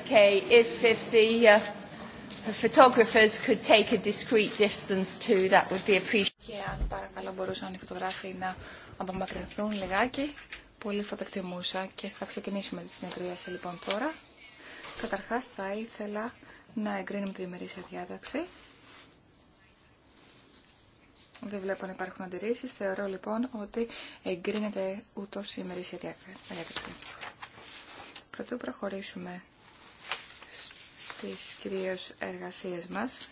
Okay, if, if the uh, photographers could take a discreet distance too, that would be appreciated. Και αν παρακαλώ μπορούσαν οι φωτογράφοι να απομακρυνθούν λιγάκι, πολύ θα το εκτιμούσα και θα ξεκινήσουμε τη συνεδρίαση λοιπόν τώρα. Καταρχάς θα ήθελα να εγκρίνουμε την ημερήσια διάταξη. Δεν βλέπω να υπάρχουν αντιρρήσει. Θεωρώ λοιπόν ότι εγκρίνεται ούτω η ημερήσια διάταξη. Πρωτού προχωρήσουμε στις κυρίως εργασίες μας.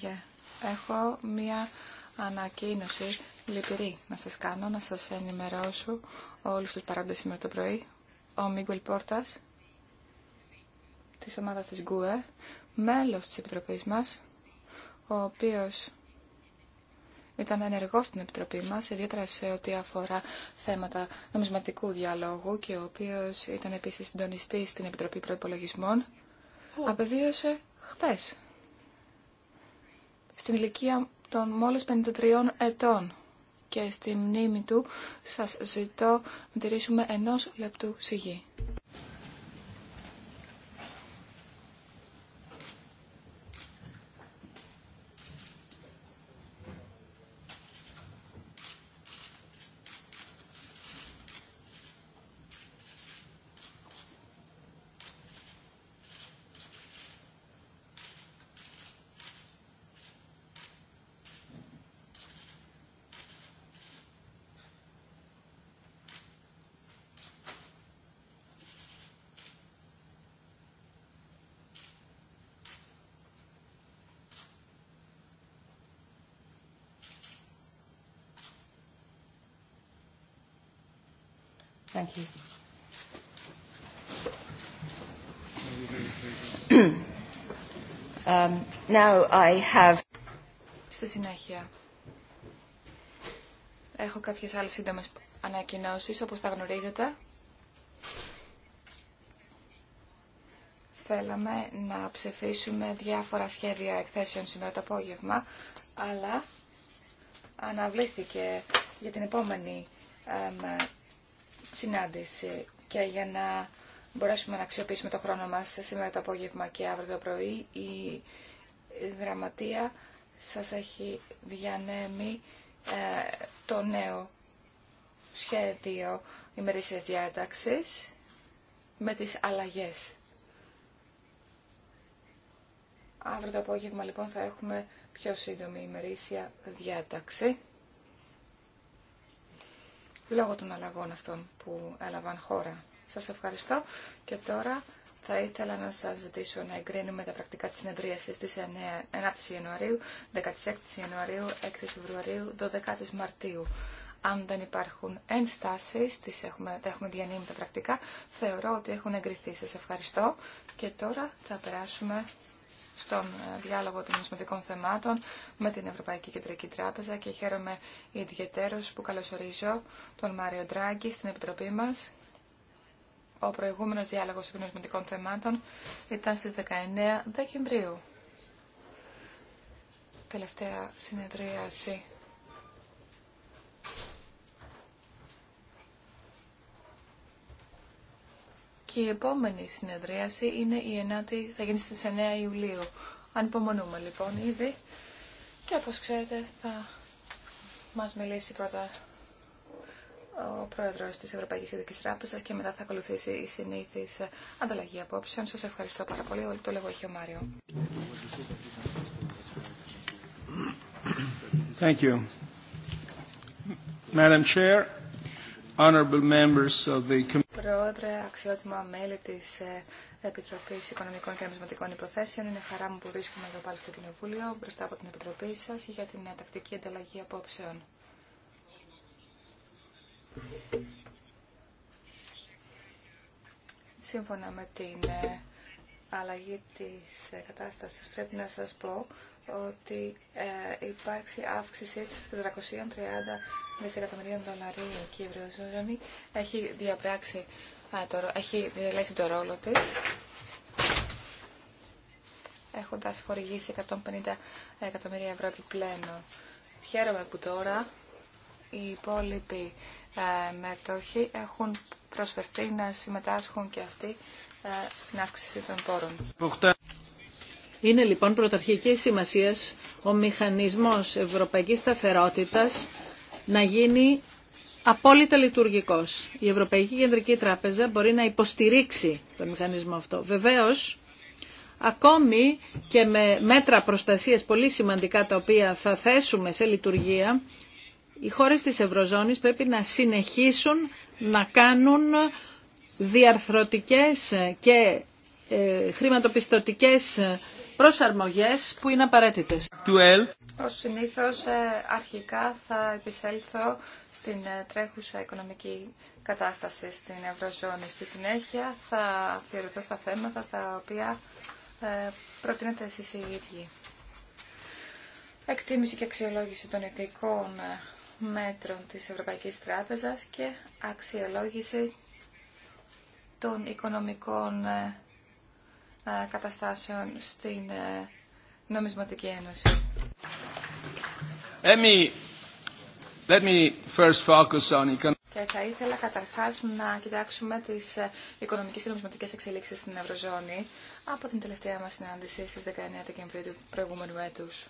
Yeah. Έχω μία ανακοίνωση λυπηρή να σας κάνω, να σας ενημερώσω όλους τους παράγοντες σήμερα το πρωί. Ο Μίγκουελ Πόρτας, της ομάδας της ΓΚΟΕ, μέλος της Επιτροπής μας, ο οποίος ήταν ενεργό στην Επιτροπή μα, ιδιαίτερα σε ό,τι αφορά θέματα νομισματικού διαλόγου και ο οποίο ήταν επίση συντονιστή στην Επιτροπή προπολογισμών, απεβίωσε χθε. στην ηλικία των μόλις 53 ετών. Και στη μνήμη του σας ζητώ να τηρήσουμε ενός λεπτού σιγή. Um, Στη συνέχεια, έχω κάποιες άλλες σύντομες ανακοινώσεις, όπως τα γνωρίζετε. Θέλαμε να ψηφίσουμε διάφορα σχέδια εκθέσεων σήμερα το απόγευμα, αλλά αναβλήθηκε για την επόμενη συνάντηση και για να μπορέσουμε να αξιοποιήσουμε το χρόνο μας σήμερα το απόγευμα και αύριο το πρωί η γραμματεία σας έχει διανέμει ε, το νέο σχέδιο ημερήσιας διάταξης με τις αλλαγές. Αύριο το απόγευμα λοιπόν θα έχουμε πιο σύντομη ημερήσια διάταξη λόγω των αλλαγών αυτών που έλαβαν χώρα. Σας ευχαριστώ και τώρα θα ήθελα να σας ζητήσω να εγκρίνουμε τα πρακτικά της συνεδρίασης της 9 η Ιανουαρίου, 16 Ιανουαρίου, 6ης Φεβρουαρίου, 12 η Μαρτίου. Αν δεν υπάρχουν ενστάσεις, τις έχουμε, τα έχουμε διανύμει τα πρακτικά, θεωρώ ότι έχουν εγκριθεί. Σας ευχαριστώ και τώρα θα περάσουμε στον ε, διάλογο των νομισματικών θεμάτων με την Ευρωπαϊκή Κεντρική Τράπεζα και χαίρομαι ιδιαιτέρω που καλωσορίζω τον Μάριο Ντράγκη στην Επιτροπή μα, Ο προηγούμενο διάλογο των νομισματικών θεμάτων ήταν στι 19 Δεκεμβρίου. Τελευταία συνεδρίαση και η επόμενη συνεδρίαση είναι η 9η, θα γίνει στις 9 Ιουλίου. αν Ανυπομονούμε λοιπόν ήδη και όπως ξέρετε θα μας μιλήσει πρώτα ο Πρόεδρος της Ευρωπαϊκής Ειδικής Τράπεζας και μετά θα ακολουθήσει η συνήθις ανταλλαγή απόψεων. Σας ευχαριστώ πάρα πολύ. Όλοι το λέγω έχει ο Μάριο. Thank you. Madam Chair, members of the Πρόεδρε, αξιότιμα μέλη της ε, Επιτροπής Οικονομικών και Νομισματικών Υποθέσεων. Είναι χαρά μου που βρίσκομαι εδώ πάλι στο Κοινοβούλιο μπροστά από την Επιτροπή σας για την ε, τακτική ανταλλαγή απόψεων. Σύμφωνα με την ε, αλλαγή της κατάστασης πρέπει να σας πω ότι υπάρχει υπάρξει αύξηση 430 δισεκατομμυρίων δολαρίων και η Ευρωζώνη έχει διαπράξει, α, το, έχει διαλέξει το ρόλο της έχοντας χορηγήσει 150 εκατομμύρια ευρώ πλένο Χαίρομαι που τώρα οι υπόλοιποι ε, μετόχοι έχουν προσφερθεί να συμμετάσχουν και αυτοί ε, στην αύξηση των πόρων. Είναι λοιπόν πρωταρχική σημασία ο μηχανισμός ευρωπαϊκής σταθερότητας να γίνει απόλυτα λειτουργικός. Η Ευρωπαϊκή Κεντρική Τράπεζα μπορεί να υποστηρίξει το μηχανισμό αυτό. Βεβαίως, ακόμη και με μέτρα προστασίας πολύ σημαντικά τα οποία θα θέσουμε σε λειτουργία, οι χώρες της Ευρωζώνης πρέπει να συνεχίσουν να κάνουν διαρθρωτικές και ε, χρηματοπιστωτικές προσαρμογές που είναι απαραίτητες. Ως συνήθως ε, αρχικά θα επισέλθω στην ε, τρέχουσα οικονομική κατάσταση στην Ευρωζώνη. Στη συνέχεια θα αφιερωθώ στα θέματα τα οποία ε, προτείνετε εσείς οι ίδιοι. Εκτίμηση και αξιολόγηση των ειδικών μέτρων της Ευρωπαϊκής Τράπεζας και αξιολόγηση των οικονομικών ε, καταστάσεων στην ε, νομισματική ένωση. let me first focus on και θα ήθελα καταρχάς να κοιτάξουμε τις ε, οικονομικές και νομισματικές εξελίξεις στην Ευρωζώνη από την τελευταία μας συνάντηση στις 19 Δεκεμβρίου του προηγούμενου έτους.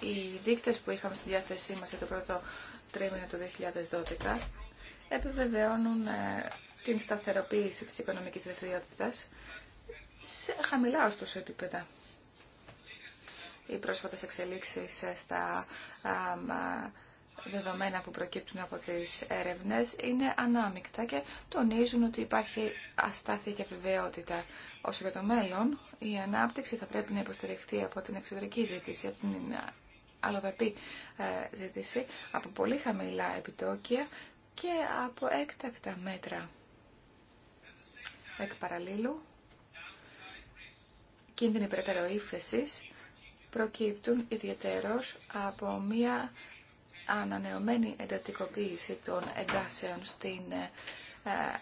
Οι δείκτες που είχαμε στη διάθεσή μας για το πρώτο τρίμηνο του 2012 επιβεβαιώνουν την σταθεροποίηση της οικονομικής δραστηριότητας σε χαμηλά ωστόσο επίπεδα. Οι πρόσφατες εξελίξεις στα δεδομένα που προκύπτουν από τις έρευνες είναι ανάμεικτα και τονίζουν ότι υπάρχει αστάθεια και βεβαιότητα. Όσο για το μέλλον, η ανάπτυξη θα πρέπει να υποστηριχθεί από την εξωτερική ζήτηση, από την αλλοδαπή ε, ζήτηση, από πολύ χαμηλά επιτόκια και από έκτακτα μέτρα εκ παραλίλου, κίνδυνοι περαιτέρω ύφεσης, προκύπτουν ιδιαίτερως από μία ανανεωμένη εντατικοποίηση των εντάσεων στην ε,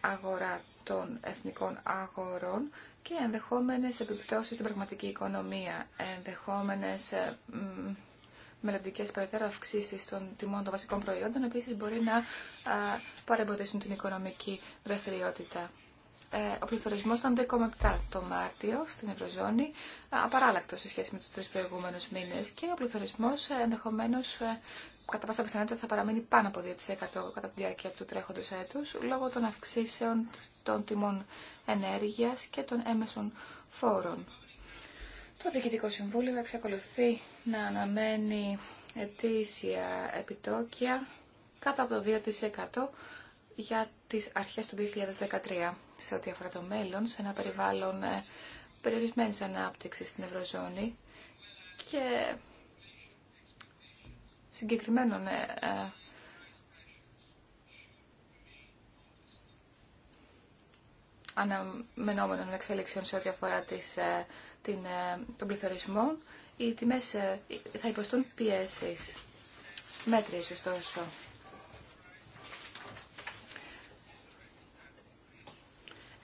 αγορά των εθνικών αγορών και ενδεχόμενες επιπτώσεις στην πραγματική οικονομία, ενδεχόμενες ε, μελλοντικές περαιτέρω αυξήσει των τιμών των βασικών προϊόντων, επίσης μπορεί να παρεμποδίσουν την οικονομική δραστηριότητα. Ε, ο πληθωρισμός ήταν 2,7 το Μάρτιο στην Ευρωζώνη, ε, απαράλλακτο σε σχέση με τους τρεις προηγούμενους μήνες και ο πληθωρισμός ε, ενδεχομένως κατά πάσα πιθανότητα θα παραμείνει πάνω από 2% κατά τη διάρκεια του τρέχοντος έτους λόγω των αυξήσεων των τιμών ενέργειας και των έμεσων φόρων. Το Διοικητικό Συμβούλιο θα εξακολουθεί να αναμένει ετήσια επιτόκια κάτω από το 2% για τις αρχές του 2013 σε ό,τι αφορά το μέλλον, σε ένα περιβάλλον ε, περιορισμένης ανάπτυξης στην Ευρωζώνη και συγκεκριμένων ε, ε, αναμενόμενων εξέλιξεων σε ό,τι αφορά την, τον πληθωρισμό, οι τιμές θα υποστούν πιέσεις. Μέτριες, ωστόσο.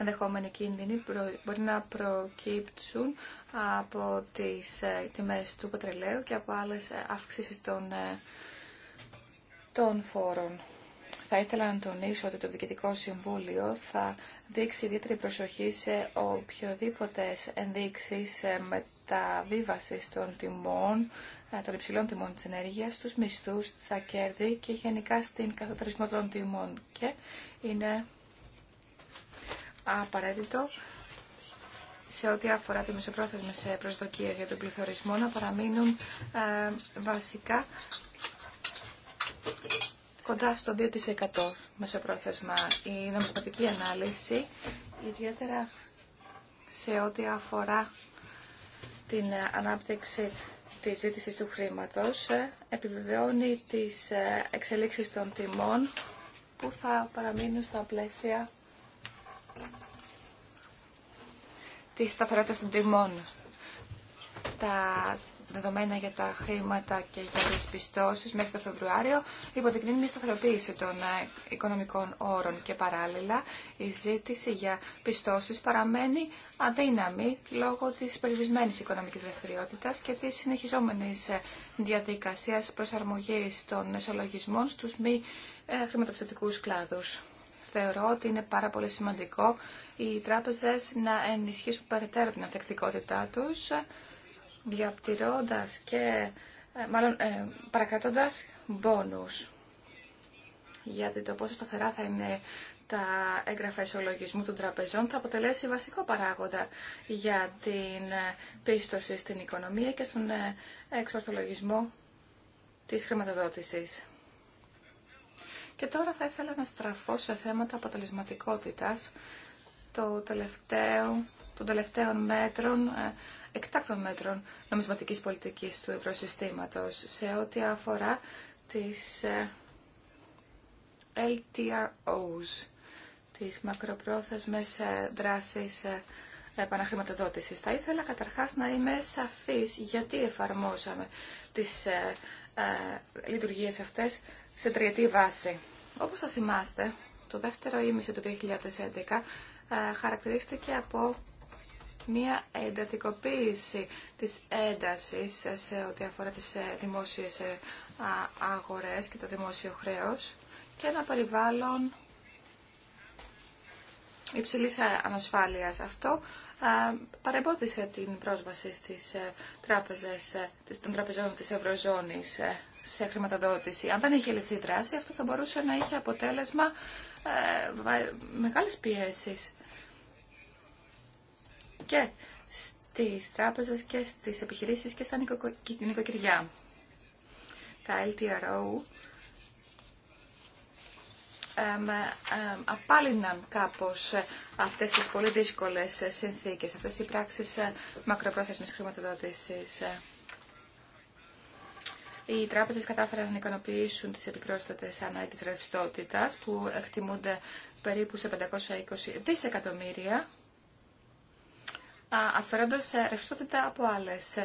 ενδεχόμενοι κίνδυνοι μπορεί να προκύψουν από τις ε, τιμές του πετρελαίου και από άλλες ε, αυξήσεις των, ε, των φόρων. Θα ήθελα να τονίσω ότι το Διοικητικό Συμβούλιο θα δείξει ιδιαίτερη προσοχή σε οποιοδήποτε ενδείξει μεταβίβαση των τιμών, των υψηλών τιμών της ενέργειας, στους μισθούς, στα κέρδη και γενικά στην καθοτρισμό των τιμών. Και είναι απαραίτητο σε ό,τι αφορά τι μεσοπρόθεσμες ε, προσδοκίες για τον πληθωρισμό να παραμείνουν ε, βασικά κοντά στο 2% μεσοπρόθεσμα. Η νομισματική ανάλυση, ιδιαίτερα σε ό,τι αφορά την ε, ανάπτυξη της ζήτησης του χρήματος, επιβεβαιώνει τις εξελίξεις των τιμών που θα παραμείνουν στα πλαίσια τη σταθερότητα των τιμών. Τα δεδομένα για τα χρήματα και για τις πιστώσεις μέχρι το Φεβρουάριο υποδεικνύουν μια σταθεροποίηση των ε, οικονομικών όρων και παράλληλα η ζήτηση για πιστώσεις παραμένει αδύναμη λόγω της περιορισμένης οικονομικής δραστηριότητας και της συνεχιζόμενης ε, διαδικασίας προσαρμογής των εσολογισμών στους μη ε, χρηματοπιστωτικούς κλάδους θεωρώ ότι είναι πάρα πολύ σημαντικό οι τράπεζες να ενισχύσουν περαιτέρω την ανθεκτικότητά τους, διαπτυρώντας και ε, μάλλον ε, παρακρατώντας μπόνους. Γιατί το πόσο σταθερά θα είναι τα έγγραφα ισολογισμού των τραπεζών θα αποτελέσει βασικό παράγοντα για την ε, πίστοση στην οικονομία και στον ε, εξορθολογισμό της χρηματοδότησης. Και τώρα θα ήθελα να στραφώ σε θέματα αποτελεσματικότητας το τελευταίο, των τελευταίων μέτρων, ε, εκτάκτων μέτρων νομισματικής πολιτικής του ευρωσυστήματος σε ό,τι αφορά τις ε, LTROs, τις μακροπρόθεσμες ε, δράσεις επαναχρηματοδότησης. Θα ήθελα καταρχάς να είμαι σαφής γιατί εφαρμόσαμε τις λειτουργίες αυτές σε τριετή βάση. Όπως θα θυμάστε, το δεύτερο ήμιση του 2011 ε, χαρακτηρίστηκε από μια εντατικοποίηση της έντασης σε ό,τι αφορά τις ε, δημόσιες ε, αγορές και το δημόσιο χρέος και ένα περιβάλλον υψηλής ανασφάλειας. Αυτό παρεμπόδισε την πρόσβαση στις τράπεζες, των τραπεζών της Ευρωζώνης σε χρηματοδότηση. Αν δεν είχε ληφθεί δράση, αυτό θα μπορούσε να είχε αποτέλεσμα ε, μεγάλες Και στις τράπεζες και στις επιχειρήσεις και στα νοικοκυριά. Τα LTRO απάλυναν κάπως αυτές τις πολύ δύσκολες συνθήκες, αυτές οι πράξεις ε, μακροπρόθεσμης χρηματοδότησης οι τράπεζες κατάφεραν να ικανοποιήσουν τις επικρόστατες ανάγκες ρευστότητας που εκτιμούνται περίπου σε 520 δισεκατομμύρια αφαιρώντας ρευστότητα από άλλες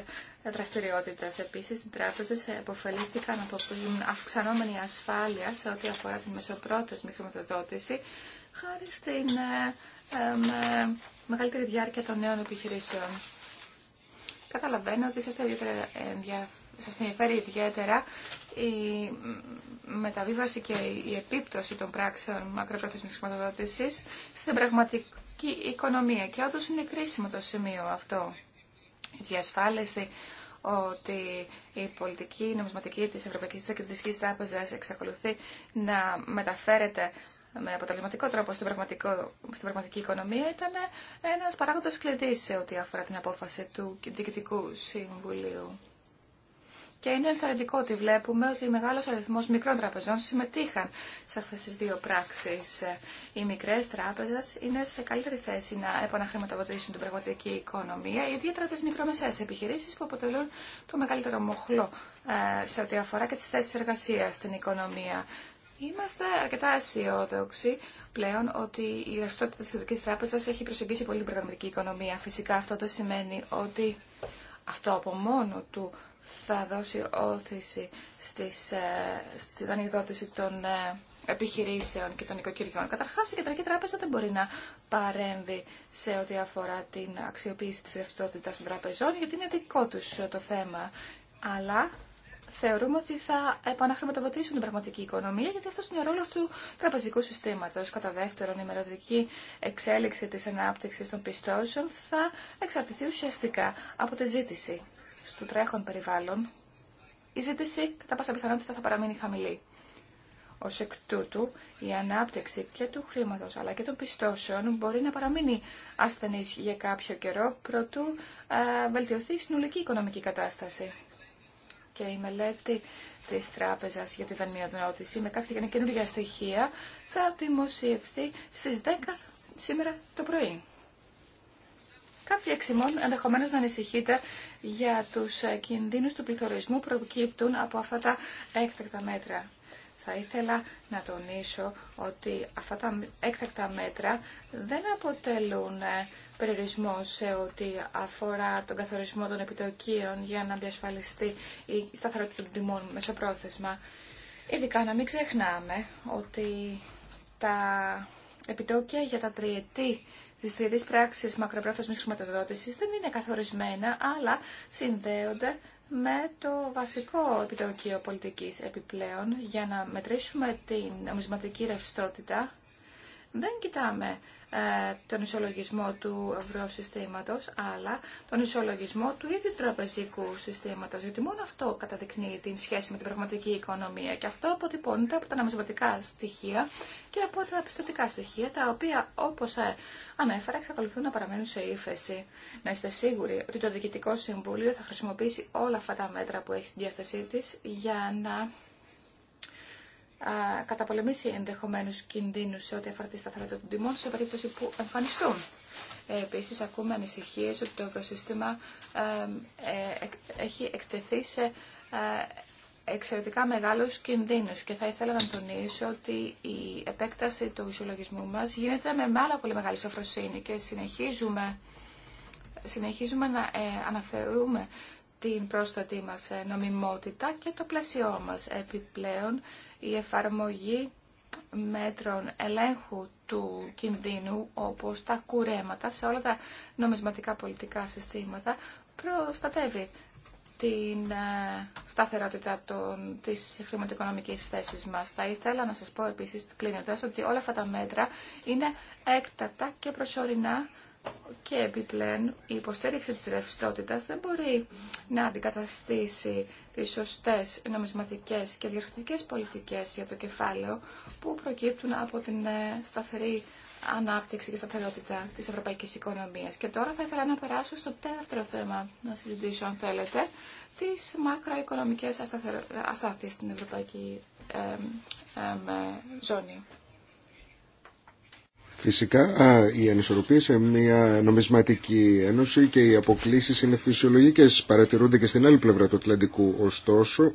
δραστηριότητες. Επίσης, οι τράπεζες επωφελήθηκαν από την αυξανόμενη ασφάλεια σε ό,τι αφορά την μεσοπρόθεσμη χρηματοδότηση χάρη στην ε, ε, μεγαλύτερη διάρκεια των νέων επιχειρήσεων. Καταλαβαίνω ότι είστε ιδιαίτερα ενδιαφέρον σας ενδιαφέρει ιδιαίτερα η μεταβίβαση και η επίπτωση των πράξεων μακροπροθεσμής χρηματοδότησης στην πραγματική οικονομία. Και όντως είναι κρίσιμο το σημείο αυτό. Η διασφάλιση ότι η πολιτική η νομισματική της Ευρωπαϊκής Κεντρικής Τράπεζας εξακολουθεί να μεταφέρεται με αποτελεσματικό τρόπο στην, στην πραγματική οικονομία ήταν ένας παράγοντας κλειδί σε ό,τι αφορά την απόφαση του Διοικητικού Συμβουλίου. Και είναι ενθαρρυντικό ότι βλέπουμε ότι μεγάλο αριθμό μικρών τραπεζών συμμετείχαν σε αυτέ τι δύο πράξει. Οι μικρέ τράπεζε είναι σε καλύτερη θέση να επαναχρηματοδοτήσουν την πραγματική οικονομία, ιδιαίτερα τι μικρομεσαίες επιχειρήσει που αποτελούν το μεγαλύτερο μοχλό ε, σε ό,τι αφορά και τις θέσει εργασία στην οικονομία. Είμαστε αρκετά αισιόδοξοι πλέον ότι η ρευστότητα τη Κεντρικής τράπεζα έχει προσεγγίσει πολύ την πραγματική οικονομία. Φυσικά αυτό δεν σημαίνει ότι αυτό από μόνο του θα δώσει όθηση στις, ε, στη δανειοδότηση των ε, επιχειρήσεων και των οικοκυριών. Καταρχάς, η Κεντρική Τράπεζα δεν μπορεί να παρέμβει σε ό,τι αφορά την αξιοποίηση της ρευστότητα των τραπεζών, γιατί είναι δικό του ε, το θέμα. Αλλά θεωρούμε ότι θα επαναχρηματοδοτήσουν την πραγματική οικονομία, γιατί αυτό είναι ο ρόλο του τραπεζικού συστήματο. Κατά δεύτερον, η μεροδική εξέλιξη τη ανάπτυξη των πιστώσεων θα εξαρτηθεί ουσιαστικά από τη ζήτηση του τρέχον περιβάλλον, η ζήτηση κατά πάσα πιθανότητα θα παραμείνει χαμηλή. Ω εκ τούτου, η ανάπτυξη και του χρήματο αλλά και των πιστώσεων μπορεί να παραμείνει ασθενή για κάποιο καιρό προτού βελτιωθεί η συνολική οικονομική κατάσταση. Και η μελέτη τη Τράπεζα για τη Δανειοδότηση με κάποια καινούργια στοιχεία θα δημοσιευθεί στι 10 σήμερα το πρωί. Κάποιοι εξημών ενδεχομένω να ανησυχείτε για τους ε, κινδύνους του πληθωρισμού προκύπτουν από αυτά τα έκτακτα μέτρα. Θα ήθελα να τονίσω ότι αυτά τα έκτακτα μέτρα δεν αποτελούν ε, περιορισμό σε ό,τι αφορά τον καθορισμό των επιτοκίων για να διασφαλιστεί η σταθερότητα των τιμών μεσοπρόθεσμα. Ειδικά να μην ξεχνάμε ότι τα επιτόκια για τα τριετή Τη πράξεις πράξη μακροπρόθεσμης χρηματοδότησης δεν είναι καθορισμένα, αλλά συνδέονται με το βασικό επιτοκίο πολιτικής επιπλέον για να μετρήσουμε την νομισματική ρευστότητα δεν κοιτάμε ε, τον ισολογισμό του συστήματος, αλλά τον ισολογισμό του ίδιου τραπεζικού συστήματος, γιατί μόνο αυτό καταδεικνύει την σχέση με την πραγματική οικονομία και αυτό αποτυπώνεται από τα νομισματικά στοιχεία και από τα πιστοτικά στοιχεία, τα οποία, όπως ε, ανέφερα, εξακολουθούν να παραμένουν σε ύφεση. Να είστε σίγουροι ότι το Διοικητικό Συμβούλιο θα χρησιμοποιήσει όλα αυτά τα μέτρα που έχει στην διάθεσή της για να καταπολεμήσει ενδεχομένου κινδύνους σε ό,τι αφορά τη σταθερότητα των τιμών σε περίπτωση που εμφανιστούν. Επίση ακούμε ανησυχίε ότι το ευρωσύστημα ε, ε, έχει εκτεθεί σε ε, εξαιρετικά μεγάλους κινδύνους και θα ήθελα να τονίσω ότι η επέκταση του ισολογισμού μας γίνεται με πάρα πολύ μεγάλη σοφροσύνη και συνεχίζουμε, συνεχίζουμε να αναφερούμε την πρόσθετη μας ε, νομιμότητα και το πλαίσιό μας. Επιπλέον, η εφαρμογή μέτρων ελέγχου του κινδύνου, όπως τα κουρέματα σε όλα τα νομισματικά πολιτικά συστήματα, προστατεύει την ε, σταθερότητα των, της χρηματοοικονομικής θέσης μας. Θα ήθελα να σας πω επίσης κλείνοντας ότι όλα αυτά τα μέτρα είναι έκτατα και προσωρινά και επιπλέον η υποστήριξη της ρευστότητας δεν μπορεί να αντικαταστήσει τις σωστές νομισματικές και διασχετικές πολιτικές για το κεφάλαιο που προκύπτουν από την ε, σταθερή ανάπτυξη και σταθερότητα της ευρωπαϊκής οικονομίας. Και τώρα θα ήθελα να περάσω στο τέταρτο θέμα να συζητήσω, αν θέλετε, τις μακροοικονομικές αστάθειες στην ευρωπαϊκή ε, ε, ε ζώνη. Φυσικά, η οι ανισορροπίες σε μια νομισματική ένωση και οι αποκλήσει είναι φυσιολογικέ. Παρατηρούνται και στην άλλη πλευρά του Ατλαντικού. Ωστόσο,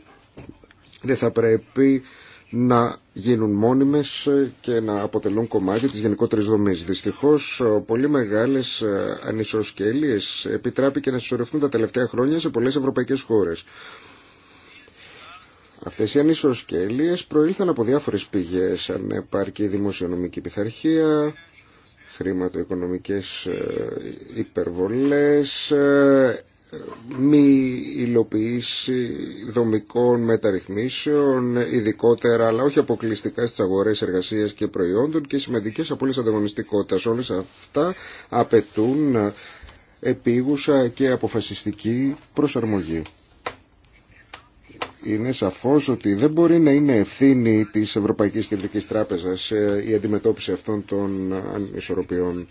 δεν θα πρέπει να γίνουν μόνιμες και να αποτελούν κομμάτι της γενικότερης δομής. Δυστυχώς, πολύ μεγάλες ε, ανισοσκέλειες επιτράπηκε να συσσωρευτούν τα τελευταία χρόνια σε πολλές ευρωπαϊκές χώρες. Αυτέ οι ανισοσκέλειες προήλθαν από διάφορες πηγές, ανεπάρκη δημοσιονομική πειθαρχία, χρηματοοικονομικέ ε, υπερβολές, ε, μη υλοποίηση δομικών μεταρρυθμίσεων, ειδικότερα αλλά όχι αποκλειστικά στι αγορές εργασία και προϊόντων και σημαντικέ απώλειες ανταγωνιστικότητα. Όλες αυτά απαιτούν επίγουσα και αποφασιστική προσαρμογή είναι σαφώς ότι δεν μπορεί να είναι ευθύνη της Ευρωπαϊκής Κεντρικής Τράπεζας ε, η αντιμετώπιση αυτών των ανισορροπιών.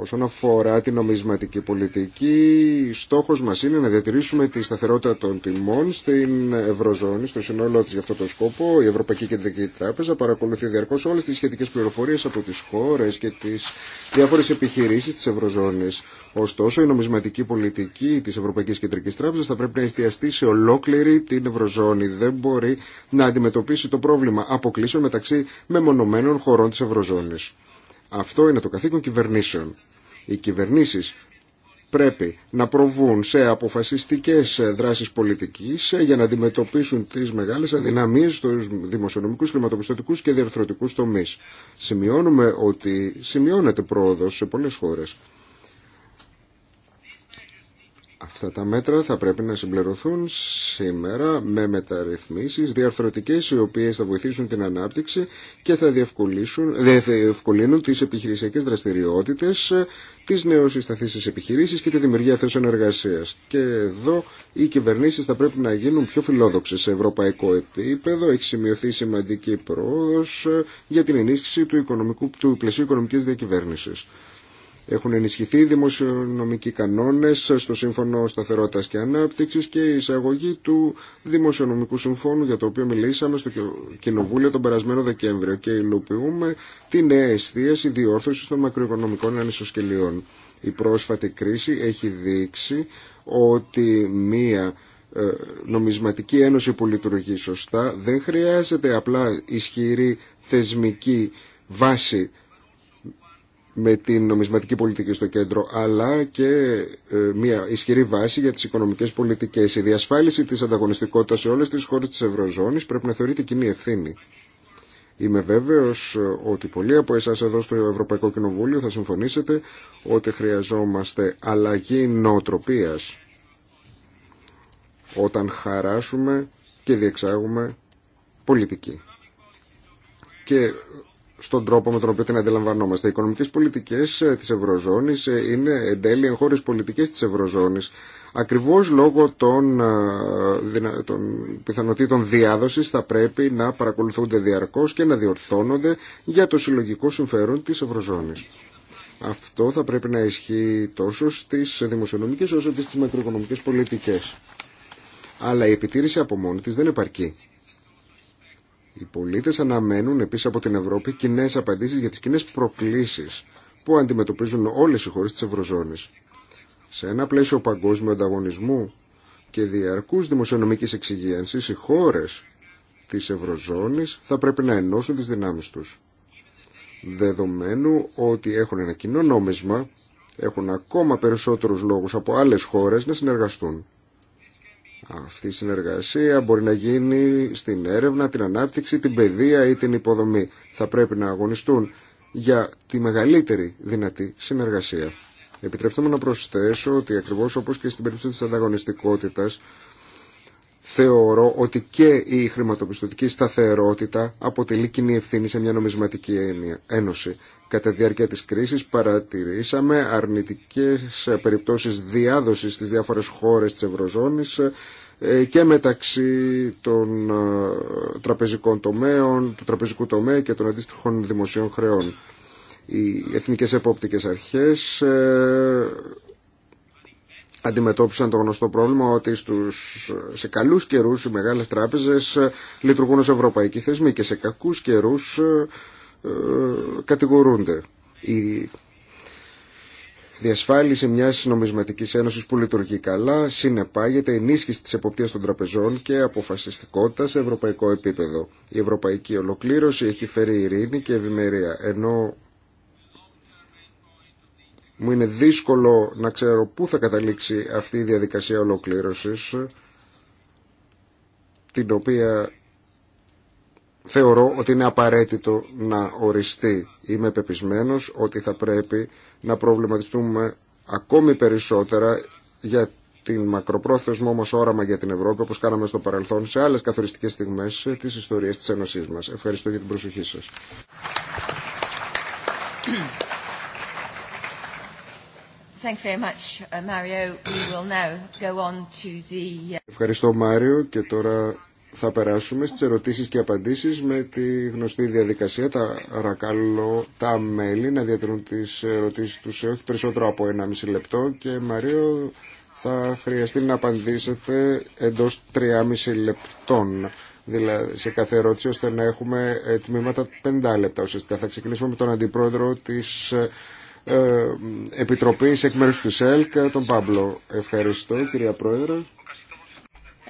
Όσον αφορά την νομισματική πολιτική, στόχος μας είναι να διατηρήσουμε τη σταθερότητα των τιμών στην Ευρωζώνη, στο συνόλο της για αυτό το σκόπο. Η Ευρωπαϊκή Κεντρική Τράπεζα παρακολουθεί διαρκώς όλες τις σχετικές πληροφορίες από τις χώρες και τις διάφορες επιχειρήσεις της Ευρωζώνης. Ωστόσο, η νομισματική πολιτική της Ευρωπαϊκής Κεντρικής Τράπεζας θα πρέπει να εστιαστεί σε ολόκληρη την Ευρωζώνη. Δεν μπορεί να αντιμετωπίσει το πρόβλημα αποκλήσεων μεταξύ μεμονωμένων χωρών της Ευρωζώνης. Αυτό είναι το καθήκον κυβερνήσεων. Οι κυβερνήσεις πρέπει να προβούν σε αποφασιστικές δράσεις πολιτικής για να αντιμετωπίσουν τις μεγάλες αδυναμίες στους δημοσιονομικούς, χρηματοπιστωτικούς και διαρθρωτικούς τομείς. Σημειώνουμε ότι σημειώνεται πρόοδος σε πολλές χώρες. Αυτά τα μέτρα θα πρέπει να συμπληρωθούν σήμερα με μεταρρυθμίσεις διαρθρωτικές οι οποίες θα βοηθήσουν την ανάπτυξη και θα, θα διευκολύνουν τις επιχειρησιακές δραστηριότητες, τις νεοσυσταθήσεις επιχειρήσεις και τη δημιουργία θέσεων εργασίας. Και εδώ οι κυβερνήσεις θα πρέπει να γίνουν πιο φιλόδοξες σε ευρωπαϊκό επίπεδο. Έχει σημειωθεί σημαντική πρόοδος ε, για την ενίσχυση του, οικονομικού, του πλαισίου οικονομικής διακυβέρνησης. Έχουν ενισχυθεί οι δημοσιονομικοί κανόνες στο Σύμφωνο Σταθερότητας και Ανάπτυξης και η εισαγωγή του Δημοσιονομικού Συμφώνου για το οποίο μιλήσαμε στο Κοινοβούλιο τον περασμένο Δεκέμβριο και υλοποιούμε τη νέα εστίαση διόρθωση των μακροοικονομικών ανισοσκελιών. Η πρόσφατη κρίση έχει δείξει ότι μία ε, νομισματική ένωση που λειτουργεί σωστά δεν χρειάζεται απλά ισχυρή θεσμική βάση με την νομισματική πολιτική στο κέντρο, αλλά και ε, μια ισχυρή βάση για τις οικονομικές πολιτικές. Η διασφάλιση της ανταγωνιστικότητας σε όλες τις χώρες της Ευρωζώνης πρέπει να θεωρείται κοινή ευθύνη. Είμαι βέβαιος ε, ότι πολλοί από εσά εδώ στο Ευρωπαϊκό Κοινοβούλιο θα συμφωνήσετε ότι χρειαζόμαστε αλλαγή νοοτροπίας όταν χαράσουμε και διεξάγουμε πολιτική. Και στον τρόπο με τον οποίο την αντιλαμβανόμαστε. Οι οικονομικές πολιτικές ε, της Ευρωζώνης ε, είναι εν τέλει εγχώρες πολιτικές της Ευρωζώνης ακριβώς λόγω των, ε, πιθανότητων διάδοση θα πρέπει να παρακολουθούνται διαρκώς και να διορθώνονται για το συλλογικό συμφέρον της Ευρωζώνης. Αυτό θα πρέπει να ισχύει τόσο στι δημοσιονομικέ όσο και στι μακροοικονομικέ πολιτικέ. Αλλά η επιτήρηση από μόνη τη δεν επαρκεί. Οι πολίτες αναμένουν επίσης από την Ευρώπη κοινέ απαντήσει για τις κοινέ προκλήσεις που αντιμετωπίζουν όλες οι χώρες της Ευρωζώνης. Σε ένα πλαίσιο παγκόσμιου ανταγωνισμού και διαρκού δημοσιονομική εξυγίανση, οι χώρες της Ευρωζώνης θα πρέπει να ενώσουν τις δυνάμεις τους. Δεδομένου ότι έχουν ένα κοινό νόμισμα, έχουν ακόμα περισσότερου λόγου από άλλε χώρε να συνεργαστούν. Αυτή η συνεργασία μπορεί να γίνει στην έρευνα, την ανάπτυξη, την παιδεία ή την υποδομή. Θα πρέπει να αγωνιστούν για τη μεγαλύτερη δυνατή συνεργασία. Επιτρέψτε να προσθέσω ότι ακριβώς όπως και στην περίπτωση της ανταγωνιστικότητας θεωρώ ότι και η χρηματοπιστωτική σταθερότητα αποτελεί κοινή ευθύνη σε μια νομισματική ένωση. Κατά τη διάρκεια της κρίσης παρατηρήσαμε αρνητικές ε, περιπτώσεις διάδοσης στις διάφορες χώρες της Ευρωζώνης ε, και μεταξύ των ε, τραπεζικών τομέων, του τραπεζικού τομέα και των αντίστοιχων δημοσίων χρεών. Οι εθνικές επόπτικες αρχές αντιμετώπισαν το γνωστό πρόβλημα ότι στους, σε καλούς καιρούς οι μεγάλες τράπεζες λειτουργούν ως ευρωπαϊκοί θεσμοί και σε κακούς καιρούς ε, κατηγορούνται. Η διασφάλιση μιας νομισματικής ένωσης που λειτουργεί καλά συνεπάγεται ενίσχυση της εποπτείας των τραπεζών και αποφασιστικότητα σε ευρωπαϊκό επίπεδο. Η ευρωπαϊκή ολοκλήρωση έχει φέρει ειρήνη και ευημερία, ενώ μου είναι δύσκολο να ξέρω πού θα καταλήξει αυτή η διαδικασία ολοκλήρωσης την οποία θεωρώ ότι είναι απαραίτητο να οριστεί. Είμαι πεπισμένος ότι θα πρέπει να προβληματιστούμε ακόμη περισσότερα για την μακροπρόθεσμο όμως όραμα για την Ευρώπη όπως κάναμε στο παρελθόν σε άλλες καθοριστικές στιγμές της ιστορίας της Ένωσής μας. Ευχαριστώ για την προσοχή σας. Ευχαριστώ Μάριο και τώρα θα περάσουμε στις ερωτήσεις και απαντήσεις με τη γνωστή διαδικασία. Τα ρακαλώ τα μέλη να διατηρούν τις ερωτήσεις τους σε όχι περισσότερο από 1,5 λεπτό και Μαρίο θα χρειαστεί να απαντήσετε εντός 3,5 λεπτών δηλαδή σε κάθε ερώτηση ώστε να έχουμε ε, τμήματα 5 λεπτά ουσιαστικά. Θα ξεκινήσουμε με τον αντιπρόεδρο της ε, ε Επιτροπής εκ μέρους του ΣΕΛΚ, τον Πάμπλο. Ευχαριστώ κυρία Πρόεδρε.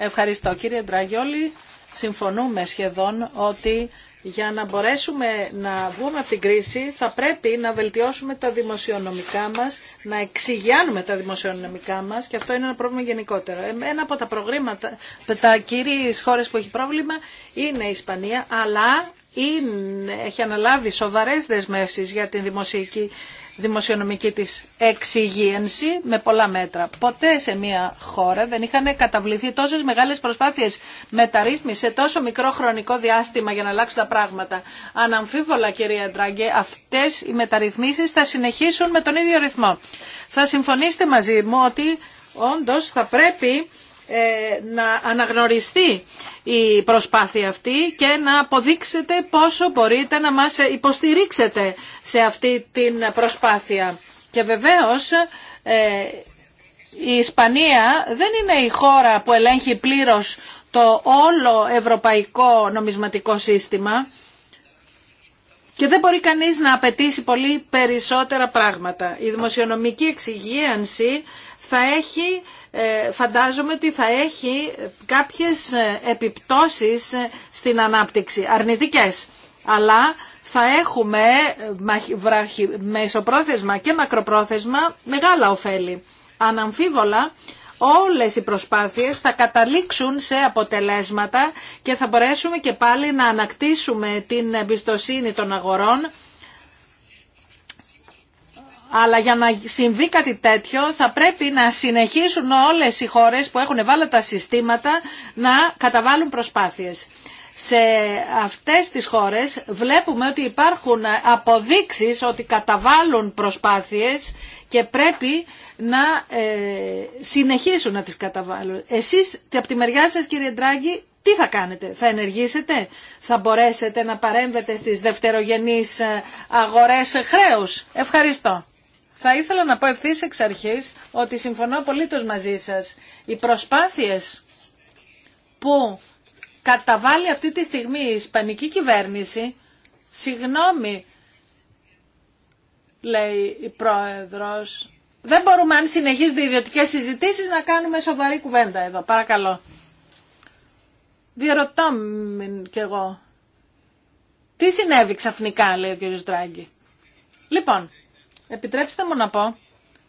Ευχαριστώ κύριε Ντραγιόλη. Συμφωνούμε σχεδόν ότι για να μπορέσουμε να βγούμε από την κρίση θα πρέπει να βελτιώσουμε τα δημοσιονομικά μας, να εξηγιάνουμε τα δημοσιονομικά μας και αυτό είναι ένα πρόβλημα γενικότερο. Ε, ένα από τα προγράμματα, τα κυρίες χώρες που έχει πρόβλημα είναι η Ισπανία, αλλά είναι, έχει αναλάβει σοβαρές δεσμεύσεις για την δημοσιακή δημοσιονομική της εξυγίανση με πολλά μέτρα. Ποτέ σε μια χώρα δεν είχαν καταβληθεί τόσες μεγάλες προσπάθειες μεταρρύθμιση σε τόσο μικρό χρονικό διάστημα για να αλλάξουν τα πράγματα. Αναμφίβολα κυρία Ντράγκε, αυτές οι μεταρρυθμίσεις θα συνεχίσουν με τον ίδιο ρυθμό. Θα συμφωνήσετε μαζί μου ότι όντως θα πρέπει ε, να αναγνωριστεί η προσπάθεια αυτή και να αποδείξετε πόσο μπορείτε να μας υποστηρίξετε σε αυτή την προσπάθεια. Και βεβαίως ε, η Ισπανία δεν είναι η χώρα που ελέγχει πλήρως το όλο ευρωπαϊκό νομισματικό σύστημα και δεν μπορεί κανείς να απαιτήσει πολύ περισσότερα πράγματα. Η δημοσιονομική εξυγίανση θα έχει ε, φαντάζομαι ότι θα έχει κάποιες ε, επιπτώσεις ε, στην ανάπτυξη, αρνητικές. Αλλά θα έχουμε μεσοπρόθεσμα και μακροπρόθεσμα μεγάλα ωφέλη. Αναμφίβολα όλες οι προσπάθειες θα καταλήξουν σε αποτελέσματα και θα μπορέσουμε και πάλι να ανακτήσουμε την εμπιστοσύνη των αγορών αλλά για να συμβεί κάτι τέτοιο θα πρέπει να συνεχίσουν όλες οι χώρες που έχουν τα συστήματα να καταβάλουν προσπάθειες. Σε αυτές τις χώρες βλέπουμε ότι υπάρχουν αποδείξεις ότι καταβάλουν προσπάθειες και πρέπει να ε, συνεχίσουν να τις καταβάλουν. Εσείς από τη μεριά σας κύριε Ντράγκη τι θα κάνετε, θα ενεργήσετε, θα μπορέσετε να παρέμβετε στις δευτερογενείς ε, αγορές χρέους. Ευχαριστώ. Θα ήθελα να πω ευθύ εξ αρχή ότι συμφωνώ απολύτω μαζί σας. Οι προσπάθειες που καταβάλει αυτή τη στιγμή η Ισπανική κυβέρνηση, συγγνώμη, λέει η Πρόεδρος, δεν μπορούμε αν συνεχίζονται οι ιδιωτικές συζητήσεις να κάνουμε σοβαρή κουβέντα εδώ. Παρακαλώ. Διερωτώ κι εγώ. Τι συνέβη ξαφνικά, λέει ο κ. Δράγκη. Λοιπόν, επιτρέψτε μου να πω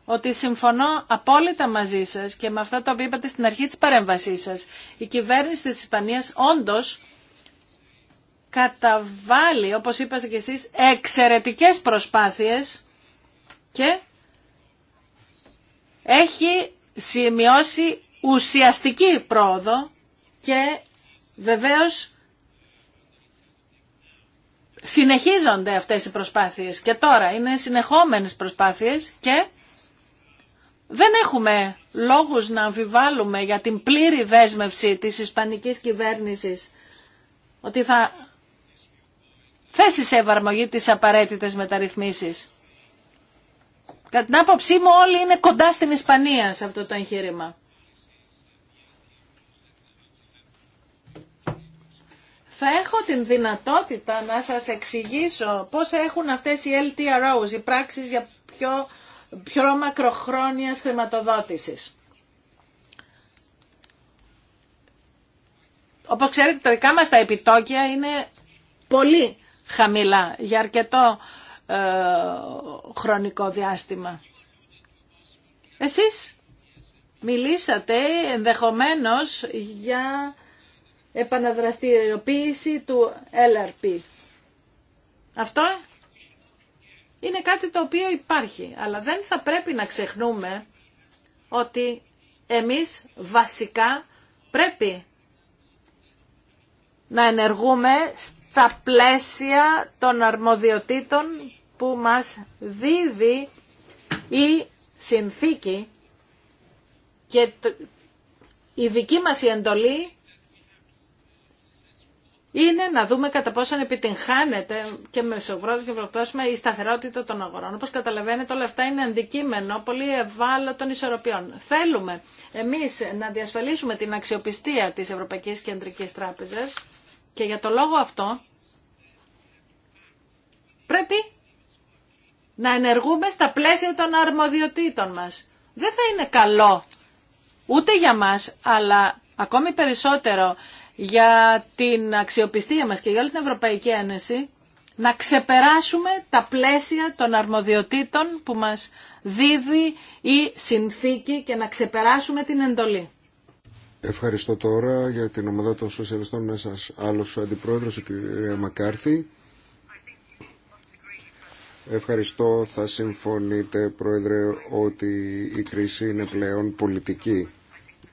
ότι συμφωνώ απόλυτα μαζί σας και με αυτά τα οποία είπατε στην αρχή της παρέμβασής σας. Η κυβέρνηση της Ισπανίας όντως καταβάλει, όπως είπατε και εσείς, εξαιρετικές προσπάθειες και έχει σημειώσει ουσιαστική πρόοδο και βεβαίως συνεχίζονται αυτές οι προσπάθειες και τώρα είναι συνεχόμενες προσπάθειες και δεν έχουμε λόγους να αμφιβάλλουμε για την πλήρη δέσμευση της Ισπανικής κυβέρνησης ότι θα θέσει σε εφαρμογή τις απαραίτητες μεταρρυθμίσεις. Κατά την άποψή μου όλοι είναι κοντά στην Ισπανία σε αυτό το εγχείρημα. θα έχω την δυνατότητα να σας εξηγήσω πώς έχουν αυτές οι LTROs, οι πράξεις για πιο, πιο μακροχρόνιας χρηματοδότησης. Όπως ξέρετε, τα δικά μας τα επιτόκια είναι πολύ χαμηλά για αρκετό ε, χρονικό διάστημα. Εσείς μιλήσατε ενδεχομένως για επαναδραστηριοποίηση του LRP. Αυτό είναι κάτι το οποίο υπάρχει, αλλά δεν θα πρέπει να ξεχνούμε ότι εμείς βασικά πρέπει να ενεργούμε στα πλαίσια των αρμοδιοτήτων που μας δίδει η συνθήκη και η δική μας εντολή είναι να δούμε κατά πόσον επιτυγχάνεται και με και η σταθερότητα των αγορών. Όπω καταλαβαίνετε όλα αυτά είναι αντικείμενο πολύ ευάλωτων ισορροπιών. Θέλουμε εμείς να διασφαλίσουμε την αξιοπιστία τη Ευρωπαϊκή Κεντρική Τράπεζα και για το λόγο αυτό πρέπει να ενεργούμε στα πλαίσια των αρμοδιοτήτων μας. Δεν θα είναι καλό ούτε για μας, αλλά ακόμη περισσότερο για την αξιοπιστία μας και για όλη την Ευρωπαϊκή Ένωση να ξεπεράσουμε τα πλαίσια των αρμοδιοτήτων που μας δίδει η συνθήκη και να ξεπεράσουμε την εντολή. Ευχαριστώ τώρα για την ομάδα των σοσιαλιστών να σας άλλος ο αντιπρόεδρος, η κυρία Μακάρθη. Ευχαριστώ. Θα συμφωνείτε, Πρόεδρε, ότι η κρίση είναι πλέον πολιτική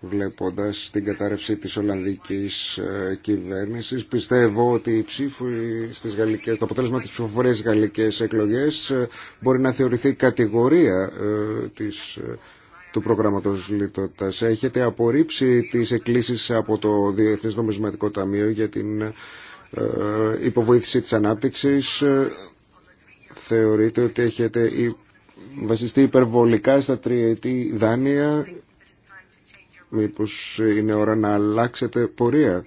βλέποντας την κατάρρευση της Ολλανδικής ε, κυβέρνησης. Πιστεύω ότι η ε, στις γαλλικές, το αποτέλεσμα της ψηφοφορίας γαλλικές εκλογές ε, μπορεί να θεωρηθεί κατηγορία της, του προγράμματος λιτότητας. Έχετε απορρίψει τις εκκλήσεις από το Διεθνές Νομισματικό Ταμείο για την υποβοήθηση της ανάπτυξης. Θεωρείτε ότι έχετε βασιστεί υπερβολικά στα τριετή δάνεια Μήπως είναι ώρα να αλλάξετε πορεία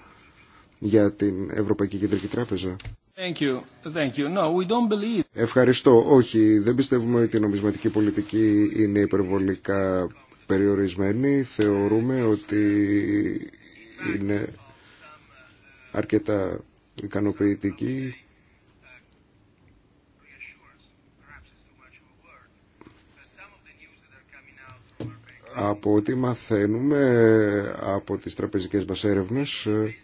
για την Ευρωπαϊκή Κεντρική Τράπεζα. Thank you. Thank you. No, we don't believe. Ευχαριστώ. Όχι, δεν πιστεύουμε ότι η νομισματική πολιτική είναι υπερβολικά περιορισμένη. Θεωρούμε ότι είναι αρκετά ικανοποιητική Από ό,τι μαθαίνουμε από τις τραπεζικές μας έρευνες, ε,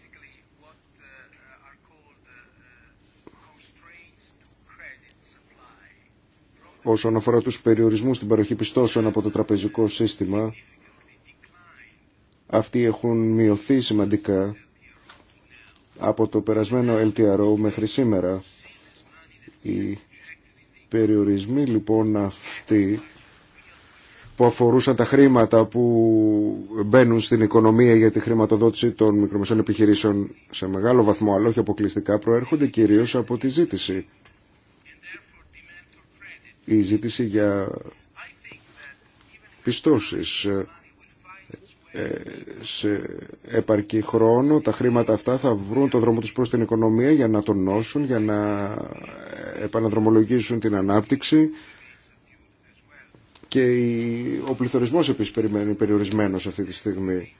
όσον αφορά τους περιορισμούς στην παροχή πιστώσεων από το τραπεζικό σύστημα, αυτοί έχουν μειωθεί σημαντικά από το περασμένο LTRO μέχρι σήμερα. Οι περιορισμοί λοιπόν αυτοί που αφορούσαν τα χρήματα που μπαίνουν στην οικονομία για τη χρηματοδότηση των μικρομεσαίων επιχειρήσεων σε μεγάλο βαθμό, αλλά όχι αποκλειστικά, προέρχονται κυρίως από τη ζήτηση. Η ζήτηση για πιστώσεις. Ε, σε επαρκή χρόνο τα χρήματα αυτά θα βρουν το δρόμο τους προς την οικονομία για να τονώσουν, για να επαναδρομολογήσουν την ανάπτυξη και ο πληθωρισμός επίσης περιμένει περιορισμένος αυτή τη στιγμή.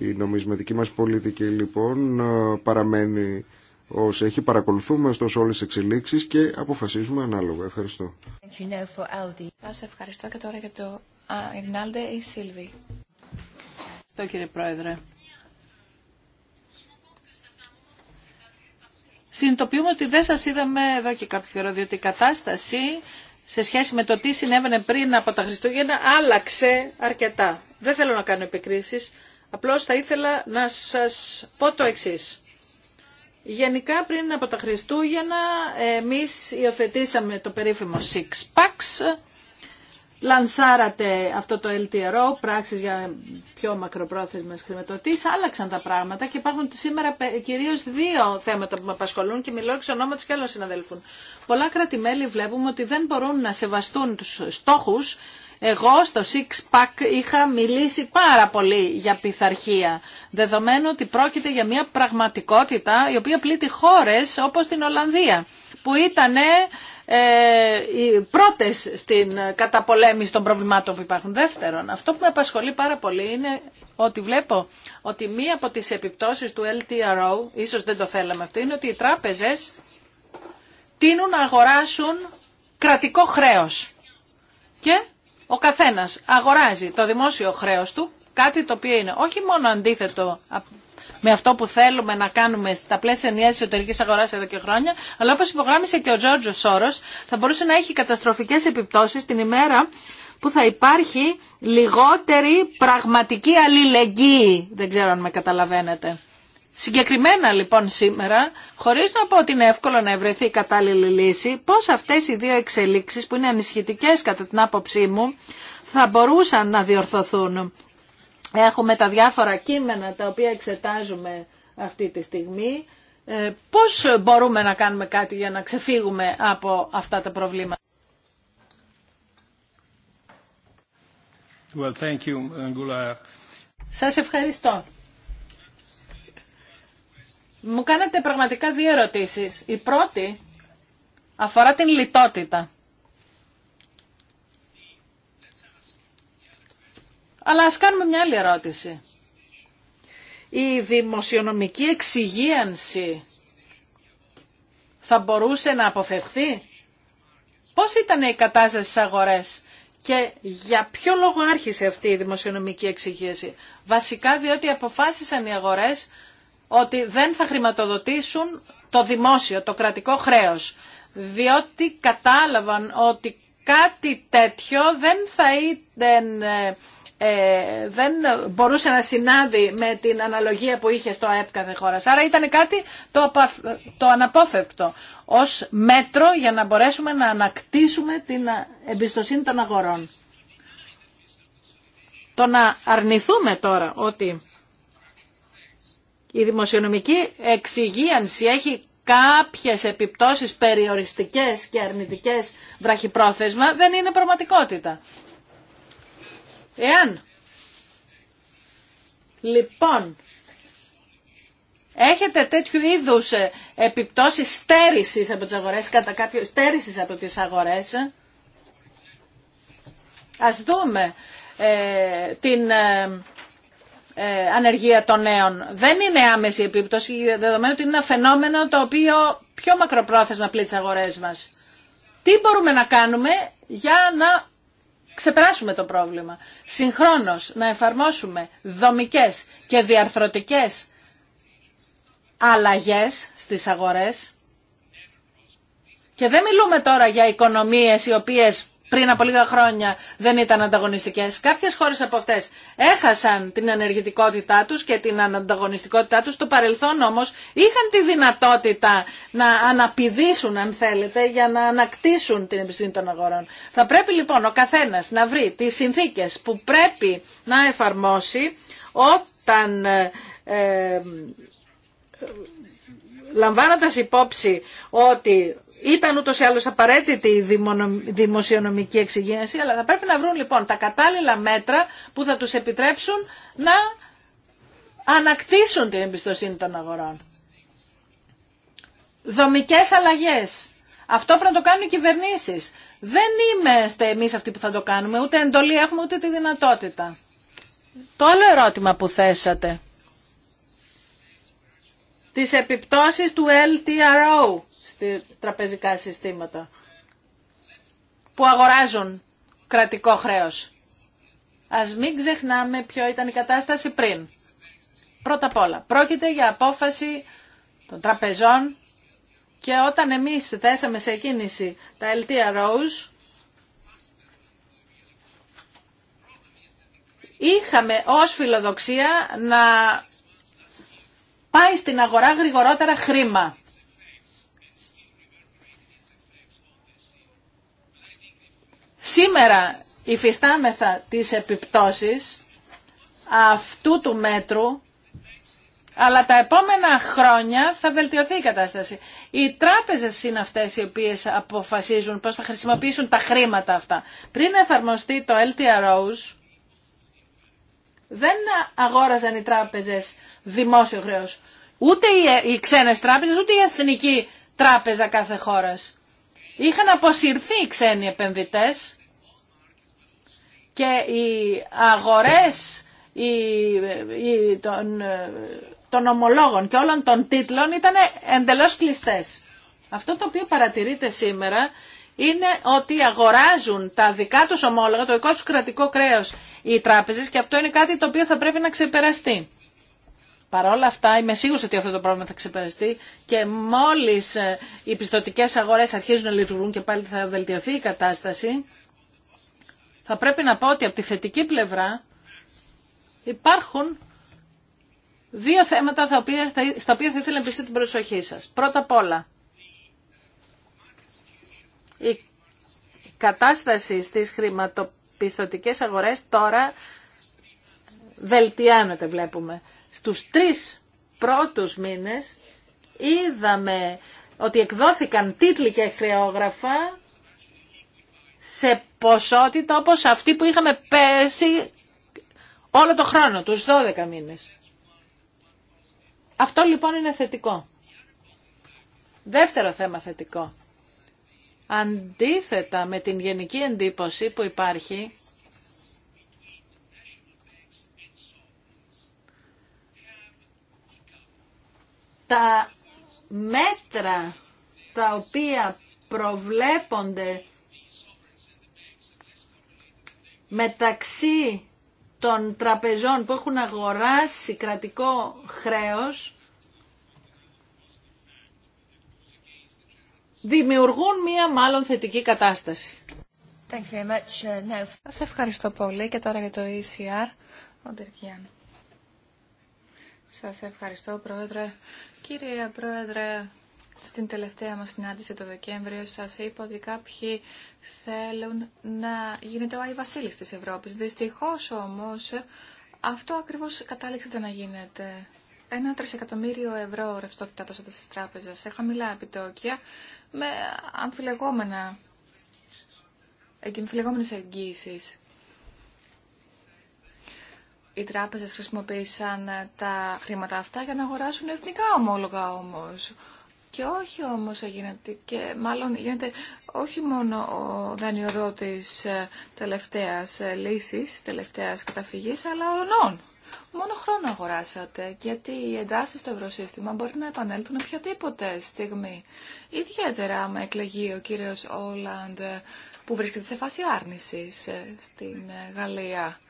Η νομισματική μας πολιτική λοιπόν παραμένει ως έχει παρακολουθούμε ωστόσο όλες τις εξελίξεις και αποφασίζουμε ανάλογα. Ευχαριστώ. Σας ευχαριστώ και τώρα για το ή Ευχαριστώ κύριε Πρόεδρε. Συνειδητοποιούμε ότι δεν σας είδαμε εδώ και κάποιο χρόνο, διότι η κατάσταση σε σχέση με το τι συνέβαινε πριν από τα Χριστούγεννα άλλαξε αρκετά. Δεν θέλω να κάνω επικρίσεις, απλώς θα ήθελα να σας πω το εξής. Γενικά πριν από τα Χριστούγεννα εμείς υιοθετήσαμε το περίφημο Six Packs λανσάρατε αυτό το LTRO, πράξεις για πιο μακροπρόθεσμες χρηματοδοτήσεις, άλλαξαν τα πράγματα και υπάρχουν σήμερα κυρίως δύο θέματα που με απασχολούν και μιλώ εξ ονόματος και άλλων συναδέλφων. κρατημέλη βλέπουμε ότι δεν μπορούν να σεβαστούν τους στόχους. Εγώ στο Six Pack είχα μιλήσει πάρα πολύ για πειθαρχία, δεδομένου ότι πρόκειται για μια πραγματικότητα η οποία πλήττει χώρες όπως την Ολλανδία, που ήτανε ε, οι πρώτες στην καταπολέμηση των προβλημάτων που υπάρχουν. Δεύτερον, αυτό που με απασχολεί πάρα πολύ είναι ότι βλέπω ότι μία από τις επιπτώσεις του LTRO, ίσως δεν το θέλαμε αυτό, είναι ότι οι τράπεζες τείνουν να αγοράσουν κρατικό χρέος. Και ο καθένας αγοράζει το δημόσιο χρέος του, κάτι το οποίο είναι όχι μόνο αντίθετο με αυτό που θέλουμε να κάνουμε στα πλαίσια ενιαία εσωτερική αγορά εδώ και χρόνια, αλλά όπω υπογράμισε και ο Τζόρτζο Σόρο, θα μπορούσε να έχει καταστροφικέ επιπτώσει την ημέρα που θα υπάρχει λιγότερη πραγματική αλληλεγγύη. Δεν ξέρω αν με καταλαβαίνετε. Συγκεκριμένα λοιπόν σήμερα, χωρίς να πω ότι είναι εύκολο να ευρεθεί η κατάλληλη λύση, πώς αυτές οι δύο εξελίξεις που είναι ανισχυτικές κατά την άποψή μου θα μπορούσαν να διορθωθούν. Έχουμε τα διάφορα κείμενα τα οποία εξετάζουμε αυτή τη στιγμή. Ε, πώς μπορούμε να κάνουμε κάτι για να ξεφύγουμε από αυτά τα προβλήματα. Well, thank you, Σας ευχαριστώ. Μου κάνετε πραγματικά δύο ερωτήσεις. Η πρώτη αφορά την λιτότητα. Αλλά ας κάνουμε μια άλλη ερώτηση. Η δημοσιονομική εξυγίανση θα μπορούσε να αποφευχθεί. Πώς ήταν η κατάσταση στις αγορές και για ποιο λόγο άρχισε αυτή η δημοσιονομική εξυγίαση. Βασικά διότι αποφάσισαν οι αγορές ότι δεν θα χρηματοδοτήσουν το δημόσιο, το κρατικό χρέος. Διότι κατάλαβαν ότι κάτι τέτοιο δεν θα ήταν ε, ε, δεν μπορούσε να συνάδει με την αναλογία που είχε στο ΑΕΠ κάθε χώρα. Άρα ήταν κάτι το, το αναπόφευκτο ως μέτρο για να μπορέσουμε να ανακτήσουμε την εμπιστοσύνη των αγορών. Το να αρνηθούμε τώρα ότι η δημοσιονομική εξυγίανση έχει κάποιες επιπτώσεις περιοριστικές και αρνητικές βραχυπρόθεσμα δεν είναι πραγματικότητα. Εάν λοιπόν έχετε τέτοιου είδους ε, επιπτώσεις στέρησης από τις αγορές, κατά κάποιο στέρησης από τις αγορές, ε? ας δούμε ε, την... ανεργία των νέων. Δεν είναι άμεση επίπτωση, δεδομένου ότι είναι ένα φαινόμενο το οποίο πιο μακροπρόθεσμα πλήττει τι αγορέ μα. Τι μπορούμε να κάνουμε για να ξεπεράσουμε το πρόβλημα. Συγχρόνως να εφαρμόσουμε δομικές και διαρθρωτικές αλλαγές στις αγορές. Και δεν μιλούμε τώρα για οικονομίες οι οποίες πριν από λίγα χρόνια δεν ήταν ανταγωνιστικές. Κάποιες χώρες από αυτές έχασαν την ενεργητικότητά τους και την ανταγωνιστικότητά τους. Το παρελθόν όμως είχαν τη δυνατότητα να αναπηδήσουν αν θέλετε για να ανακτήσουν την εμπιστοσύνη των αγορών. Θα πρέπει λοιπόν ο καθένας να βρει τις συνθήκες που πρέπει να εφαρμόσει όταν ε, ε λαμβάνοντας υπόψη ότι ήταν ούτως ή άλλω απαραίτητη η αλλω απαραιτητη εξυγίανση, αλλά θα πρέπει να βρουν λοιπόν τα κατάλληλα μέτρα που θα τους επιτρέψουν να ανακτήσουν την εμπιστοσύνη των αγορών. Δομικέ αλλαγέ. Αυτό πρέπει να το κάνουν οι κυβερνήσει. Δεν είμαστε εμείς αυτοί που θα το κάνουμε, ούτε εντολή έχουμε ούτε τη δυνατότητα. Το άλλο ερώτημα που θέσατε. Τις επιπτώσεις του LTRO τραπεζικά συστήματα που αγοράζουν κρατικό χρέος. Ας μην ξεχνάμε ποιο ήταν η κατάσταση πριν. Πρώτα απ' όλα, πρόκειται για απόφαση των τραπεζών και όταν εμείς θέσαμε σε κίνηση τα LTROs, είχαμε ως φιλοδοξία να πάει στην αγορά γρηγορότερα χρήμα. Σήμερα υφιστάμεθα τις επιπτώσεις αυτού του μέτρου, αλλά τα επόμενα χρόνια θα βελτιωθεί η κατάσταση. Οι τράπεζες είναι αυτές οι οποίες αποφασίζουν πώς θα χρησιμοποιήσουν τα χρήματα αυτά. Πριν εφαρμοστεί το LTROs, δεν αγόραζαν οι τράπεζες δημόσιο χρέος. Ούτε οι ξένες τράπεζες, ούτε η εθνική τράπεζα κάθε χώρας. Είχαν αποσυρθεί οι ξένοι επενδυτές και οι αγορές οι, οι, των, ομολόγων και όλων των τίτλων ήταν εντελώς κλειστές. Αυτό το οποίο παρατηρείται σήμερα είναι ότι αγοράζουν τα δικά τους ομόλογα, το δικό τους κρατικό κρέος οι τράπεζες και αυτό είναι κάτι το οποίο θα πρέπει να ξεπεραστεί. Παρ' όλα αυτά είμαι σίγουρη ότι αυτό το πρόβλημα θα ξεπεραστεί και μόλις ε, οι πιστοτικές αγορές αρχίζουν να λειτουργούν και πάλι θα βελτιωθεί η κατάσταση θα πρέπει να πω ότι από τη θετική πλευρά υπάρχουν δύο θέματα στα οποία θα ήθελα να πιστεί την προσοχή σας. Πρώτα απ' όλα, η κατάσταση στις χρηματοπιστωτικές αγορές τώρα βελτιάνεται βλέπουμε. Στους τρεις πρώτους μήνες είδαμε ότι εκδόθηκαν τίτλοι και χρεόγραφα σε ποσότητα όπως αυτή που είχαμε πέρσι όλο το χρόνο, τους 12 μήνες. Αυτό λοιπόν είναι θετικό. Δεύτερο θέμα θετικό. Αντίθετα με την γενική εντύπωση που υπάρχει τα μέτρα τα οποία προβλέπονται μεταξύ των τραπεζών που έχουν αγοράσει κρατικό χρέος δημιουργούν μία μάλλον θετική κατάσταση. Thank uh, ευχαριστώ πολύ και τώρα για το ECR. Ο Σας ευχαριστώ, Πρόεδρε. Κύριε Πρόεδρε, στην τελευταία μας συνάντηση το Δεκέμβριο σας είπα ότι κάποιοι θέλουν να γίνεται ο Άι Βασίλης της Ευρώπης. Δυστυχώς όμως αυτό ακριβώς κατάληξε να γίνεται. Ένα τρισεκατομμύριο ευρώ ρευστότητα τόσο στις τράπεζες σε χαμηλά επιτόκια με αμφιλεγόμενα εγκυμφιλεγόμενες εγγύησεις. Οι τράπεζες χρησιμοποίησαν τα χρήματα αυτά για να αγοράσουν εθνικά ομόλογα όμως. Και όχι όμως γίνεται, και μάλλον γίνεται όχι μόνο ο δανειοδότης ε, τελευταίας ε, λύσης, τελευταίας καταφυγής, αλλά ονών. Μόνο χρόνο αγοράσατε, γιατί οι εντάσεις στο ευρωσύστημα μπορεί να επανέλθουν οποιαδήποτε στιγμή. Ιδιαίτερα με εκλεγεί ο κύριος Όλαντ ε, που βρίσκεται σε φάση άρνησης στην Γαλλία.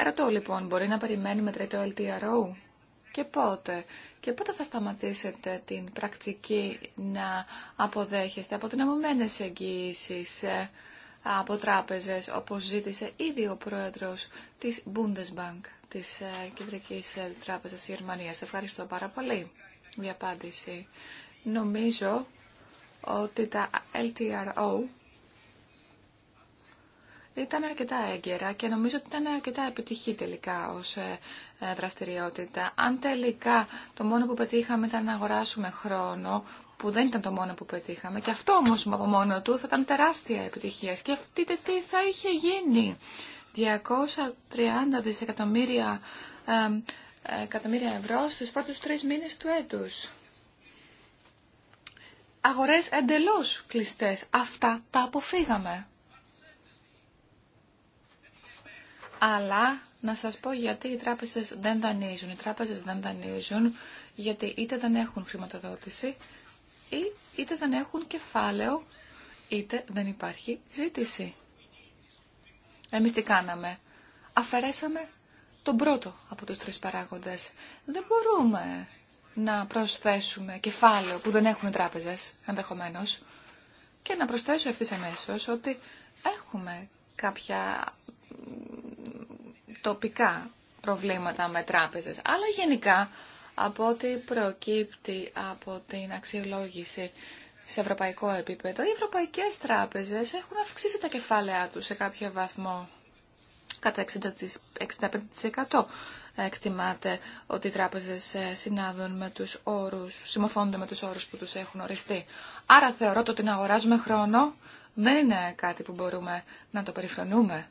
Ερωτώ λοιπόν, μπορεί να με τρίτο LTRO και πότε. Και πότε θα σταματήσετε την πρακτική να αποδέχεστε από εγγυήσεις ε, από τράπεζες, όπως ζήτησε ήδη ο πρόεδρος της Bundesbank, της ε, Κεντρικής ε, Τράπεζας της Γερμανίας. Ευχαριστώ πάρα πολύ για απάντηση. Νομίζω ότι τα LTRO ήταν αρκετά έγκαιρα και νομίζω ότι ήταν αρκετά επιτυχή τελικά ως ε, ε, δραστηριότητα. Αν τελικά το μόνο που πετύχαμε ήταν να αγοράσουμε χρόνο, που δεν ήταν το μόνο που πετύχαμε, και αυτό όμως από μόνο του θα ήταν τεράστια επιτυχία. Σκεφτείτε τι θα είχε γίνει. 230 δισεκατομμύρια εκατομμύρια ευρώ στους πρώτους τρεις μήνες του έτους. Αγορές εντελώς κλειστές. Αυτά τα αποφύγαμε. Αλλά να σας πω γιατί οι τράπεζες δεν δανείζουν. Οι τράπεζες δεν δανείζουν γιατί είτε δεν έχουν χρηματοδότηση ή είτε δεν έχουν κεφάλαιο είτε δεν υπάρχει ζήτηση. Εμείς τι κάναμε. Αφαιρέσαμε τον πρώτο από τους τρεις παράγοντες. Δεν μπορούμε να προσθέσουμε κεφάλαιο που δεν έχουν οι τράπεζες ενδεχομένω. Και να προσθέσω ευθύ αμέσω ότι έχουμε κάποια τοπικά προβλήματα με τράπεζες. Αλλά γενικά από ό,τι προκύπτει από την αξιολόγηση σε ευρωπαϊκό επίπεδο, οι ευρωπαϊκές τράπεζες έχουν αυξήσει τα κεφάλαιά τους σε κάποιο βαθμό. Κατά 65% εκτιμάται ότι οι τράπεζες ε, συνάδουν με τους όρους, συμμοφώνονται με τους όρους που τους έχουν οριστεί. Άρα θεωρώ ότι να αγοράζουμε χρόνο δεν είναι κάτι που μπορούμε να το περιφρονούμε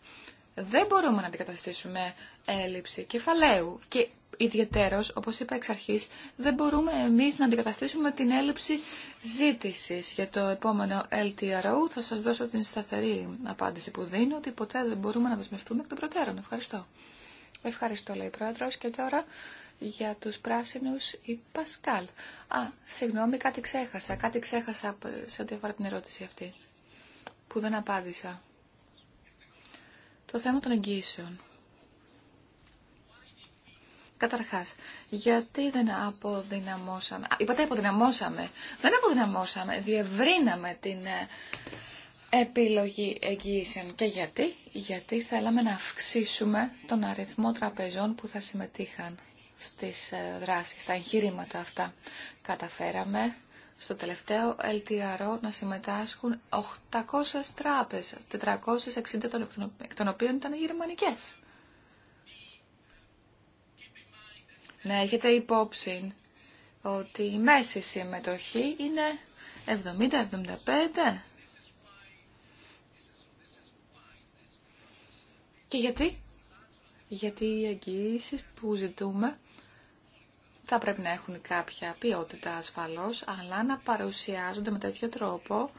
δεν μπορούμε να αντικαταστήσουμε έλλειψη κεφαλαίου. Και ιδιαιτέρως, όπω είπα εξ αρχή, δεν μπορούμε εμεί να αντικαταστήσουμε την έλλειψη ζήτηση Για το επόμενο LTRO θα σα δώσω την σταθερή απάντηση που δίνω, ότι ποτέ δεν μπορούμε να δεσμευτούμε εκ των προτέρων. Ευχαριστώ. Ευχαριστώ, λέει η Πρόεδρος. Και τώρα για του πράσινου η Πασκάλ. Α, συγγνώμη, κάτι ξέχασα. Κάτι ξέχασα σε ό,τι αφορά την ερώτηση αυτή, που δεν απάντησα. Το θέμα των εγγύσεων. Καταρχάς, γιατί δεν αποδυναμώσαμε, είπατε αποδυναμώσαμε, δεν αποδυναμώσαμε, διευρύναμε την ε, επιλογή εγγύσεων Και γιατί, γιατί θέλαμε να αυξήσουμε τον αριθμό τραπεζών που θα συμμετείχαν στις ε, δράσεις, στα εγχειρήματα αυτά. Καταφέραμε στο τελευταίο LTRO να συμμετάσχουν 800 τράπεζες, 460 εκ των οποίων ήταν γερμανικές. Να έχετε υπόψη ότι η μέση συμμετοχή είναι 70-75. Και γιατί? Γιατί οι εγγυήσεις που ζητούμε θα πρέπει να έχουν κάποια ποιότητα ασφαλώς, αλλά να παρουσιάζονται με τέτοιο τρόπο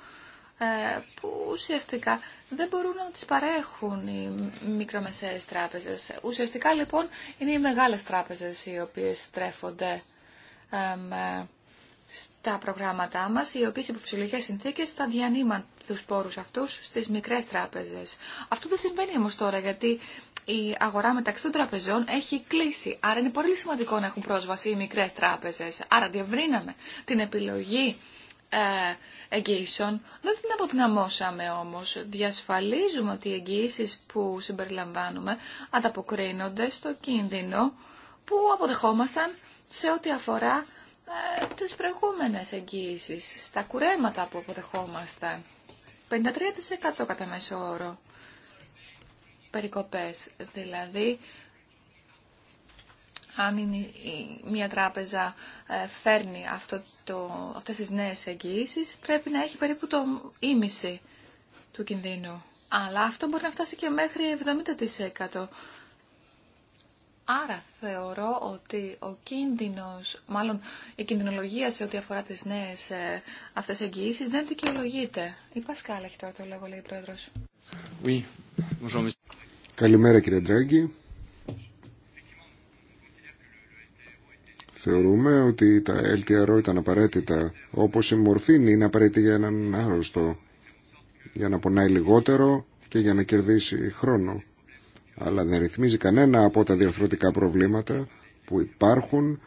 ε, που ουσιαστικά δεν μπορούν να τις παρέχουν οι μικρομεσαίες τράπεζες. Ουσιαστικά λοιπόν είναι οι μεγάλες τράπεζες οι οποίες στρέφονται ε, στα προγράμματά μας, οι οποίες υπό φυσιολογικές συνθήκες θα διανύμαν τους πόρους αυτούς στις μικρές τράπεζες. Αυτό δεν συμβαίνει όμως τώρα, γιατί η αγορά μεταξύ των τραπεζών έχει κλείσει. Άρα είναι πολύ σημαντικό να έχουν πρόσβαση οι μικρές τράπεζες. Άρα διευρύναμε την επιλογή ε, εγγύησεων. Δεν την αποδυναμώσαμε όμως. Διασφαλίζουμε ότι οι εγγύησεις που συμπεριλαμβάνουμε ανταποκρίνονται στο κίνδυνο που αποδεχόμασταν σε ό,τι αφορά ε, τις προηγούμενες εγγύησεις, στα κουρέματα που αποδεχόμασταν. 53% κατά μέσο όρο περικοπές. Δηλαδή, αν μια τράπεζα ε, φέρνει αυτό το, αυτές τις νέες εγγυήσεις, πρέπει να έχει περίπου το ίμιση του κινδύνου. Αλλά αυτό μπορεί να φτάσει και μέχρι 70%. Άρα θεωρώ ότι ο κίνδυνος, μάλλον η κινδυνολογία σε ό,τι αφορά τις νέες ε, αυτές εγγυήσεις δεν δικαιολογείται. Η Πασκάλα έχει τώρα το λόγο, λέει η Πρόεδρος. Oui. Καλημέρα κύριε Ντράγκη. Θεωρούμε ότι τα LTRO ήταν απαραίτητα, όπως η μορφή είναι απαραίτητη για έναν άρρωστο, για να πονάει λιγότερο και για να κερδίσει χρόνο. Αλλά δεν ρυθμίζει κανένα από τα διαρθρωτικά προβλήματα που υπάρχουν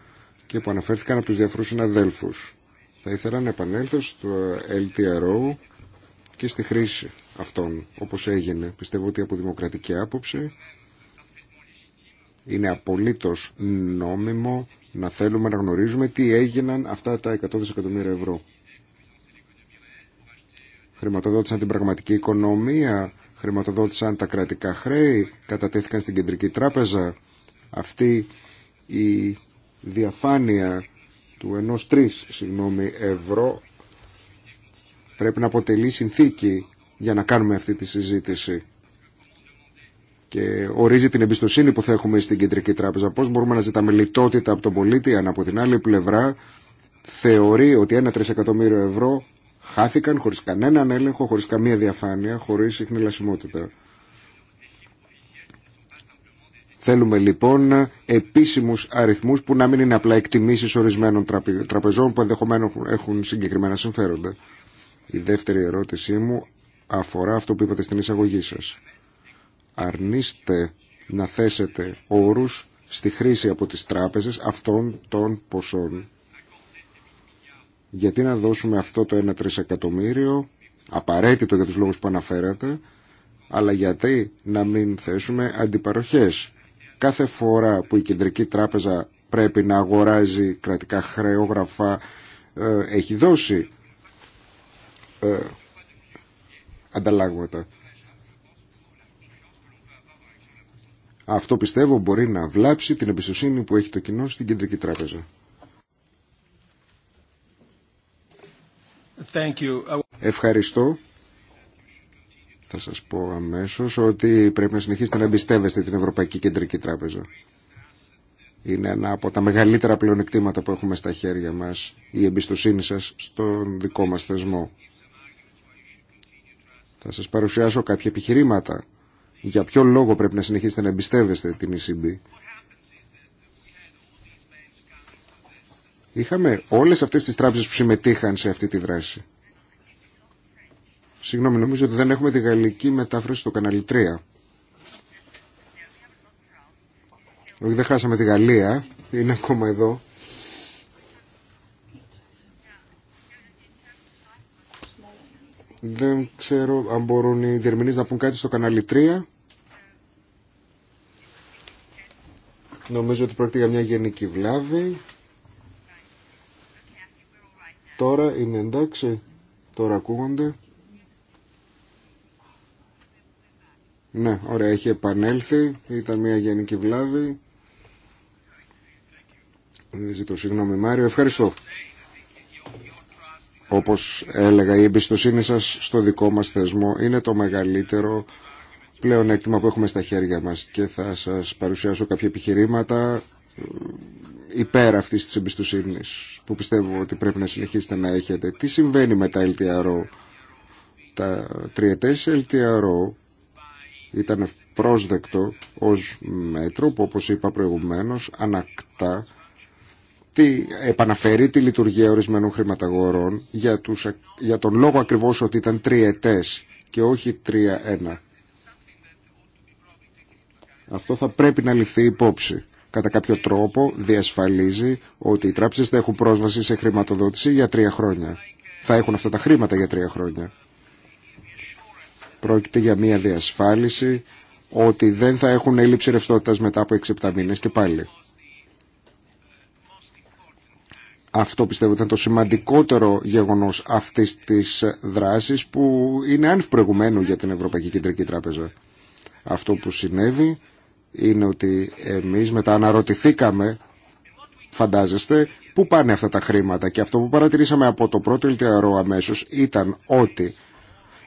και που αναφέρθηκαν από τους διαφορούς συναδέλφους. Θα ήθελα να επανέλθω στο LTRO και στη χρήση αυτών όπως έγινε. Πιστεύω ότι από δημοκρατική άποψη είναι απολύτως νόμιμο να θέλουμε να γνωρίζουμε τι έγιναν αυτά τα 100 δισεκατομμύρια ευρώ. Χρηματοδότησαν την πραγματική οικονομία, χρηματοδότησαν τα κρατικά χρέη, κατατέθηκαν στην κεντρική τράπεζα. Αυτή η διαφάνεια του ενός τρεις συγγνώμη, ευρώ πρέπει να αποτελεί συνθήκη για να κάνουμε αυτή τη συζήτηση και ορίζει την εμπιστοσύνη που θα έχουμε στην Κεντρική Τράπεζα. Πώς μπορούμε να ζητάμε λιτότητα από τον πολίτη, αν από την άλλη πλευρά θεωρεί ότι ένα τρισεκατομμύριο ευρώ χάθηκαν χωρίς κανέναν έλεγχο, χωρίς καμία διαφάνεια, χωρίς συχνηλασιμότητα. Θέλουμε λοιπόν επίσημους αριθμούς που να μην είναι απλά εκτιμήσεις ορισμένων τραπεζών που ενδεχομένως έχουν συγκεκριμένα συμφέροντα. Η δεύτερη ερώτησή μου αφορά αυτό που είπατε στην εισαγωγή σας. Αρνείστε να θέσετε όρους στη χρήση από τις τράπεζες αυτών των ποσών. Γιατί να δώσουμε αυτό το 1 τρισεκατομμύριο, απαραίτητο για τους λόγους που αναφέρατε, αλλά γιατί να μην θέσουμε αντιπαροχές. Κάθε φορά που η Κεντρική Τράπεζα πρέπει να αγοράζει κρατικά χρεόγραφα, ε, έχει δώσει ε, ανταλλάγματα. Αυτό πιστεύω μπορεί να βλάψει την εμπιστοσύνη που έχει το κοινό στην Κεντρική Τράπεζα. Ευχαριστώ. Θα σας πω αμέσως ότι πρέπει να συνεχίσετε να εμπιστεύεστε την Ευρωπαϊκή Κεντρική Τράπεζα. Είναι ένα από τα μεγαλύτερα πλεονεκτήματα που έχουμε στα χέρια μας η εμπιστοσύνη σας στον δικό μας θεσμό. Θα σας παρουσιάσω κάποια επιχειρήματα. Για ποιο λόγο πρέπει να συνεχίσετε να εμπιστεύεστε την ECB. Είχαμε όλες αυτές τις τράπεζες που συμμετείχαν σε αυτή τη δράση. Συγγνώμη, νομίζω ότι δεν έχουμε τη γαλλική μετάφραση στο κανάλι 3. Όχι, δεν χάσαμε τη Γαλλία. Είναι ακόμα εδώ. Δεν ξέρω αν μπορούν οι διερμηνείς να πούν κάτι στο κανάλι 3. Νομίζω ότι πρόκειται για μια γενική βλάβη. Τώρα είναι εντάξει. Τώρα ακούγονται. Ναι, ωραία, έχει επανέλθει. Ήταν μια γενική βλάβη. Ζητώ συγγνώμη Μάριο. Ευχαριστώ. Όπως έλεγα, η εμπιστοσύνη σας στο δικό μας θεσμό είναι το μεγαλύτερο πλέον έκτημα που έχουμε στα χέρια μας και θα σας παρουσιάσω κάποια επιχειρήματα ε, υπέρ αυτής της εμπιστοσύνης που πιστεύω ότι πρέπει να συνεχίσετε να έχετε. Τι συμβαίνει με τα LTRO. Τα τριετές LTRO ήταν πρόσδεκτο ως μέτρο που όπως είπα προηγουμένως ανακτά τι, επαναφέρει τη λειτουργία ορισμένων χρηματαγορών για, τους, για τον λόγο ακριβώς ότι ήταν τριετές και όχι τρία-ένα. Αυτό θα πρέπει να ληφθεί υπόψη. Κατά κάποιο τρόπο διασφαλίζει ότι οι τράπεζες θα έχουν πρόσβαση σε χρηματοδότηση για τρία χρόνια. Θα έχουν αυτά τα χρήματα για τρία χρόνια. Πρόκειται για μια διασφάλιση ότι δεν θα έχουν έλλειψη ρευστότητα μετά από 6-7 μήνες και πάλι. Αυτό πιστεύω ήταν το σημαντικότερο γεγονός αυτής της δράσης που είναι άνευ για την Ευρωπαϊκή Κεντρική Τράπεζα. Αυτό που συνέβη είναι ότι εμείς μετά αναρωτηθήκαμε, φαντάζεστε, πού πάνε αυτά τα χρήματα και αυτό που παρατηρήσαμε από το πρώτο ηλτιαρό αμέσως ήταν ότι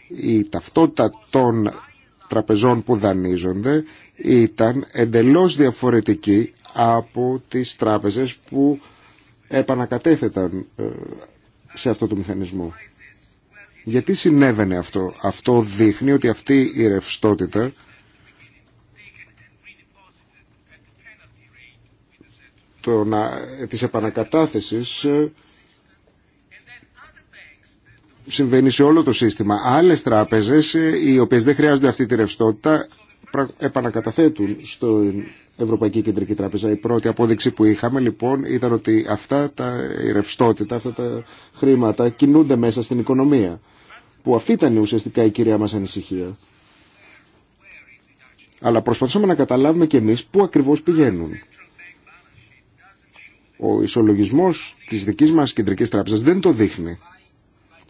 η ταυτότητα των τραπεζών που δανείζονται ήταν εντελώς διαφορετική από τις τράπεζες που επανακατέθεταν ε, σε αυτό το μηχανισμό. Γιατί συνέβαινε αυτό. Αυτό δείχνει ότι αυτή η ρευστότητα το να, της επανακατάθεσης ε, συμβαίνει σε όλο το σύστημα. Άλλες τράπεζες ε, οι οποίες δεν χρειάζονται αυτή τη ρευστότητα επανακαταθέτουν στο Ευρωπαϊκή Κεντρική Τράπεζα. Η πρώτη απόδειξη που είχαμε λοιπόν ήταν ότι αυτά τα ρευστότητα, αυτά τα χρήματα κινούνται μέσα στην οικονομία. Που αυτή ήταν ουσιαστικά η κυρία μας ανησυχία. Αλλά προσπαθούμε να καταλάβουμε και εμείς πού ακριβώς πηγαίνουν. Ο ισολογισμός της δικής μας Κεντρικής Τράπεζας δεν το δείχνει.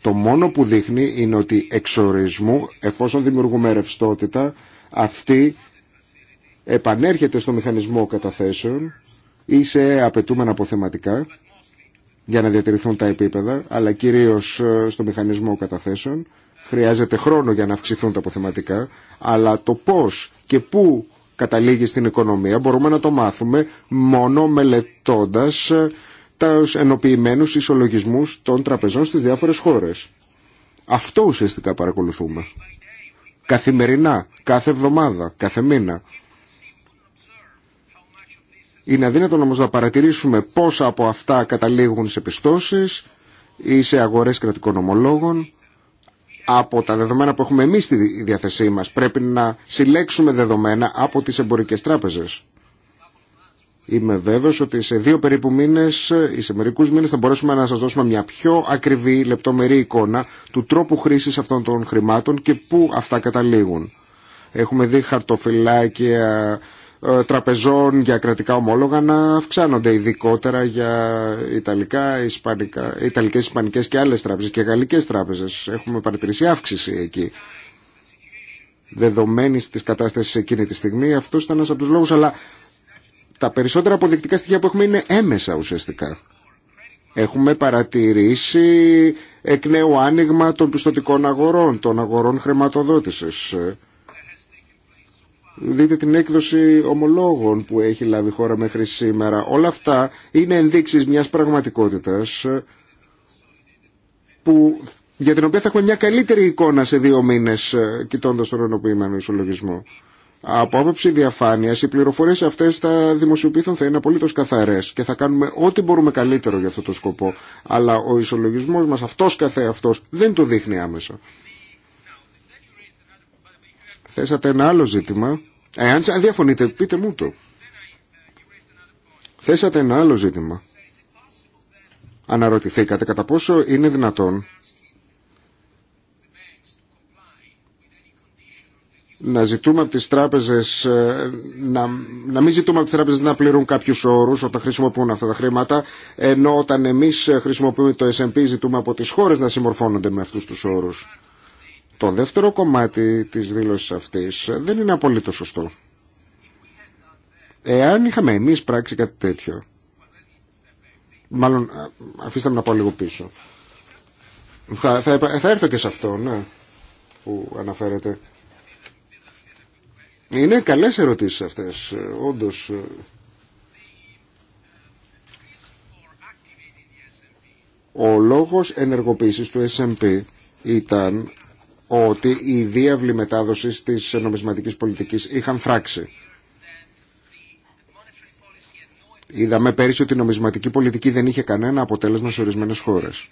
Το μόνο που δείχνει είναι ότι εξορισμού, εφόσον δημιουργούμε ρευστότητα, αυτή επανέρχεται στο μηχανισμό καταθέσεων ή σε απαιτούμενα αποθεματικά για να διατηρηθούν τα επίπεδα, αλλά κυρίως ε, στο μηχανισμό καταθέσεων. Χρειάζεται χρόνο για να αυξηθούν τα αποθεματικά, αλλά το πώς και πού καταλήγει στην οικονομία μπορούμε να το μάθουμε μόνο μελετώντας ε, τα ενοποιημένους ισολογισμούς των τραπεζών στις διάφορες χώρες. Αυτό ουσιαστικά παρακολουθούμε. Καθημερινά, κάθε εβδομάδα, κάθε μήνα. Είναι αδύνατο όμω να παρατηρήσουμε πόσα από αυτά καταλήγουν σε πιστώσει ή σε αγορές κρατικών ομολόγων. Από τα δεδομένα που έχουμε εμεί στη διάθεσή μας πρέπει να συλλέξουμε δεδομένα από τις εμπορικές τράπεζες. Είμαι βέβαιος ότι σε δύο περίπου μήνε ή σε μερικού μήνε θα μπορέσουμε να σα δώσουμε μια πιο ακριβή λεπτομερή εικόνα του τρόπου χρήση αυτών των χρημάτων και πού αυτά καταλήγουν. Έχουμε δει χαρτοφυλάκια ε, τραπεζών για κρατικά ομόλογα να αυξάνονται ειδικότερα για Ιταλικά, Ισπανικά, Ιταλικές, Ισπανικές και άλλες τράπεζες και Γαλλικές τράπεζες. Έχουμε παρατηρήσει αύξηση εκεί. Δεδομένη τη κατάσταση εκείνη τη στιγμή, αυτό ήταν ένα από του λόγου, αλλά τα περισσότερα αποδεικτικά στοιχεία που έχουμε είναι έμεσα ουσιαστικά. Έχουμε παρατηρήσει εκ νέου άνοιγμα των πιστοτικών αγορών, των αγορών χρηματοδότησης δείτε την έκδοση ομολόγων που έχει λάβει η χώρα μέχρι σήμερα. Όλα αυτά είναι ενδείξεις μιας πραγματικότητας ε, που, για την οποία θα έχουμε μια καλύτερη εικόνα σε δύο μήνες ε, κοιτώντας τον ενοποιημένο ισολογισμό. Από άποψη διαφάνειας, οι πληροφορίες αυτές θα δημοσιοποιηθούν, θα είναι απολύτως καθαρές και θα κάνουμε ό,τι μπορούμε καλύτερο για αυτό το σκοπό. Αλλά ο ισολογισμός μας αυτός καθεαυτός δεν το δείχνει άμεσα. Θέσατε ένα άλλο ζήτημα. Εάν αν διαφωνείτε, πείτε μου το. Θέσατε ένα άλλο ζήτημα. Αναρωτηθήκατε κατά πόσο είναι δυνατόν να ζητούμε από τις τράπεζες ε, να, να μην ζητούμε από τις τράπεζες να πληρούν κάποιους όρους όταν χρησιμοποιούν αυτά τα χρήματα ενώ όταν εμείς ε, χρησιμοποιούμε το S&P ζητούμε από τις χώρες να συμμορφώνονται με αυτούς τους όρους το δεύτερο κομμάτι της δήλωσης αυτής δεν είναι απολύτως σωστό. Εάν είχαμε εμείς πράξει κάτι τέτοιο, μάλλον αφήστε με να πάω λίγο πίσω, θα, έρθω και σε αυτό ναι, που αναφέρετε. Είναι καλές ερωτήσεις αυτές, όντως. Ο λόγος ενεργοποίησης του SMP ήταν ότι οι διάβλοι μετάδοση της νομισματικής πολιτική είχαν φράξει. Είδαμε πέρυσι ότι η νομισματική πολιτική δεν είχε κανένα αποτέλεσμα σε ορισμένες χώρες.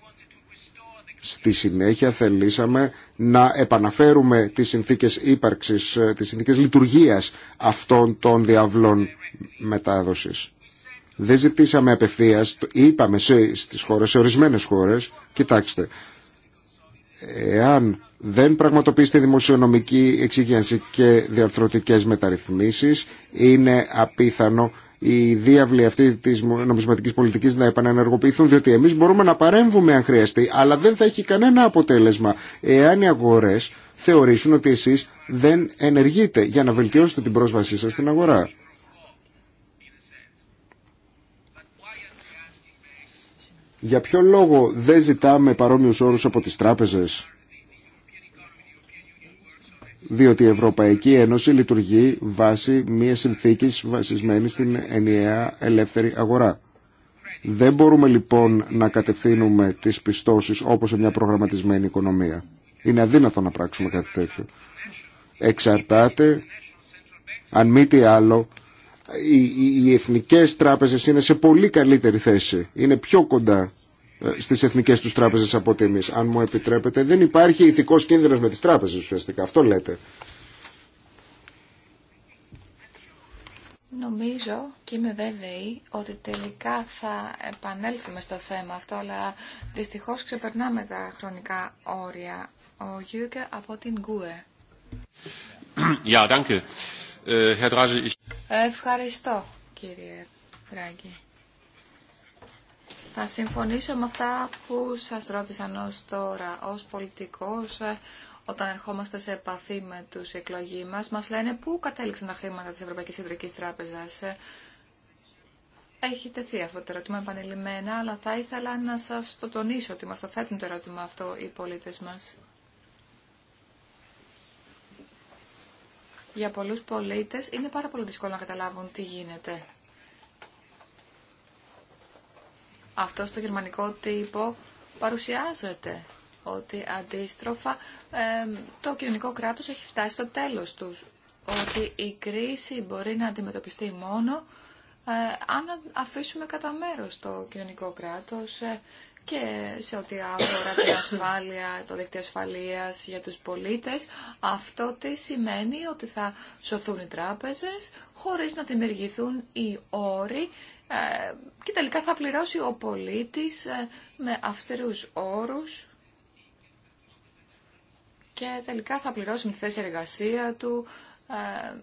Στη συνέχεια θελήσαμε να επαναφέρουμε τις συνθήκες ύπαρξης, τις συνθήκες λειτουργίας αυτών των διαβλών μετάδοσης. Δεν ζητήσαμε απευθείας, είπαμε σε, στις χώρες, σε ορισμένες χώρες, κοιτάξτε, εάν δεν πραγματοποιείστε δημοσιονομική εξυγένση και διαρθρωτικές μεταρρυθμίσεις. Είναι απίθανο οι διάβλοι αυτή της νομισματικής πολιτικής να επανενεργοποιηθούν, διότι εμείς μπορούμε να παρέμβουμε αν χρειαστεί, αλλά δεν θα έχει κανένα αποτέλεσμα εάν οι αγορές θεωρήσουν ότι εσείς δεν ενεργείτε για να βελτιώσετε την πρόσβασή σα στην αγορά. Για ποιο λόγο δεν ζητάμε παρόμοιους όρους από τις τράπεζες διότι η Ευρωπαϊκή Ένωση λειτουργεί βάσει μια συνθήκη βασισμένη στην ενιαία ελεύθερη αγορά. Δεν μπορούμε λοιπόν να κατευθύνουμε τις πιστώσεις όπως σε μια προγραμματισμένη οικονομία. Είναι αδύνατο να πράξουμε κάτι τέτοιο. Εξαρτάται, αν μη τι άλλο, οι, οι, οι εθνικές τράπεζες είναι σε πολύ καλύτερη θέση. Είναι πιο κοντά ε, στις εθνικές τους τράπεζες τιμή, Αν μου επιτρέπετε, δεν υπάρχει ηθικός κίνδυνο με τις τράπεζες ουσιαστικά. Αυτό λέτε. Νομίζω και είμαι βέβαιη ότι τελικά θα επανέλθουμε στο θέμα αυτό, αλλά δυστυχώς ξεπερνάμε τα χρονικά όρια. Ο Γιούγκερ από την Γκουε. Ε, Ευχαριστώ, κύριε Δράγκη. Θα συμφωνήσω με αυτά που σας ρώτησαν ως τώρα, ως πολιτικός, ε, όταν ερχόμαστε σε επαφή με τους εκλογείς μας, μας λένε πού κατέληξαν τα χρήματα της Ευρωπαϊκής Κεντρικής Τράπεζας. Ε, έχει τεθεί αυτό το ερώτημα επανειλημμένα, αλλά θα ήθελα να σας το τονίσω ότι μας το θέτουν το ερώτημα αυτό οι πολίτες μας. Για πολλούς πολίτες είναι πάρα πολύ δύσκολο να καταλάβουν τι γίνεται. Αυτό στο γερμανικό τύπο παρουσιάζεται ότι αντίστροφα το κοινωνικό κράτος έχει φτάσει στο τέλος τους. Ότι η κρίση μπορεί να αντιμετωπιστεί μόνο ε, αν αφήσουμε κατά μέρο το κοινωνικό κράτος ε, και σε ό,τι αφορά την ασφάλεια, το δίκτυο ασφαλείας για τους πολίτες, αυτό τι σημαίνει ότι θα σωθούν οι τράπεζες χωρίς να δημιουργηθούν οι όροι ε, και τελικά θα πληρώσει ο πολίτης ε, με αυστηρούς όρους και τελικά θα πληρώσει με τη θέση εργασία του, ε,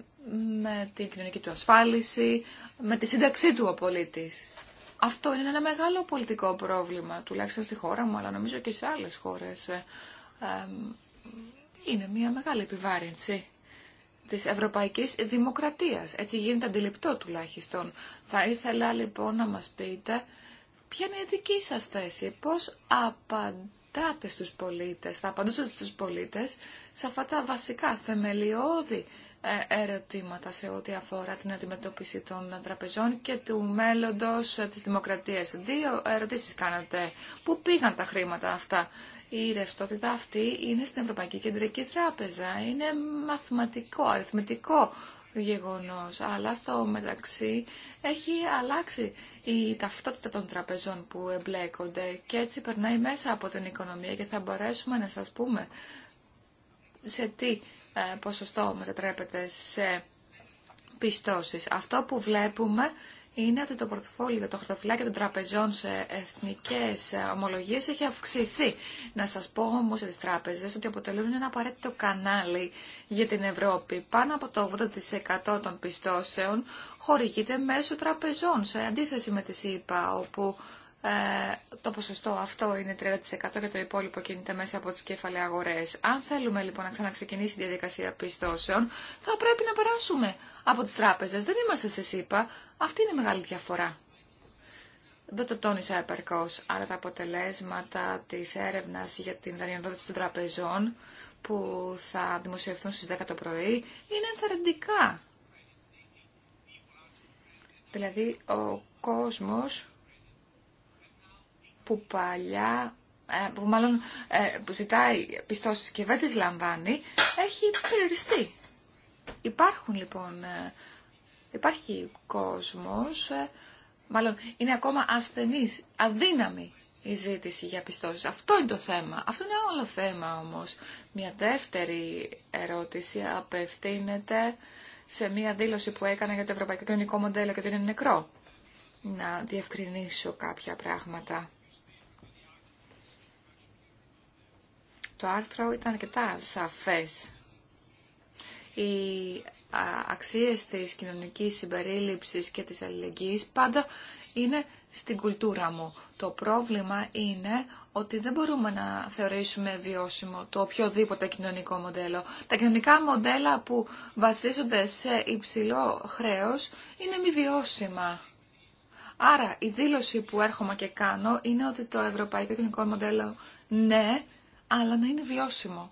με την κοινωνική του ασφάλιση, με τη σύνταξή του ο πολίτης. Αυτό είναι ένα μεγάλο πολιτικό πρόβλημα, τουλάχιστον στη χώρα μου, αλλά νομίζω και σε άλλες χώρες. Είναι μια μεγάλη επιβάρυνση της ευρωπαϊκής δημοκρατίας. Έτσι γίνεται αντιληπτό τουλάχιστον. Θα ήθελα λοιπόν να μας πείτε ποια είναι η δική σας θέση, πώς απαντάτε στους πολίτες, θα απαντούσατε στους πολίτες σε αυτά τα βασικά θεμελιώδη ε, ερωτήματα σε ό,τι αφορά την αντιμετώπιση των τραπεζών και του μέλλοντος της δημοκρατίας. Δύο ερωτήσεις κάνατε. Πού πήγαν τα χρήματα αυτά η ρευστότητα αυτή είναι στην Ευρωπαϊκή Κεντρική Τράπεζα. Είναι μαθηματικό, αριθμητικό γεγονός, αλλά στο μεταξύ έχει αλλάξει η ταυτότητα των τραπεζών που εμπλέκονται και έτσι περνάει μέσα από την οικονομία και θα μπορέσουμε να σας πούμε σε τι ε, ποσοστό μετατρέπεται σε πιστώσεις. Αυτό που βλέπουμε είναι ότι το πορτοφόλιο, το χαρτοφυλάκια των τραπεζών σε εθνικέ ε, ομολογίε έχει αυξηθεί. Να σας πω όμως τι τράπεζε ότι αποτελούν ένα απαραίτητο κανάλι για την Ευρώπη. Πάνω από το 80% των πιστώσεων χορηγείται μέσω τραπεζών, σε αντίθεση με τη ΣΥΠΑ, όπου ε, το ποσοστό αυτό είναι 30% και το υπόλοιπο κινείται μέσα από τις κεφαλαίες αγορές. Αν θέλουμε λοιπόν να ξαναξεκινήσει η διαδικασία πιστώσεων, θα πρέπει να περάσουμε από τις τράπεζες. Δεν είμαστε στη ΣΥΠΑ. Αυτή είναι η μεγάλη διαφορά. Δεν το τόνισα επαρκώ, αλλά τα αποτελέσματα της έρευνας για την δανειοδότηση των τραπεζών που θα δημοσιευθούν στις 10 το πρωί είναι ενθαρρυντικά. Δηλαδή, ο κόσμος που παλιά ε, που μάλλον ε, που ζητάει πιστώσεις και δεν τις λαμβάνει, έχει περιοριστεί. Υπάρχουν λοιπόν, ε, υπάρχει κόσμος, μάλλον είναι ακόμα ασθενής, αδύναμη η ζήτηση για πιστώσεις. Αυτό είναι το θέμα. Αυτό είναι όλο θέμα όμως. Μια δεύτερη ερώτηση απευθύνεται σε μια δήλωση που έκανα για το ευρωπαϊκό κοινωνικό μοντέλο και ότι είναι νεκρό. Να διευκρινίσω κάποια πράγματα. Το άρθρο ήταν αρκετά σαφές. Οι αξίες της κοινωνικής συμπερίληψης και της αλληλεγγύης πάντα είναι στην κουλτούρα μου. Το πρόβλημα είναι ότι δεν μπορούμε να θεωρήσουμε βιώσιμο το οποιοδήποτε κοινωνικό μοντέλο. Τα κοινωνικά μοντέλα που βασίζονται σε υψηλό χρέος είναι μη βιώσιμα. Άρα η δήλωση που έρχομαι και κάνω είναι ότι το ευρωπαϊκό κοινωνικό μοντέλο ναι, αλλά να είναι βιώσιμο.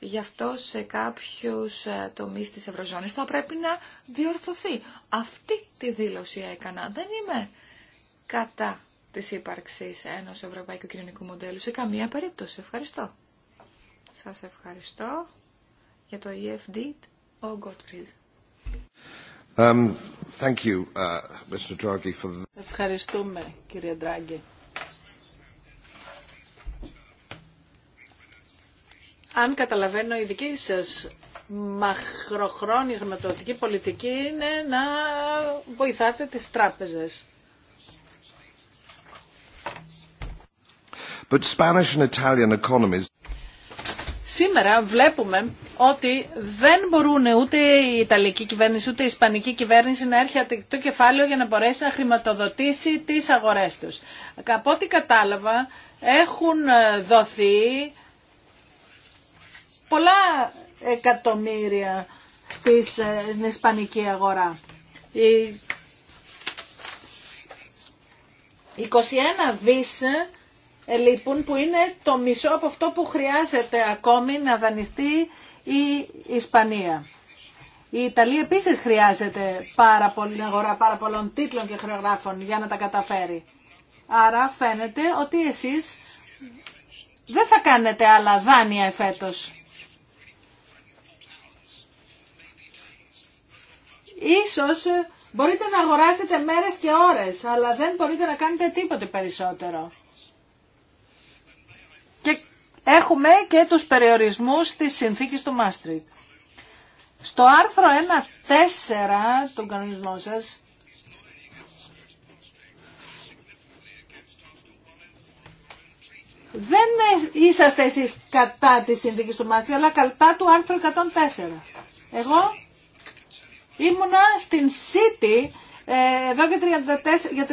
Γι' αυτό σε κάποιους ε, τομείς της Ευρωζώνης θα πρέπει να διορθωθεί. Αυτή τη δήλωση έκανα. Δεν είμαι κατά της ύπαρξης ενός ευρωπαϊκού κοινωνικού μοντέλου σε καμία περίπτωση. Ευχαριστώ. Σας ευχαριστώ για το EFD, ο Γκότφριδ. Um, uh, Ευχαριστούμε, κύριε Ντράγκη αν καταλαβαίνω, η δική σας μαχροχρόνια χρηματοδοτική πολιτική είναι να βοηθάτε τις τράπεζες. Σήμερα βλέπουμε ότι δεν μπορούν ούτε η Ιταλική κυβέρνηση ούτε η Ισπανική κυβέρνηση να έρχεται το κεφάλαιο για να μπορέσει να χρηματοδοτήσει τις αγορές τους. Από ό,τι κατάλαβα έχουν ε, δοθεί πολλά εκατομμύρια στις, ε, στην ισπανική αγορά. Η 21 δις ε, λείπουν που είναι το μισό από αυτό που χρειάζεται ακόμη να δανειστεί η Ισπανία. Η Ιταλία επίσης χρειάζεται πάρα πολύ, αγορά πάρα πολλών τίτλων και χρεογράφων για να τα καταφέρει. Άρα φαίνεται ότι εσείς δεν θα κάνετε άλλα δάνεια εφέτος. Ίσως ε, μπορείτε να αγοράσετε μέρες και ώρες, αλλά δεν μπορείτε να κάνετε τίποτε περισσότερο. Και έχουμε και τους περιορισμούς της συνθήκης του Μάστριτ. Στο άρθρο 1.4 στον κανονισμό σας, δεν ε, είσαστε εσείς κατά της συνθήκης του Μάστρικ, αλλά κατά του άρθρου 104. Εγώ Ήμουνα στην City ε, εδώ και 34, για 34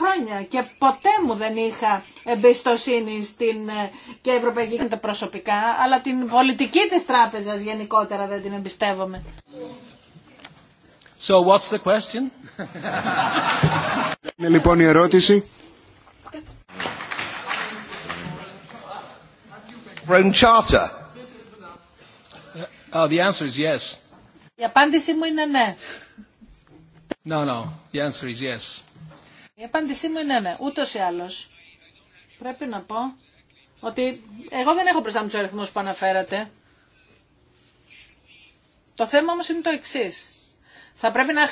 χρόνια και ποτέ μου δεν είχα εμπιστοσύνη στην ε, και ευρωπαϊκή τα προσωπικά, αλλά την πολιτική της τράπεζας γενικότερα δεν την εμπιστεύομαι. So what's the question? Είναι λοιπόν η ερώτηση. Rome Charter. Uh, oh, the answer is yes. Η απάντησή μου είναι ναι. No, no. The answer is yes. Η απάντησή μου είναι ναι. Ούτως ή άλλως. Πρέπει να πω ότι εγώ δεν έχω μπροστά μου του αριθμού που αναφέρατε. Το θέμα όμως είναι το εξή. Θα πρέπει να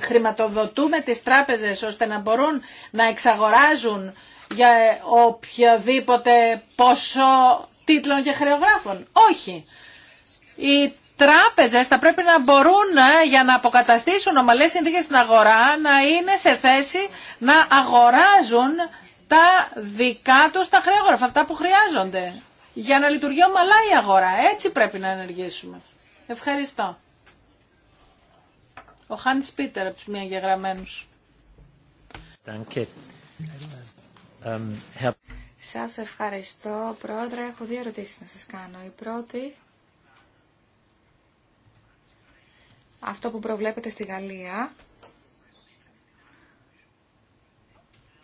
χρηματοδοτούμε τις τράπεζες ώστε να μπορούν να εξαγοράζουν για ε, οποιοδήποτε ποσό τίτλων και χρεογράφων. Όχι. Οι τράπεζες θα πρέπει να μπορούν ε, για να αποκαταστήσουν ομαλές συνθήκες στην αγορά να είναι σε θέση να αγοράζουν τα δικά τους τα χρέογραφα, αυτά που χρειάζονται. Για να λειτουργεί ομαλά η αγορά. Έτσι πρέπει να ενεργήσουμε. Ευχαριστώ. Ο Χάν Πίτερ από του μία Σας ευχαριστώ, Πρόεδρε. Έχω δύο ερωτήσεις να σας κάνω. Η πρώτη αυτό που προβλέπεται στη Γαλλία,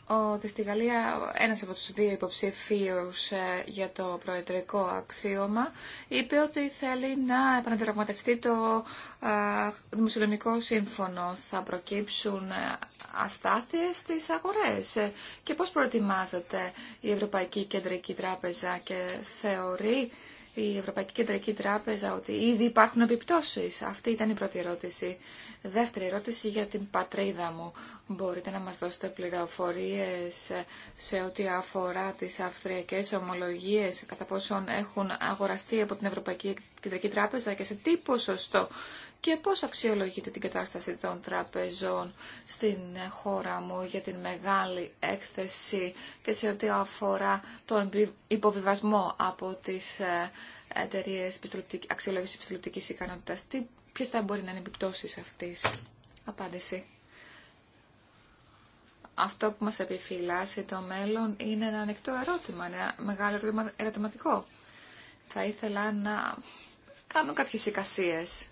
ότι στη Γαλλία ένας από τους δύο υποψηφίους ε, για το προεδρικό αξίωμα είπε ότι θέλει να επαναδραματευτεί το ε, δημοσιονομικό σύμφωνο. Θα προκύψουν ε, αστάθειες στις αγορές. Και πώς προετοιμάζεται η Ευρωπαϊκή Κεντρική Τράπεζα και θεωρεί η Ευρωπαϊκή Κεντρική Τράπεζα ότι ήδη υπάρχουν επιπτώσεις. Αυτή ήταν η πρώτη ερώτηση. Δεύτερη ερώτηση για την πατρίδα μου. Μπορείτε να μας δώσετε πληροφορίες σε ό,τι αφορά τις αυστριακές ομολογίες κατά πόσον έχουν αγοραστεί από την Ευρωπαϊκή Κεντρική Τράπεζα και σε τι ποσοστό και πώς αξιολογείτε την κατάσταση των τραπεζών στην χώρα μου για την μεγάλη έκθεση και σε ό,τι αφορά τον υποβιβασμό από τις ε, εταιρείε αξιολόγηση επιστολεπτικής ικανότητας. Τι, ποιες θα μπορεί να είναι επιπτώσει αυτής. Απάντηση. Αυτό που μας επιφυλάσσει το μέλλον είναι ένα ανοιχτό ερώτημα, ένα μεγάλο ερωτηματικό. Θα ήθελα να κάνω κάποιες εικασίες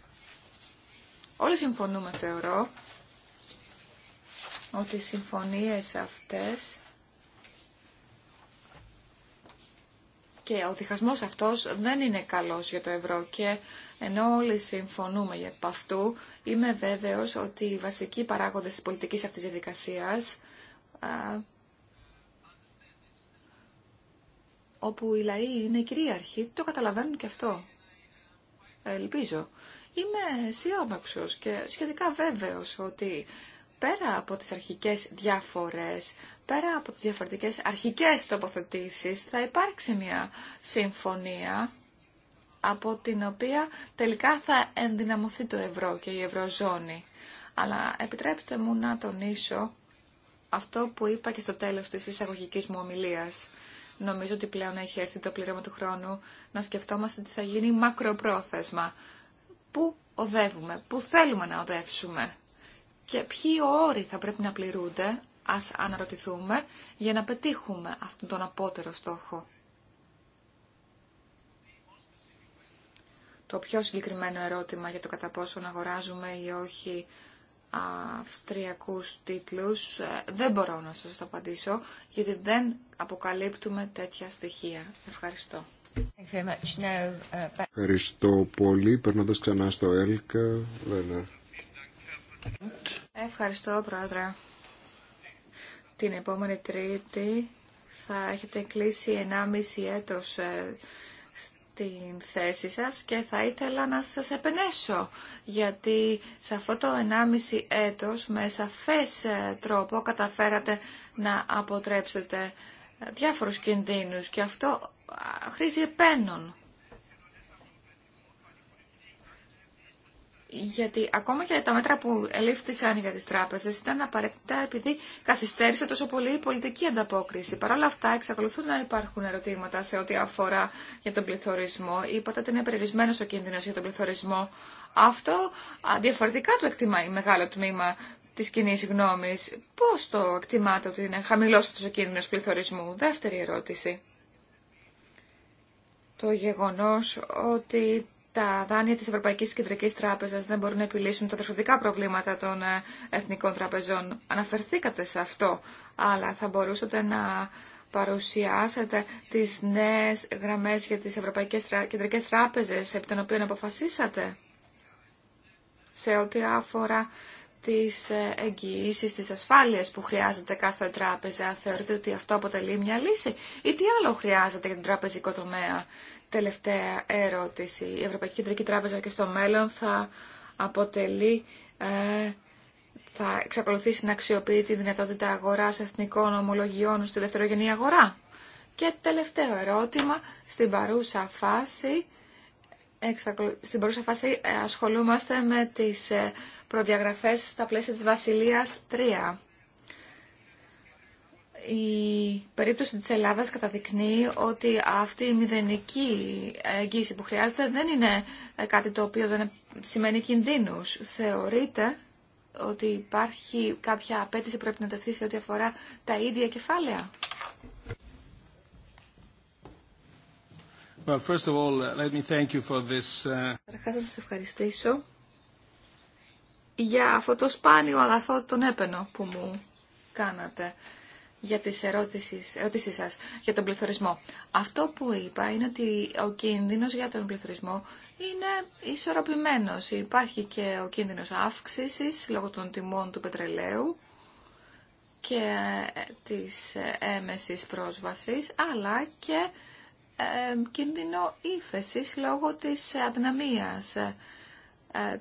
Όλοι συμφωνούμε, θεωρώ, ότι οι συμφωνίες αυτές και ο διχασμός αυτός δεν είναι καλός για το ευρώ και ενώ όλοι συμφωνούμε για αυτού, είμαι βέβαιος ότι οι βασικοί παράγοντες της πολιτικής αυτής διαδικασίας όπου οι λαοί είναι κυρίαρχοι, το καταλαβαίνουν και αυτό. Ελπίζω. Είμαι αισιόδοξο και σχετικά βέβαιος ότι πέρα από τις αρχικές διαφορές, πέρα από τις διαφορετικές αρχικές τοποθετήσεις, θα υπάρξει μια συμφωνία από την οποία τελικά θα ενδυναμωθεί το ευρώ και η ευρωζώνη. Αλλά επιτρέψτε μου να τονίσω αυτό που είπα και στο τέλος της εισαγωγικής μου ομιλίας. Νομίζω ότι πλέον έχει έρθει το πλήρωμα του χρόνου να σκεφτόμαστε τι θα γίνει μακροπρόθεσμα πού οδεύουμε, πού θέλουμε να οδεύσουμε και ποιοι όροι θα πρέπει να πληρούνται, ας αναρωτηθούμε, για να πετύχουμε αυτόν τον απότερο στόχο. Το πιο συγκεκριμένο ερώτημα για το κατά πόσο να αγοράζουμε ή όχι αυστριακούς τίτλους ε, δεν μπορώ να σας το απαντήσω γιατί δεν αποκαλύπτουμε τέτοια στοιχεία. Ευχαριστώ. Uh, Ευχαριστώ πολύ. Περνώντα ξανά στο ΕΛΚ, λενα Ευχαριστώ, Πρόεδρε. Την επόμενη Τρίτη θα έχετε κλείσει 1,5 έτος ε, στην θέση σας και θα ήθελα να σας επενέσω γιατί σε αυτό το 1,5 έτος με σαφέ ε, τρόπο καταφέρατε να αποτρέψετε ε, διάφορους κινδύνους και αυτό χρήση επένων. Γιατί ακόμα και τα μέτρα που ελήφθησαν για τις τράπεζες ήταν απαραίτητα επειδή καθυστέρησε τόσο πολύ η πολιτική ανταπόκριση. Παρ' όλα αυτά εξακολουθούν να υπάρχουν ερωτήματα σε ό,τι αφορά για τον πληθωρισμό. Είπατε ότι είναι περιορισμένο ο κίνδυνος για τον πληθωρισμό. Αυτό διαφορετικά το εκτιμάει μεγάλο τμήμα της κοινή γνώμης. Πώς το εκτιμάτε ότι είναι χαμηλός αυτός ο κίνδυνος πληθωρισμού. Δεύτερη ερώτηση το γεγονός ότι τα δάνεια της Ευρωπαϊκής Κεντρικής Τράπεζας δεν μπορούν να επιλύσουν τα τροφοδικά προβλήματα των ε, εθνικών τραπεζών. Αναφερθήκατε σε αυτό, αλλά θα μπορούσατε να παρουσιάσετε τις νέες γραμμές για τις Ευρωπαϊκές Κεντρικές Τράπεζες επί των οποίων αποφασίσατε σε ό,τι αφορά τις ε, εγγυήσεις, τις ασφάλειες που χρειάζεται κάθε τράπεζα. Θεωρείτε ότι αυτό αποτελεί μια λύση ή τι άλλο χρειάζεται για την τραπεζικό τομέα. Τελευταία ερώτηση. Η Ευρωπαϊκή Κεντρική Τράπεζα και στο μέλλον θα αποτελεί, ε, θα εξακολουθήσει να αξιοποιεί τη δυνατότητα αγοράς εθνικών ομολογιών στη δευτερογενή αγορά. Και τελευταίο ερώτημα, στην παρούσα φάση στην παρούσα φάση ε, ασχολούμαστε με τις ε, προδιαγραφές στα πλαίσια της Βασιλείας 3. Η περίπτωση της Ελλάδας καταδεικνύει ότι αυτή η μηδενική εγγύηση που χρειάζεται δεν είναι ε, κάτι το οποίο δεν σημαίνει κινδύνους. Θεωρείται ότι υπάρχει κάποια απέτηση που πρέπει να τεθεί σε ό,τι αφορά τα ίδια κεφάλαια. Well, first να σας ευχαριστήσω για αυτό το σπάνιο αγαθό τον έπαινο που μου κάνατε για τις ερωτήσεις, ερωτήσεις σας για τον πληθωρισμό. Αυτό που είπα είναι ότι ο κίνδυνος για τον πληθωρισμό είναι ισορροπημένος. Υπάρχει και ο κίνδυνος αύξησης λόγω των τιμών του πετρελαίου και ε, της ε, έμεσης πρόσβασης, αλλά και ε, κίνδυνο ύφεσης λόγω της αδυναμίας ε,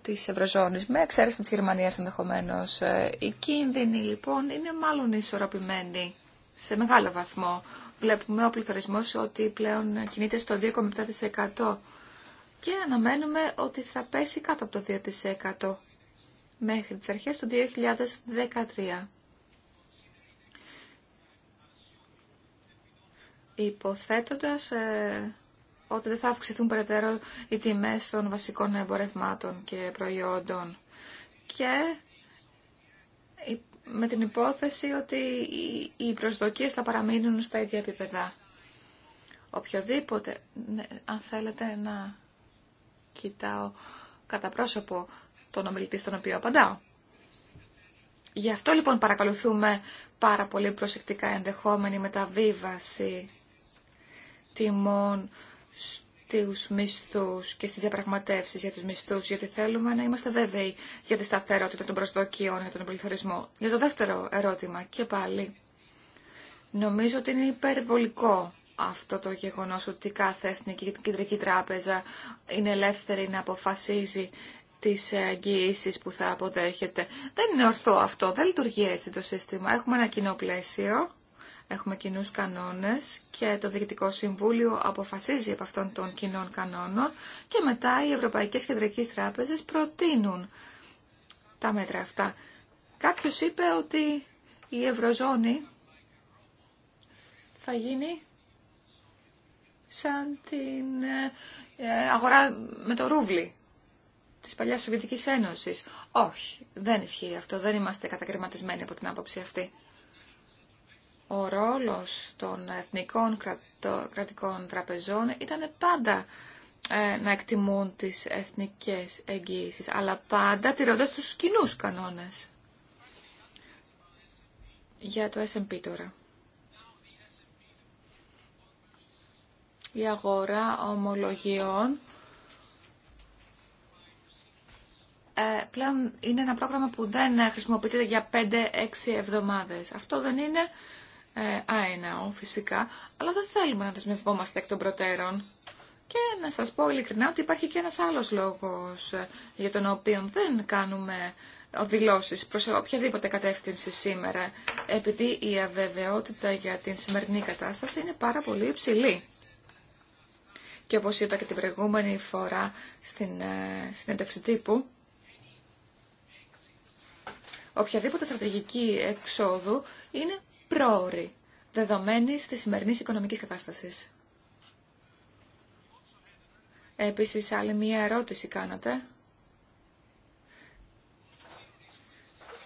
της Ευρωζώνης, με εξαίρεση τη Γερμανίας ενδεχομένω. Ε, οι κίνδυνοι λοιπόν είναι μάλλον ισορροπημένοι σε μεγάλο βαθμό. Βλέπουμε ο πληθωρισμός ότι πλέον κινείται στο 2,7% και αναμένουμε ότι θα πέσει κάτω από το 2% μέχρι τις αρχές του 2013. υποθέτοντας ε, ότι δεν θα αυξηθούν περαιτέρω οι τιμές των βασικών εμπορευμάτων και προϊόντων και με την υπόθεση ότι οι προσδοκίες θα παραμείνουν στα ίδια επίπεδα. Οποιοδήποτε, ναι, αν θέλετε να κοιτάω κατά πρόσωπο τον ομιλητή στον οποίο απαντάω. Γι' αυτό λοιπόν παρακολουθούμε πάρα πολύ προσεκτικά ενδεχόμενη μεταβίβαση τιμών στους μισθούς και στις διαπραγματεύσεις για τους μισθούς, γιατί θέλουμε να είμαστε βέβαιοι για τη σταθερότητα των προσδοκιών για τον πληθωρισμό. Για το δεύτερο ερώτημα και πάλι. Νομίζω ότι είναι υπερβολικό αυτό το γεγονός ότι κάθε εθνική κεντρική τράπεζα είναι ελεύθερη να αποφασίζει τις εγγυήσεις που θα αποδέχεται. Δεν είναι ορθό αυτό, δεν λειτουργεί έτσι το σύστημα. Έχουμε ένα κοινό πλαίσιο Έχουμε κοινού κανόνες και το Διοικητικό Συμβούλιο αποφασίζει από αυτών των κοινών κανόνων και μετά οι Ευρωπαϊκές Κεντρικές Τράπεζες προτείνουν τα μέτρα αυτά. Κάποιος είπε ότι η Ευρωζώνη θα γίνει σαν την ε, αγορά με το ρούβλι της παλιάς Σοβιετικής Ένωσης. Όχι, δεν ισχύει αυτό, δεν είμαστε κατακριματισμένοι από την άποψη αυτή ο ρόλος των εθνικών κρατικών τραπεζών ήταν πάντα ε, να εκτιμούν τις εθνικές εγγύησεις, αλλά πάντα τηρώντας τους κοινού κανόνες. Για το S&P τώρα. Η αγορά ομολογιών ε, πλέον είναι ένα πρόγραμμα που δεν χρησιμοποιείται για 5-6 εβδομάδες. Αυτό δεν είναι ε, αέναο φυσικά, αλλά δεν θέλουμε να δεσμευόμαστε εκ των προτέρων. Και να σας πω ειλικρινά ότι υπάρχει και ένας άλλος λόγος ε, για τον οποίο δεν κάνουμε δηλώσεις προς οποιαδήποτε κατεύθυνση σήμερα, επειδή η αβεβαιότητα για την σημερινή κατάσταση είναι πάρα πολύ υψηλή. Και όπως είπα και την προηγούμενη φορά στην ε, συνέντευξη τύπου, οποιαδήποτε στρατηγική εξόδου είναι πρόορη, Δεδομένη τη σημερινή οικονομική κατάσταση. Επίσης, άλλη μία ερώτηση κάνατε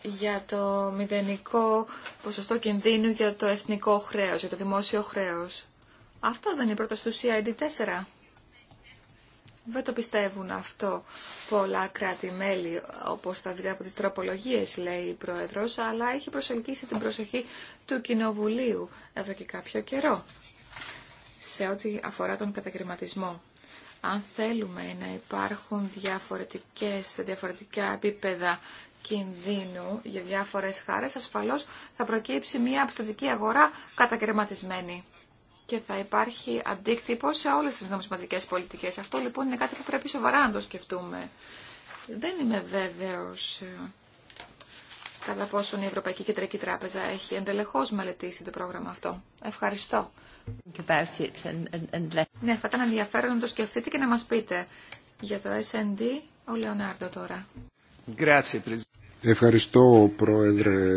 για το μηδενικό ποσοστό κινδύνου για το εθνικό χρέος, για το δημόσιο χρέος. Αυτό δεν είναι η πρόταση του CID4. Δεν το πιστεύουν αυτό πολλά κράτη-μέλη, όπως τα βρείτε από τις τροπολογίες, λέει η Πρόεδρος, αλλά έχει προσελκύσει την προσοχή του Κοινοβουλίου εδώ και κάποιο καιρό σε ό,τι αφορά τον κατακριματισμό. Αν θέλουμε να υπάρχουν διαφορετικές, διαφορετικά επίπεδα κινδύνου για διάφορες χάρες, ασφαλώς θα προκύψει μια πιστοτική αγορά κατακριματισμένη και θα υπάρχει αντίκτυπο σε όλε τι νομισματικέ πολιτικέ. Αυτό λοιπόν είναι κάτι που πρέπει σοβαρά να το σκεφτούμε. Δεν είμαι βέβαιο ε, κατά πόσον η Ευρωπαϊκή Κεντρική Τράπεζα έχει εντελεχώ μελετήσει το πρόγραμμα αυτό. Ευχαριστώ. Ναι, θα ήταν ενδιαφέρον να το σκεφτείτε και να μα πείτε. Για το SND ο Λεωνάρντο τώρα. Ευχαριστώ, Πρόεδρε.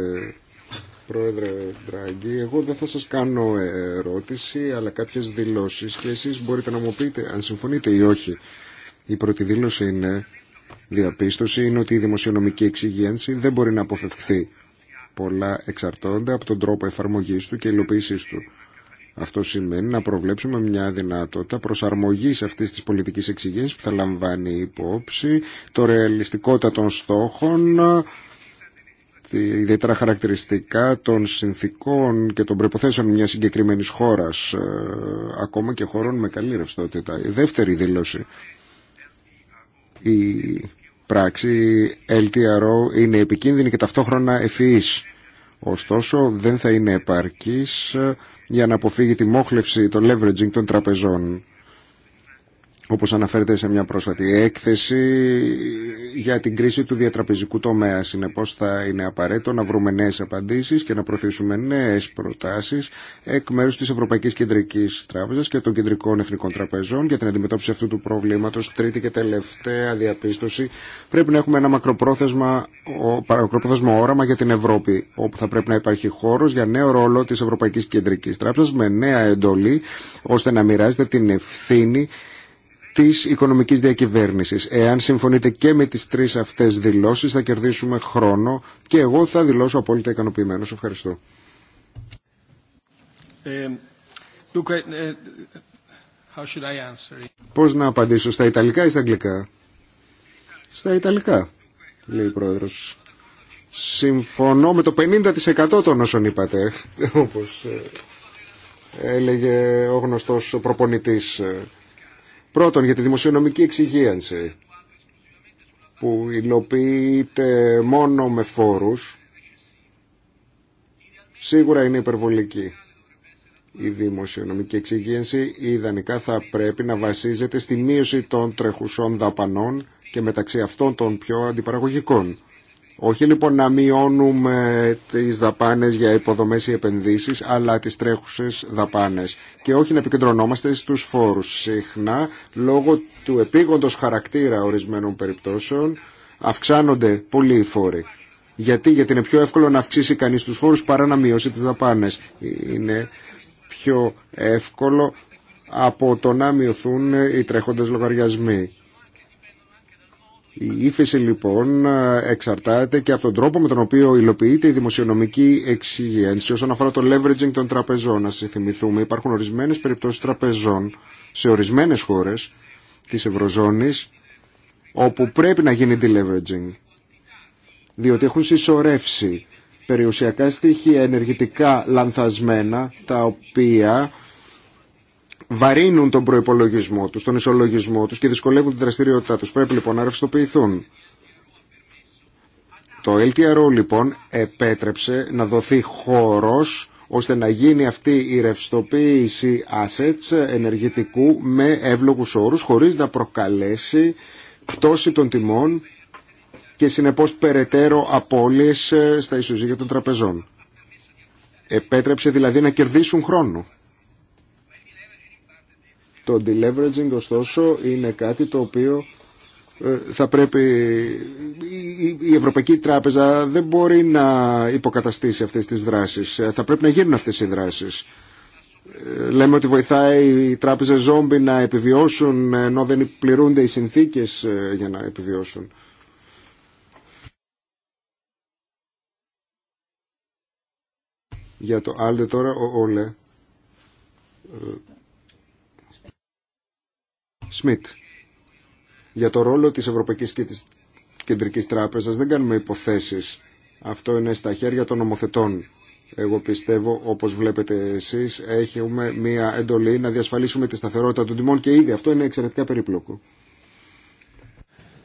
Πρόεδρε Ντράγκη, εγώ δεν θα σας κάνω ερώτηση, αλλά κάποιες δηλώσεις και εσείς μπορείτε να μου πείτε αν συμφωνείτε ή όχι. Η πρώτη δήλωση είναι, διαπίστωση είναι ότι η δημοσιονομική εξυγένση δεν μπορεί να αποφευχθεί. Πολλά εξαρτώνται από τον τρόπο εφαρμογής του και υλοποίησής του. Αυτό σημαίνει να προβλέψουμε μια δυνατότητα προσαρμογή αυτή τη πολιτική εξυγένσης που θα λαμβάνει υπόψη το ρεαλιστικότητα των στόχων ιδιαίτερα χαρακτηριστικά των συνθήκων και των προϋποθέσεων μιας συγκεκριμένης χώρας, ε, ακόμα και χωρών με καλή ρευστότητα. Η δεύτερη δήλωση, η πράξη LTRO είναι επικίνδυνη και ταυτόχρονα ευφυή. Ωστόσο δεν θα είναι επαρκής ε, για να αποφύγει τη μόχλευση των leveraging των τραπεζών όπως αναφέρεται σε μια πρόσφατη έκθεση για την κρίση του διατραπεζικού τομέα. Συνεπώς θα είναι απαραίτητο να βρούμε νέες απαντήσεις και να προωθήσουμε νέες προτάσεις εκ μέρους της Ευρωπαϊκής Κεντρικής Τράπεζας και των Κεντρικών Εθνικών Τραπεζών για την αντιμετώπιση αυτού του προβλήματος. Τρίτη και τελευταία διαπίστωση. Πρέπει να έχουμε ένα μακροπρόθεσμα, όραμα για την Ευρώπη, όπου θα πρέπει να υπάρχει χώρος για νέο ρόλο της Ευρωπαϊκής Κεντρικής Τράπεζας με νέα εντολή, ώστε να μοιράζεται την ευθύνη της οικονομικής διακυβέρνησης. Εάν συμφωνείτε και με τις τρεις αυτές δηλώσεις θα κερδίσουμε χρόνο και εγώ θα δηλώσω απόλυτα ικανοποιημένος. Ευχαριστώ. Πώ ε, ε, Πώς να απαντήσω, στα Ιταλικά ή στα Αγγλικά. Στα Ιταλικά, λέει η Πρόεδρος. λεει ο προεδρος συμφωνω με το 50% των όσων είπατε, όπως ε, έλεγε ο γνωστός προπονητής Πρώτον, για τη δημοσιονομική εξυγίανση που υλοποιείται μόνο με φόρους, σίγουρα είναι υπερβολική. Η δημοσιονομική εξυγίανση ιδανικά θα πρέπει να βασίζεται στη μείωση των τρεχουσών δαπανών και μεταξύ αυτών των πιο αντιπαραγωγικών. Όχι λοιπόν να μειώνουμε τις δαπάνες για υποδομές ή επενδύσεις, αλλά τις τρέχουσες δαπάνες. Και όχι να επικεντρωνόμαστε στους φόρους. Συχνά, λόγω του επίγοντος χαρακτήρα ορισμένων περιπτώσεων, αυξάνονται πολλοί οι φόροι. Γιατί, γιατί είναι πιο εύκολο να αυξήσει κανείς τους φόρους παρά να μειώσει τις δαπάνες. Είναι πιο εύκολο από το να μειωθούν οι τρέχοντες λογαριασμοί. Η ύφεση λοιπόν εξαρτάται και από τον τρόπο με τον οποίο υλοποιείται η δημοσιονομική εξυγένση όσον αφορά το leveraging των τραπεζών. Να θυμηθούμε, υπάρχουν ορισμένε περιπτώσει τραπεζών σε ορισμένε χώρε τη Ευρωζώνης όπου πρέπει να γίνει leveraging. Διότι έχουν συσσωρεύσει περιουσιακά στοιχεία ενεργητικά λανθασμένα τα οποία βαρύνουν τον προπολογισμό του, τον ισολογισμό του και δυσκολεύουν την δραστηριότητά του. Πρέπει λοιπόν να ρευστοποιηθούν. Το LTRO λοιπόν επέτρεψε να δοθεί χώρος ώστε να γίνει αυτή η ρευστοποίηση assets ενεργητικού με εύλογους όρους χωρίς να προκαλέσει πτώση των τιμών και συνεπώς περαιτέρω απώλειες ε, στα ισοζύγια των τραπεζών. Επέτρεψε δηλαδή να κερδίσουν χρόνο. Το deleveraging ωστόσο είναι κάτι το οποίο ε, θα πρέπει η Ευρωπαϊκή Τράπεζα δεν μπορεί να υποκαταστήσει αυτές τις δράσεις. Ε, θα πρέπει να γίνουν αυτές οι δράσεις. Ε, λέμε ότι βοηθάει οι Τράπεζα ζόμπι να επιβιώσουν ενώ δεν πληρούνται οι συνθήκες για να επιβιώσουν. Για το άλλο τώρα, ο Όλε. Σμιτ για το ρόλο της Ευρωπαϊκής και της Κεντρικής Τράπεζας δεν κάνουμε υποθέσεις. Αυτό είναι στα χέρια των νομοθετών. Εγώ πιστεύω, όπως βλέπετε εσείς, έχουμε μία εντολή να διασφαλίσουμε τη σταθερότητα των τιμών και ήδη αυτό είναι εξαιρετικά περίπλοκο.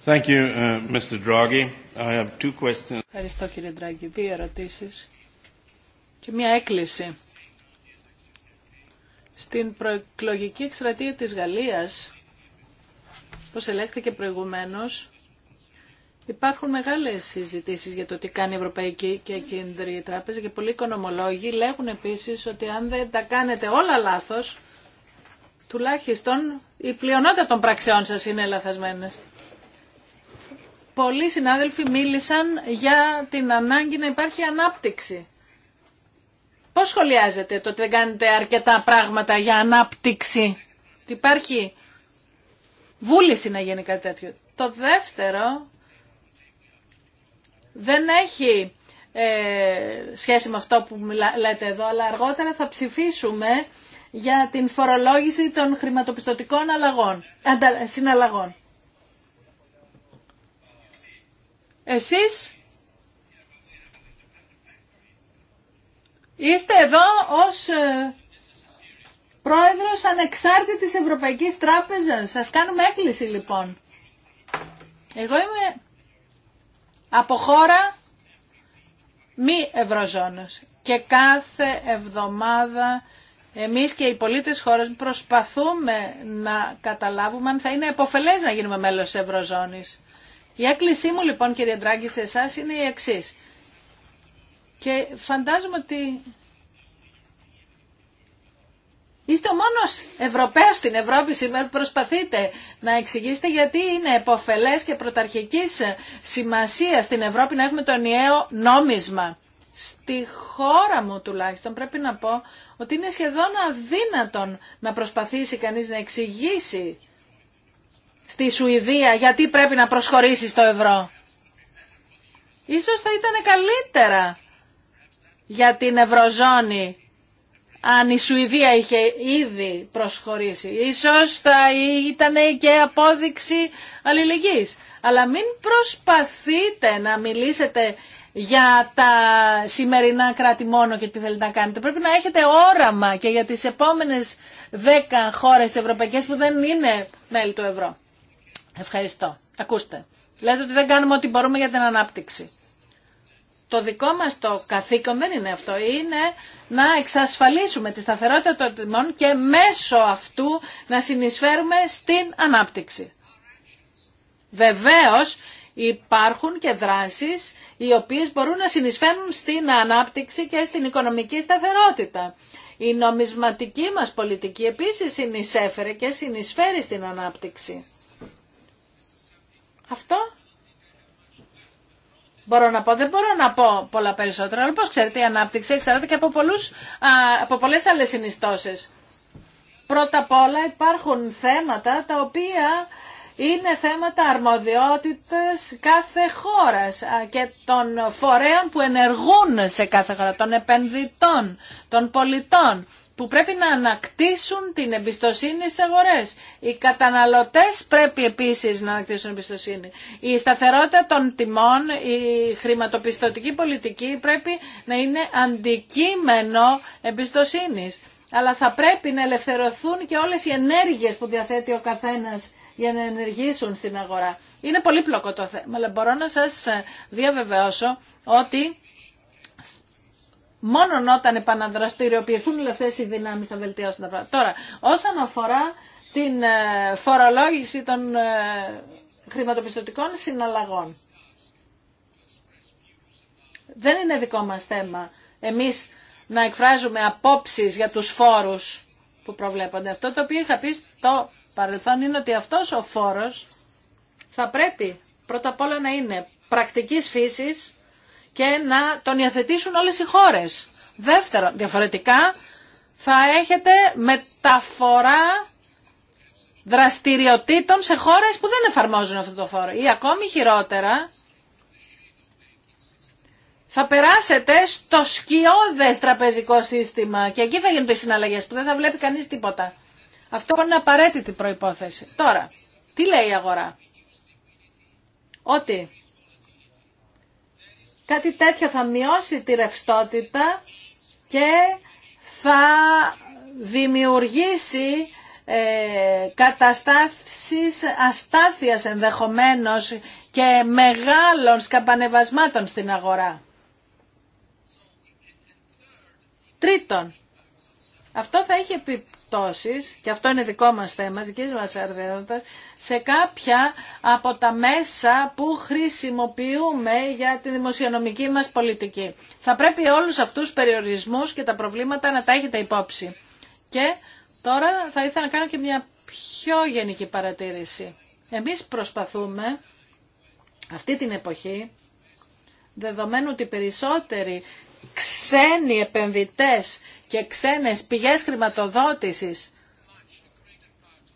Thank you, uh, Mr. Draghi. I have two questions. Ευχαριστώ κύριε Ντράγκη. Δύο ερωτήσεις και μία έκκληση. Στην προεκλογική εκστρατεία της Γαλλίας όπως ελέγχθηκε προηγουμένως, υπάρχουν μεγάλες συζητήσεις για το τι κάνει η Ευρωπαϊκή και η Τράπεζα και πολλοί οικονομολόγοι λέγουν επίσης ότι αν δεν τα κάνετε όλα λάθος, τουλάχιστον η πλειονότητα των πραξεών σας είναι λαθασμένες. Πολλοί συνάδελφοι μίλησαν για την ανάγκη να υπάρχει ανάπτυξη. Πώς σχολιάζετε το ότι δεν κάνετε αρκετά πράγματα για ανάπτυξη. Υπάρχει βούληση να γίνει κάτι τέτοιο. Το δεύτερο δεν έχει ε, σχέση με αυτό που λέτε εδώ, αλλά αργότερα θα ψηφίσουμε για την φορολόγηση των χρηματοπιστωτικών αλλαγών, αντα, συναλλαγών. Εσείς είστε εδώ ως ε, πρόεδρος ανεξάρτητης Ευρωπαϊκής Τράπεζας. Σας κάνουμε έκκληση λοιπόν. Εγώ είμαι από χώρα μη ευρωζώνος και κάθε εβδομάδα εμείς και οι πολίτες χώρες προσπαθούμε να καταλάβουμε αν θα είναι επωφελές να γίνουμε μέλος της Ευρωζώνης. Η έκκλησή μου λοιπόν κύριε Ντράγκη σε εσά είναι η εξής. Και φαντάζομαι ότι Είστε ο μόνος Ευρωπαίο στην Ευρώπη σήμερα που προσπαθείτε να εξηγήσετε γιατί είναι εποφελές και πρωταρχική σημασία στην Ευρώπη να έχουμε το ενιαίο νόμισμα. Στη χώρα μου τουλάχιστον πρέπει να πω ότι είναι σχεδόν αδύνατον να προσπαθήσει κανείς να εξηγήσει στη Σουηδία γιατί πρέπει να προσχωρήσει στο ευρώ. Ίσως θα ήταν καλύτερα για την Ευρωζώνη αν η Σουηδία είχε ήδη προσχωρήσει. Ίσως θα ήταν και απόδειξη αλληλεγγύης. Αλλά μην προσπαθείτε να μιλήσετε για τα σημερινά κράτη μόνο και τι θέλετε να κάνετε. Πρέπει να έχετε όραμα και για τις επόμενες δέκα χώρες ευρωπαϊκές που δεν είναι μέλη του ευρώ. Ευχαριστώ. Ακούστε. Λέτε ότι δεν κάνουμε ό,τι μπορούμε για την ανάπτυξη το δικό μας το καθήκον δεν είναι αυτό. Είναι να εξασφαλίσουμε τη σταθερότητα των τιμών και μέσω αυτού να συνεισφέρουμε στην ανάπτυξη. Βεβαίως υπάρχουν και δράσεις οι οποίες μπορούν να συνεισφέρουν στην ανάπτυξη και στην οικονομική σταθερότητα. Η νομισματική μας πολιτική επίσης συνεισέφερε και συνεισφέρει στην ανάπτυξη. Αυτό μπορώ να πω. Δεν μπορώ να πω πολλά περισσότερα. Αλλά πώς ξέρετε η ανάπτυξη εξαρτάται και από, πολλούς, από πολλές Πρώτα απ' όλα υπάρχουν θέματα τα οποία είναι θέματα αρμοδιότητες κάθε χώρας και των φορέων που ενεργούν σε κάθε χώρα, των επενδυτών, των πολιτών που πρέπει να ανακτήσουν την εμπιστοσύνη στις αγορές. Οι καταναλωτές πρέπει επίσης να ανακτήσουν εμπιστοσύνη. Η σταθερότητα των τιμών, η χρηματοπιστωτική πολιτική πρέπει να είναι αντικείμενο εμπιστοσύνης. Αλλά θα πρέπει να ελευθερωθούν και όλες οι ενέργειες που διαθέτει ο καθένας για να ενεργήσουν στην αγορά. Είναι πολύπλοκο το θέμα, αλλά μπορώ να σας διαβεβαιώσω ότι Μόνον όταν επαναδραστηριοποιηθούν όλε αυτέ οι δυνάμει θα βελτιώσουν τα πράγματα. Τώρα, όσον αφορά την ε, φορολόγηση των ε, χρηματοπιστωτικών συναλλαγών. Δεν είναι δικό μας θέμα εμείς να εκφράζουμε απόψεις για τους φόρους που προβλέπονται. Αυτό το οποίο είχα πει στο παρελθόν είναι ότι αυτός ο φόρος θα πρέπει πρώτα απ' όλα να είναι πρακτικής φύσης και να τον υιοθετήσουν όλες οι χώρες. Δεύτερον, διαφορετικά θα έχετε μεταφορά δραστηριοτήτων σε χώρες που δεν εφαρμόζουν αυτό το φόρο. Ή ακόμη χειρότερα, θα περάσετε στο σκιώδες τραπεζικό σύστημα και εκεί θα γίνονται συναλλαγές που δεν θα βλέπει κανείς τίποτα. Αυτό είναι απαραίτητη προϋπόθεση. Τώρα, τι λέει η αγορά. Ότι Κάτι τέτοιο θα μειώσει τη ρευστότητα και θα δημιουργήσει ε, καταστάσεις αστάθειας ενδεχομένως και μεγάλων σκαμπανεβασμάτων στην αγορά. Τρίτον, αυτό θα έχει και αυτό είναι δικό μας θέμα, δική μας αρδεότητα, σε κάποια από τα μέσα που χρησιμοποιούμε για τη δημοσιονομική μας πολιτική. Θα πρέπει όλους αυτούς τους περιορισμούς και τα προβλήματα να τα έχετε υπόψη. Και τώρα θα ήθελα να κάνω και μια πιο γενική παρατήρηση. Εμείς προσπαθούμε αυτή την εποχή, δεδομένου ότι περισσότεροι ξένοι επενδυτές και ξένες πηγές χρηματοδότησης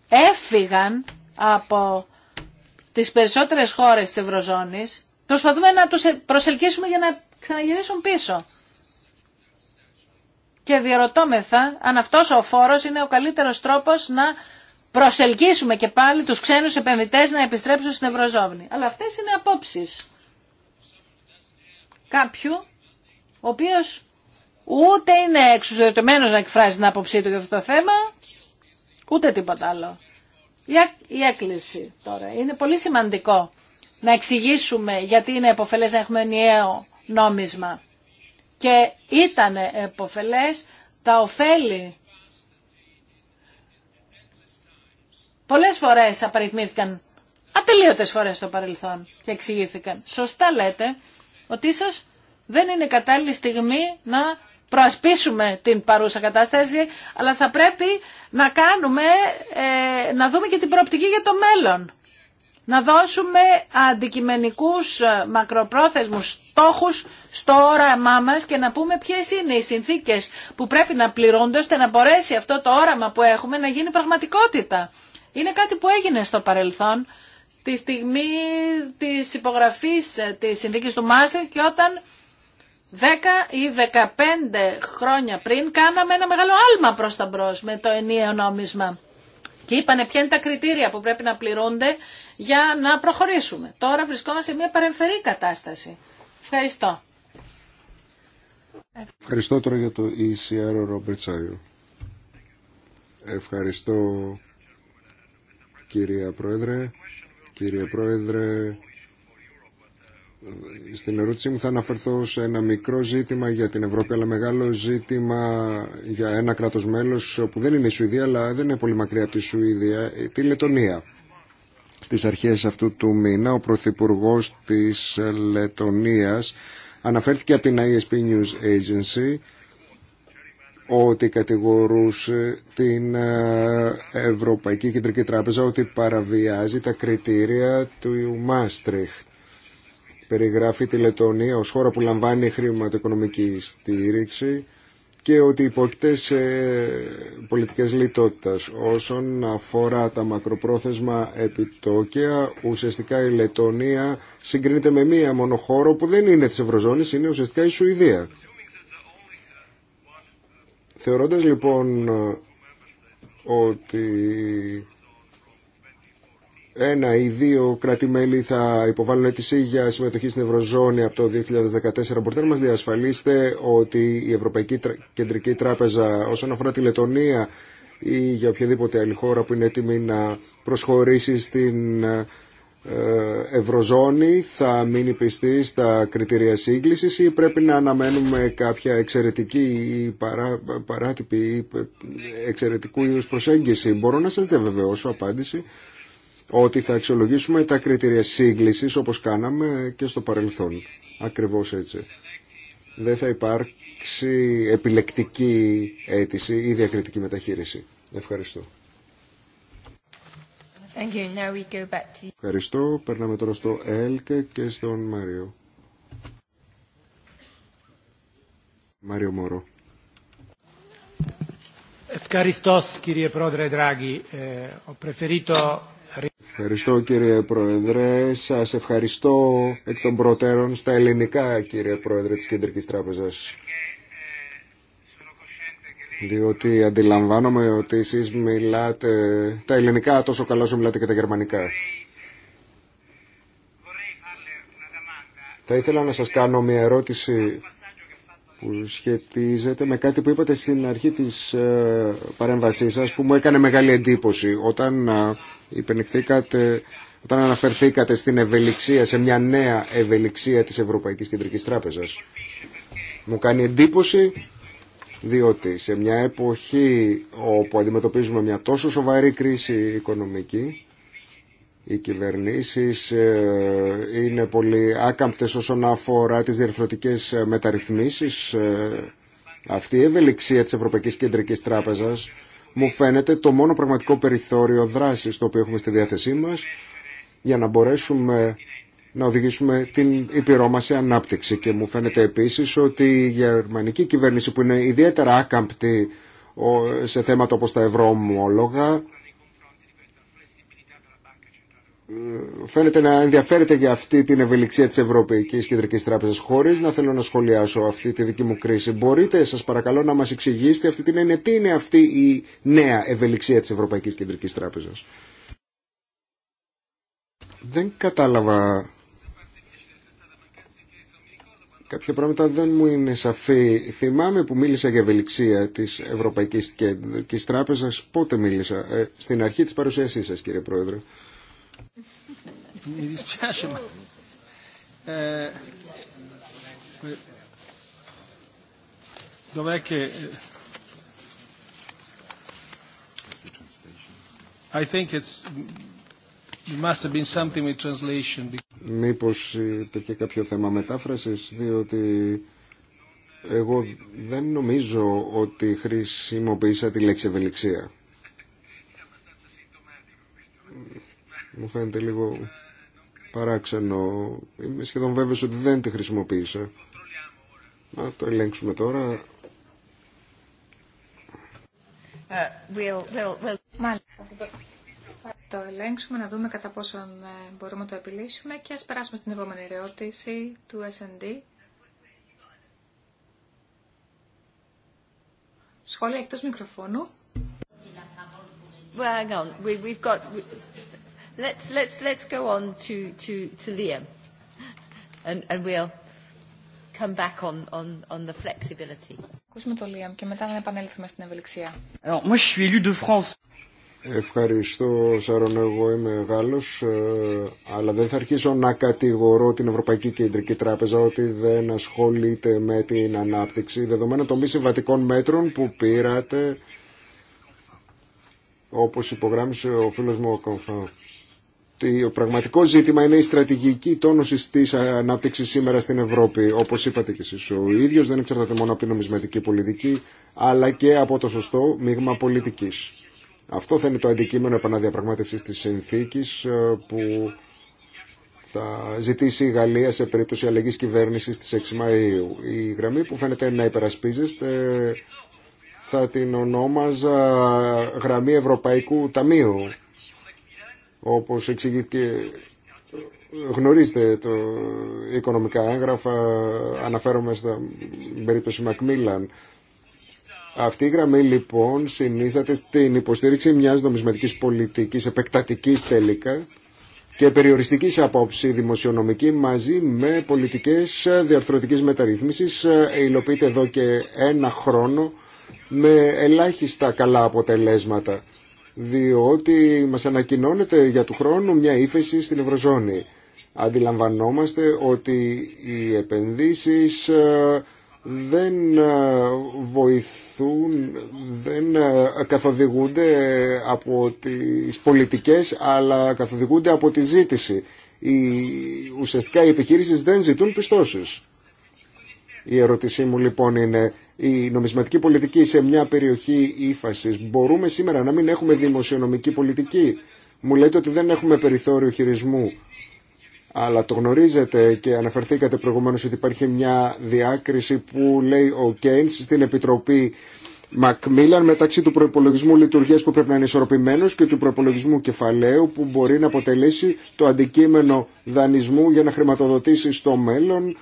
έφυγαν από τις περισσότερες χώρες της Ευρωζώνης, προσπαθούμε να τους προσελκύσουμε για να ξαναγυρίσουν πίσω. Και διαρωτώμεθα αν αυτός ο φόρος είναι ο καλύτερος τρόπος να προσελκύσουμε και πάλι τους ξένους επενδυτές να επιστρέψουν στην Ευρωζώνη. Αλλά αυτές είναι απόψεις κάποιου ο οποίος ούτε είναι εξουσιοδοτημένο να εκφράζει την άποψή του για αυτό το θέμα, ούτε τίποτα άλλο. Η έκκληση τώρα. Είναι πολύ σημαντικό να εξηγήσουμε γιατί είναι εποφελές να έχουμε ενιαίο νόμισμα. Και ήταν εποφελές τα ωφέλη. Πολλές φορές απαριθμήθηκαν, ατελείωτες φορές στο παρελθόν και εξηγήθηκαν. Σωστά λέτε ότι ίσως δεν είναι κατάλληλη στιγμή να προασπίσουμε την παρούσα κατάσταση, αλλά θα πρέπει να κάνουμε, ε, να δούμε και την προοπτική για το μέλλον. Να δώσουμε αντικειμενικούς ε, μακροπρόθεσμους στόχους στο όραμά μας και να πούμε ποιες είναι οι συνθήκες που πρέπει να πληρούνται ώστε να μπορέσει αυτό το όραμα που έχουμε να γίνει πραγματικότητα. Είναι κάτι που έγινε στο παρελθόν τη στιγμή της υπογραφής ε, της συνθήκης του Μάστερ και όταν Δέκα ή 15 χρόνια πριν κάναμε ένα μεγάλο άλμα προς τα μπρος με το ενιαίο νόμισμα. Και είπανε ποια είναι τα κριτήρια που πρέπει να πληρούνται για να προχωρήσουμε. Τώρα βρισκόμαστε σε μια παρεμφερή κατάσταση. Ευχαριστώ. Ευχαριστώ τώρα για το ECR Robert Ευχαριστώ κυρία Πρόεδρε. Κύριε Πρόεδρε, στην ερώτησή μου θα αναφερθώ σε ένα μικρό ζήτημα για την Ευρώπη, αλλά μεγάλο ζήτημα για ένα κράτος μέλος που δεν είναι η Σουηδία, αλλά δεν είναι πολύ μακριά από τη Σουηδία, τη Λετωνία. Στις αρχές αυτού του μήνα ο Πρωθυπουργό της Λετωνία αναφέρθηκε από την ISP News Agency ότι κατηγορούσε την ε, Ευρωπαϊκή Κεντρική Τράπεζα ότι παραβιάζει τα κριτήρια του Μάστριχτ περιγράφει τη Λετωνία ως χώρα που λαμβάνει χρηματοοικονομική στήριξη και ότι υπόκειται σε πολιτικές λιτότητας. Όσον αφορά τα μακροπρόθεσμα επιτόκια, ουσιαστικά η Λετωνία συγκρίνεται με μία μόνο χώρο που δεν είναι της Ευρωζώνης, είναι ουσιαστικά η Σουηδία. Θεωρώντας λοιπόν ότι ένα ή δύο κράτη-μέλη θα υποβάλουν αίτηση για συμμετοχή στην Ευρωζώνη από το 2014. Μπορείτε να μας διασφαλίσετε ότι η Ευρωπαϊκή Κεντρική Τράπεζα όσον αφορά τη Λετωνία ή για οποιαδήποτε άλλη χώρα που είναι έτοιμη να προσχωρήσει στην ε, Ευρωζώνη θα μείνει πιστή στα κριτήρια σύγκλησης ή πρέπει να αναμένουμε κάποια εξαιρετική ή παρά, παράτυπη ή ε, εξαιρετικού είδους προσέγγιση. Μπορώ να σας διαβεβαιώσω απάντηση ότι θα αξιολογήσουμε τα κριτήρια σύγκλησης όπως κάναμε και στο παρελθόν. Ακριβώς έτσι. Δεν θα υπάρξει επιλεκτική αίτηση ή διακριτική μεταχείριση. Ευχαριστώ. Ευχαριστώ. Περνάμε τώρα στο ΕΛΚ και στον Μάριο. Μάριο Μόρο. Ευχαριστώ κύριε πρόεδρε Δράγκη. Ε, ο Ευχαριστώ κύριε Πρόεδρε. Σας ευχαριστώ εκ των προτέρων στα ελληνικά κύριε Πρόεδρε της Κεντρικής Τράπεζας. Διότι αντιλαμβάνομαι ότι εσείς μιλάτε τα ελληνικά τόσο καλά όσο μιλάτε και τα γερμανικά. Θα ήθελα να σας κάνω μια ερώτηση που σχετίζεται με κάτι που είπατε στην αρχή της ε, παρέμβασής σας που μου έκανε μεγάλη εντύπωση όταν ε, όταν αναφερθήκατε στην ευελιξία, σε μια νέα ευελιξία της Ευρωπαϊκής Κεντρικής Τράπεζας. Μου κάνει εντύπωση διότι σε μια εποχή όπου αντιμετωπίζουμε μια τόσο σοβαρή κρίση οικονομική οι κυβερνήσεις ε, είναι πολύ άκαμπτες όσον αφορά τις διερθρωτικές ε, μεταρρυθμίσεις. Ε, αυτή η ευελιξία της Ευρωπαϊκής Κεντρικής Τράπεζας μου φαίνεται το μόνο πραγματικό περιθώριο δράσης το οποίο έχουμε στη διάθεσή μας για να μπορέσουμε να οδηγήσουμε την Ήπειρό σε ανάπτυξη. Και μου φαίνεται επίσης ότι η γερμανική κυβέρνηση που είναι ιδιαίτερα άκαμπτη σε θέματα όπως τα ευρωομόλογα ε, φαίνεται να ενδιαφέρεται για αυτή την ευελιξία της Ευρωπαϊκής Κεντρικής Τράπεζας χωρίς να θέλω να σχολιάσω αυτή τη δική μου κρίση. Μπορείτε σας παρακαλώ να μας εξηγήσετε αυτή την έννοια. Τι είναι αυτή η νέα ευελιξία της Ευρωπαϊκής Κεντρικής Τράπεζας. Δεν κατάλαβα κάποια πράγματα δεν μου είναι σαφή. Θυμάμαι που μίλησα για ευελιξία της Ευρωπαϊκής Κεντρικής Τράπεζας. Πότε μίλησα. Ε, στην αρχή της παρουσίασής σας κύριε Πρόεδρε mi ε, ε, Μήπως υπήρχε κάποιο θέμα μετάφρασης, διότι εγώ δεν νομίζω ότι χρησιμοποίησα τη λέξη ευελιξία. Μου φαίνεται λίγο παράξενο. Είμαι σχεδόν βέβαιος ότι δεν τη χρησιμοποίησα. Να το ελέγξουμε τώρα. Uh, we'll, we'll, we'll... το ελέγξουμε να δούμε κατά πόσον ε, μπορούμε να το επιλύσουμε και ας περάσουμε στην επόμενη ερώτηση του S&D. Σχόλια εκτός μικροφώνου. Well, we've got... Let's let's let's go on to to to Liam, and and we'll come back on on on the flexibility. Ακούσουμε τον Λίαμ και μετά να επανέλθουμε στην ευελιξία. Alors moi je suis élu de France. Ευχαριστώ, Σάρων. Εγώ είμαι Γάλλος, ε, αλλά δεν θα αρχίσω να κατηγορώ την Ευρωπαϊκή Κεντρική Τράπεζα ότι δεν ασχολείται με την ανάπτυξη δεδομένων των μη συμβατικών μέτρων που πήρατε, όπως υπογράμμισε ο φίλος μου ο Κομφάου το πραγματικό ζήτημα είναι η στρατηγική τόνωση τη ανάπτυξη σήμερα στην Ευρώπη. Όπω είπατε και εσεί, ο ίδιο δεν εξαρτάται μόνο από την νομισματική πολιτική, αλλά και από το σωστό μείγμα πολιτική. Αυτό θα είναι το αντικείμενο επαναδιαπραγμάτευση τη συνθήκη ε, που θα ζητήσει η Γαλλία σε περίπτωση αλλαγή κυβέρνηση τη 6 Μαου. Η γραμμή που φαίνεται να υπερασπίζεστε ε, θα την ονόμαζα γραμμή Ευρωπαϊκού Ταμείου όπως εξηγήθηκε, γνωρίζετε το οικονομικά έγγραφα, αναφέρομαι στα περίπτωση Μακμίλαν. Αυτή η γραμμή λοιπόν συνίσταται στην υποστήριξη μιας νομισματικής πολιτικής επεκτατικής τελικά και περιοριστική απόψη δημοσιονομική μαζί με πολιτικές διαρθρωτικής μεταρρύθμισης υλοποιείται εδώ και ένα χρόνο με ελάχιστα καλά αποτελέσματα διότι μας ανακοινώνεται για του χρόνου μια ύφεση στην Ευρωζώνη. Αντιλαμβανόμαστε ότι οι επενδύσεις ε, δεν ε, βοηθούν, δεν ε, καθοδηγούνται από τις πολιτικές, αλλά καθοδηγούνται από τη ζήτηση. Οι, ουσιαστικά οι επιχείρησεις δεν ζητούν πιστώσεις. Η ερώτησή μου λοιπόν είναι η νομισματική πολιτική σε μια περιοχή ύφαση. Μπορούμε σήμερα να μην έχουμε δημοσιονομική πολιτική. Μου λέτε ότι δεν έχουμε περιθώριο χειρισμού. Αλλά το γνωρίζετε και αναφερθήκατε προηγουμένως ότι υπάρχει μια διάκριση που λέει ο Κέινς στην Επιτροπή Μακμίλαν μεταξύ του προπολογισμού λειτουργίας που πρέπει να είναι ισορροπημένος και του προπολογισμού κεφαλαίου που μπορεί να αποτελέσει το αντικείμενο δανεισμού για να χρηματοδοτήσει στο μέλλον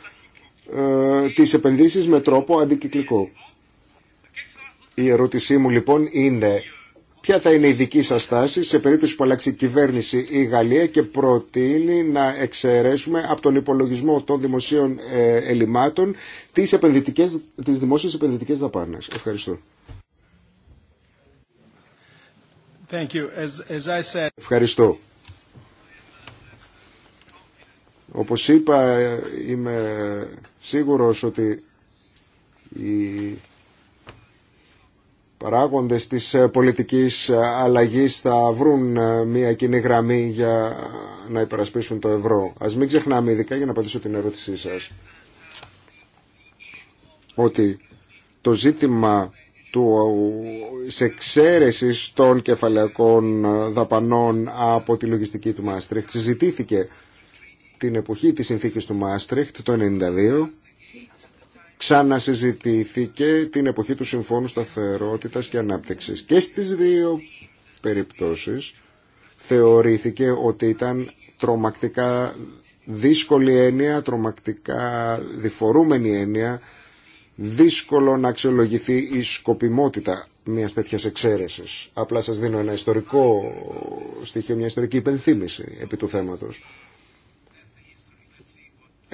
ε, τις επενδύσεις με τρόπο αντικυκλικό. Η ερώτησή μου λοιπόν είναι ποια θα είναι η δική σας στάση σε περίπτωση που αλλάξει η κυβέρνηση η Γαλλία και προτείνει να εξαιρέσουμε από τον υπολογισμό των δημοσίων ε, ελλημάτων τις, επενδυτικές, τις δημόσιες επενδυτικές δαπάνες. Ευχαριστώ. Ευχαριστώ. Όπως είπα, είμαι σίγουρος ότι οι παράγοντες της πολιτικής αλλαγής θα βρουν μια κοινή γραμμή για να υπερασπίσουν το ευρώ. Ας μην ξεχνάμε ειδικά για να απαντήσω την ερώτησή σας ότι το ζήτημα του εξαίρεση των κεφαλαικών δαπανών από τη λογιστική του Μάστριχτ συζητήθηκε την εποχή της συνθήκης του Μάστρεχτ το 1992 ξανασυζητήθηκε την εποχή του Συμφώνου Σταθερότητας και Ανάπτυξης. Και στις δύο περιπτώσεις θεωρήθηκε ότι ήταν τρομακτικά δύσκολη έννοια, τρομακτικά διφορούμενη έννοια, δύσκολο να αξιολογηθεί η σκοπιμότητα μια τέτοια εξαίρεση. Απλά σα δίνω ένα ιστορικό στοιχείο, μια ιστορική υπενθύμηση επί του θέματος.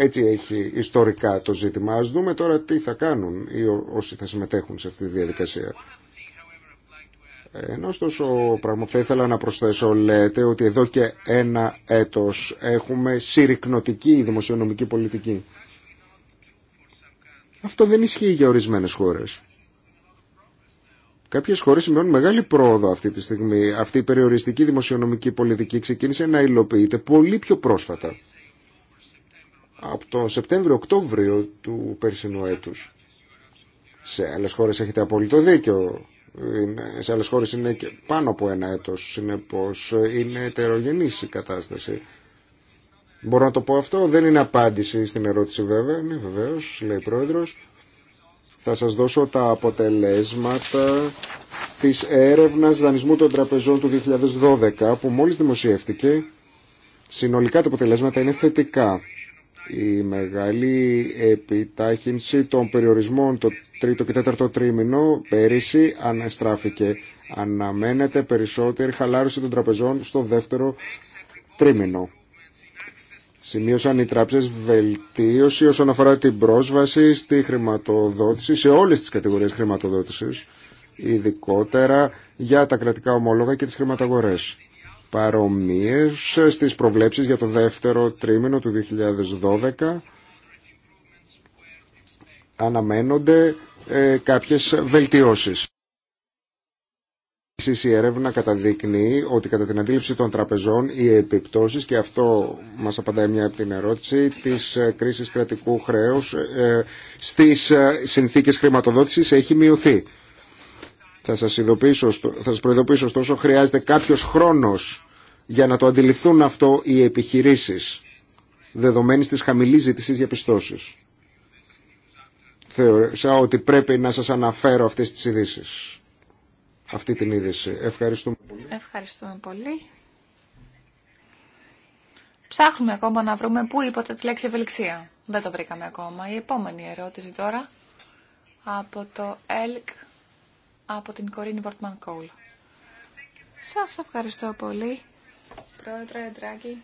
Έτσι έχει ιστορικά το ζήτημα. Ας δούμε τώρα τι θα κάνουν ή όσοι θα συμμετέχουν σε αυτή τη διαδικασία. Ε, ενώ ωστόσο πράγμα θα ήθελα να προσθέσω λέτε ότι εδώ και ένα έτος έχουμε συρρυκνωτική δημοσιονομική πολιτική. Αυτό δεν ισχύει για ορισμένες χώρες. Κάποιε χώρε σημειώνουν μεγάλη πρόοδο αυτή τη στιγμή. Αυτή η περιοριστική δημοσιονομική πολιτική ξεκίνησε να υλοποιείται πολύ πιο πρόσφατα από τον Σεπτέμβριο-Οκτώβριο του περσινού έτους. Σε άλλες χώρες έχετε απόλυτο δίκιο. σε άλλες χώρες είναι και πάνω από ένα έτος. Συνεπώς είναι ετερογενής η κατάσταση. Μπορώ να το πω αυτό. Δεν είναι απάντηση στην ερώτηση βέβαια. Ναι βεβαίως, λέει ο Πρόεδρος. Θα σας δώσω τα αποτελέσματα της έρευνας δανεισμού των τραπεζών του 2012 που μόλις δημοσιεύτηκε. Συνολικά τα αποτελέσματα είναι θετικά. Η μεγάλη επιτάχυνση των περιορισμών το τρίτο και τέταρτο τρίμηνο πέρυσι αναστράφηκε. Αναμένεται περισσότερη χαλάρωση των τραπεζών στο δεύτερο τρίμηνο. Σημείωσαν οι τράπεζες βελτίωση όσον αφορά την πρόσβαση στη χρηματοδότηση, σε όλες τις κατηγορίες χρηματοδότησης, ειδικότερα για τα κρατικά ομόλογα και τις χρηματαγορές παρομοίες στις προβλέψεις για το δεύτερο τρίμηνο του 2012 αναμένονται ε, κάποιες βελτιώσεις. η έρευνα καταδείκνει ότι κατά την αντίληψη των τραπεζών οι επιπτώσεις και αυτό μας απαντάει μια από την ερώτηση της ε, κρίσης κρατικού χρέους ε, στις ε, συνθήκες χρηματοδότησης έχει μειωθεί. Θα σας, θα σας προειδοποιήσω ωστόσο χρειάζεται κάποιος χρόνος για να το αντιληφθούν αυτό οι επιχειρήσεις δεδομένης της χαμηλής ζήτησης για πιστώσεις. Θεώρησα ότι πρέπει να σας αναφέρω αυτές τις ειδήσει. Αυτή την είδηση. Ευχαριστούμε πολύ. Ευχαριστούμε πολύ. Ψάχνουμε ακόμα να βρούμε πού είπατε τη λέξη ευελιξία. Δεν το βρήκαμε ακόμα. Η επόμενη ερώτηση τώρα από το ΕΛΚ από την Κορίν Βορτμαν Κόλ. Σας ευχαριστώ πολύ, Πρόεδρε Ντράγκη.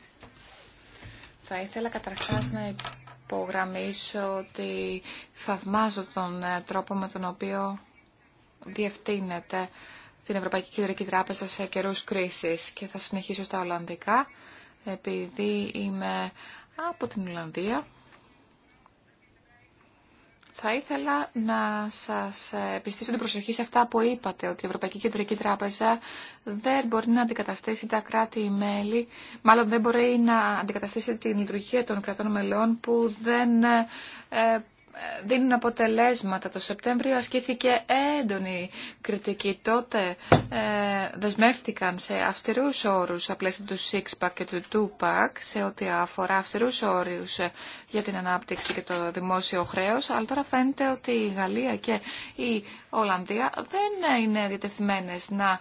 Θα ήθελα καταρχάς να υπογραμμίσω ότι θαυμάζω τον ε, τρόπο με τον οποίο διευθύνεται την Ευρωπαϊκή Κεντρική Τράπεζα σε καιρούς κρίσης και θα συνεχίσω στα Ολλανδικά επειδή είμαι από την Ολλανδία θα ήθελα να σας ε, επιστήσω την προσοχή σε αυτά που είπατε, ότι η Ευρωπαϊκή Κεντρική Τράπεζα δεν μπορεί να αντικαταστήσει τα κράτη-μέλη, μάλλον δεν μπορεί να αντικαταστήσει την λειτουργία των κρατών μελών που δεν ε, δίνουν αποτελέσματα. Το Σεπτέμβριο ασκήθηκε έντονη κριτική. Τότε ε, δεσμεύτηκαν σε αυστηρούς όρους στα πλαίσια του Six-Pack και του 2-Pack σε ό,τι αφορά αυστηρούς όρους για την ανάπτυξη και το δημόσιο χρέος. Αλλά τώρα φαίνεται ότι η Γαλλία και η Ολλανδία δεν είναι διατεθειμένες να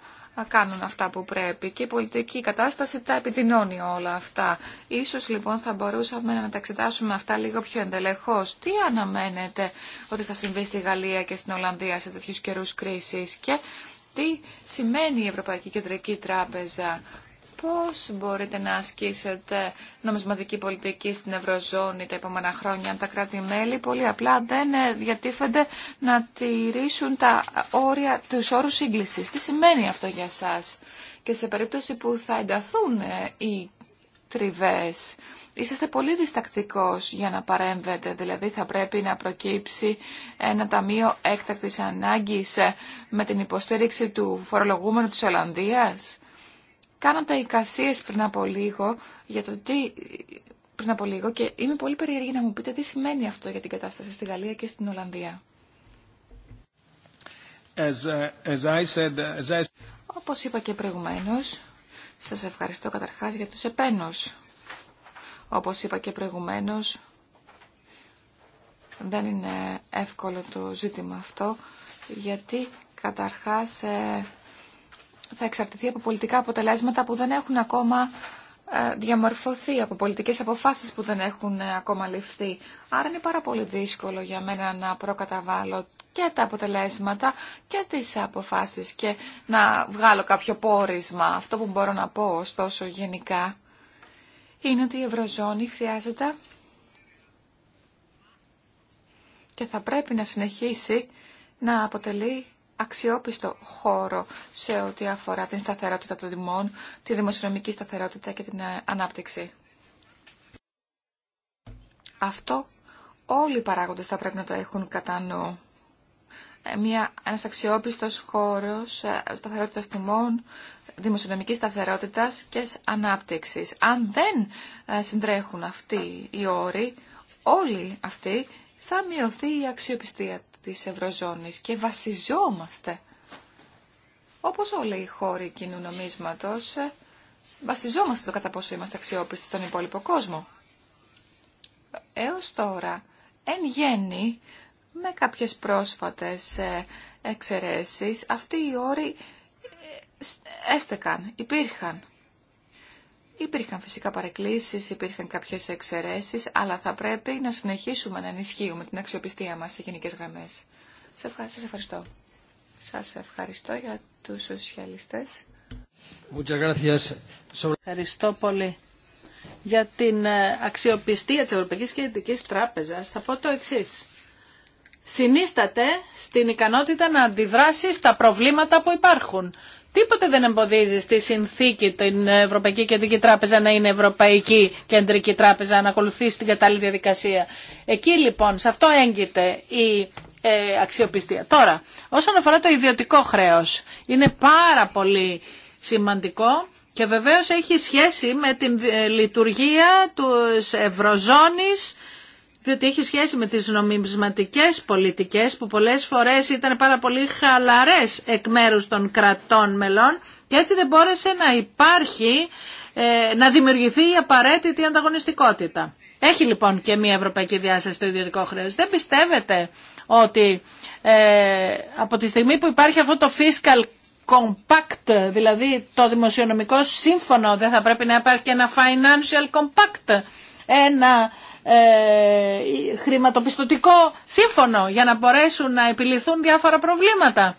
κάνουν αυτά που πρέπει και η πολιτική κατάσταση τα επιδεινώνει όλα αυτά. Ίσως λοιπόν θα μπορούσαμε να τα εξετάσουμε αυτά λίγο πιο ενδελεχώς. Τι αναμένετε ότι θα συμβεί στη Γαλλία και στην Ολλανδία σε τέτοιους καιρούς κρίσης και τι σημαίνει η Ευρωπαϊκή Κεντρική Τράπεζα πώς μπορείτε να ασκήσετε νομισματική πολιτική στην Ευρωζώνη τα επόμενα χρόνια αν τα κράτη-μέλη πολύ απλά δεν ε, διατίθενται να τηρήσουν τα όρια, τους όρους σύγκλησης. Τι σημαίνει αυτό για σας και σε περίπτωση που θα ενταθούν ε, οι τριβές. Είσαστε πολύ διστακτικός για να παρέμβετε, δηλαδή θα πρέπει να προκύψει ένα ταμείο έκτακτης ανάγκης ε, με την υποστήριξη του φορολογούμενου της Ολλανδίας Κάνατε εικασίες πριν από λίγο για το τι πριν από λίγο και είμαι πολύ περίεργη να μου πείτε τι σημαίνει αυτό για την κατάσταση στη Γαλλία και στην Ολλανδία. As, uh, as I said, uh, as I... Όπως είπα και προηγουμένως, σας ευχαριστώ καταρχάς για τους επένους. Όπως είπα και προηγουμένως, δεν είναι εύκολο το ζήτημα αυτό, γιατί καταρχάς ε, θα εξαρτηθεί από πολιτικά αποτελέσματα που δεν έχουν ακόμα ε, διαμορφωθεί, από πολιτικές αποφάσεις που δεν έχουν ε, ακόμα ληφθεί. Άρα είναι πάρα πολύ δύσκολο για μένα να προκαταβάλω και τα αποτελέσματα και τις αποφάσεις και να βγάλω κάποιο πόρισμα. Αυτό που μπορώ να πω ωστόσο γενικά είναι ότι η Ευρωζώνη χρειάζεται και θα πρέπει να συνεχίσει να αποτελεί αξιόπιστο χώρο σε ό,τι αφορά την σταθερότητα των τιμών, τη δημοσιονομική σταθερότητα και την ε, ανάπτυξη. Αυτό όλοι οι παράγοντες θα πρέπει να το έχουν κατά νου. Ε, μια, ένας αξιόπιστος χώρος ε, σταθερότητας τιμών, δημοσιονομική σταθερότητας και ανάπτυξης. Αν δεν συντρέχουν αυτοί οι όροι, όλοι αυτοί θα μειωθεί η αξιοπιστία της Ευρωζώνης και βασιζόμαστε, όπως όλοι οι χώροι κοινού νομίσματος, ε, βασιζόμαστε το κατά πόσο είμαστε αξιόπιστοι στον υπόλοιπο κόσμο. Έως τώρα, εν γέννη, με κάποιες πρόσφατες ε, εξαιρέσεις, αυτοί οι όροι ε, έστεκαν, υπήρχαν. Υπήρχαν φυσικά παρεκκλήσει, υπήρχαν κάποιες εξαιρεσει, αλλά θα πρέπει να συνεχίσουμε να ενισχύουμε την αξιοπιστία μας σε γενικές γραμμές. Σας ευχαριστώ. Σας ευχαριστώ για τους σοσιαλιστές. Ευχαριστώ πολύ. Για την ε, αξιοπιστία της Ευρωπαϊκής Κεντρικής Τράπεζας θα πω το εξής. Συνίσταται στην ικανότητα να αντιδράσει στα προβλήματα που υπάρχουν. Τίποτε δεν εμποδίζει στη συνθήκη την Ευρωπαϊκή Κεντρική Τράπεζα να είναι Ευρωπαϊκή Κεντρική Τράπεζα, να ακολουθήσει την κατάλληλη διαδικασία. Εκεί λοιπόν, σε αυτό έγκυται η ε, αξιοπιστία. Τώρα, όσον αφορά το ιδιωτικό χρέος, είναι πάρα πολύ σημαντικό και βεβαίως έχει σχέση με την ε, λειτουργία του Ευρωζώνης διότι έχει σχέση με τις νομισματικές πολιτικές που πολλές φορές ήταν πάρα πολύ χαλαρές εκ μέρου των κρατών μελών και έτσι δεν μπόρεσε να υπάρχει, ε, να δημιουργηθεί η απαραίτητη ανταγωνιστικότητα. Έχει λοιπόν και μια ευρωπαϊκή διάσταση στο ιδιωτικό χρέο. Δεν πιστεύετε ότι ε, από τη στιγμή που υπάρχει αυτό το fiscal compact, δηλαδή το δημοσιονομικό σύμφωνο, δεν θα πρέπει να υπάρχει και ένα financial compact, ένα ε, χρηματοπιστωτικό σύμφωνο για να μπορέσουν να επιληθούν διάφορα προβλήματα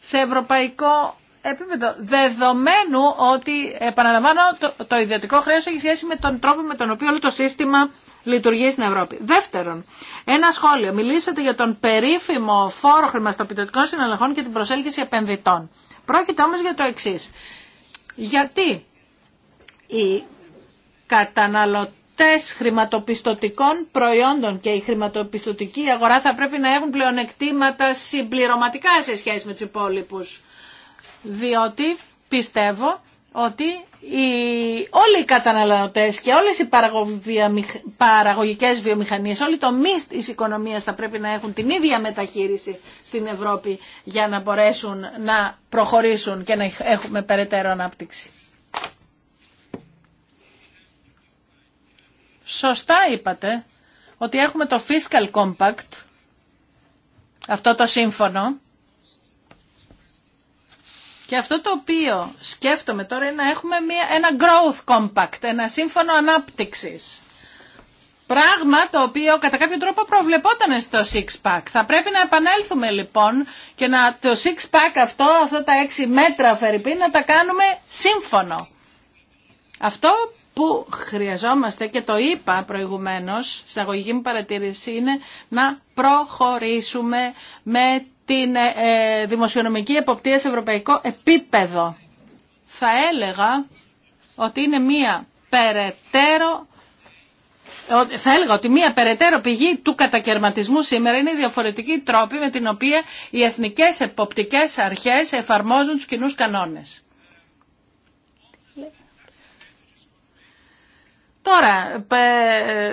σε ευρωπαϊκό επίπεδο. Δεδομένου ότι, επαναλαμβάνω, το, ιδιωτικό χρέος έχει σχέση με τον τρόπο με τον οποίο όλο το σύστημα λειτουργεί στην Ευρώπη. Δεύτερον, ένα σχόλιο. Μιλήσατε για τον περίφημο φόρο χρηματοπιστωτικών συναλλαγών και την προσέλκυση επενδυτών. Πρόκειται όμως για το εξή. Γιατί οι καταναλωτές Τες χρηματοπιστωτικών προϊόντων και η χρηματοπιστωτική αγορά θα πρέπει να έχουν πλεονεκτήματα συμπληρωματικά σε σχέση με τους υπόλοιπους. Διότι πιστεύω ότι οι, όλοι οι καταναλωτές και όλες οι παραγωγικές βιομηχανίες, όλοι το τομείς της οικονομίας θα πρέπει να έχουν την ίδια μεταχείριση στην Ευρώπη για να μπορέσουν να προχωρήσουν και να έχουμε περαιτέρω ανάπτυξη. Σωστά είπατε ότι έχουμε το Fiscal Compact, αυτό το σύμφωνο, και αυτό το οποίο σκέφτομαι τώρα είναι να έχουμε μια, ένα growth compact, ένα σύμφωνο ανάπτυξης. Πράγμα το οποίο κατά κάποιο τρόπο προβλεπόταν στο six pack. Θα πρέπει να επανέλθουμε λοιπόν και να το six pack αυτό, αυτά τα έξι μέτρα φερρυπή να τα κάνουμε σύμφωνο. Αυτό που χρειαζόμαστε και το είπα προηγουμένως στην αγωγική μου παρατήρηση είναι να προχωρήσουμε με την ε, ε, δημοσιονομική εποπτεία σε ευρωπαϊκό επίπεδο. Θα έλεγα ότι είναι μία περαιτέρω θα έλεγα ότι μία περαιτέρω πηγή του κατακαιρματισμού σήμερα είναι η διαφορετική τρόπη με την οποία οι εθνικές εποπτικές αρχές εφαρμόζουν τους κοινούς κανόνες. Τώρα, ε,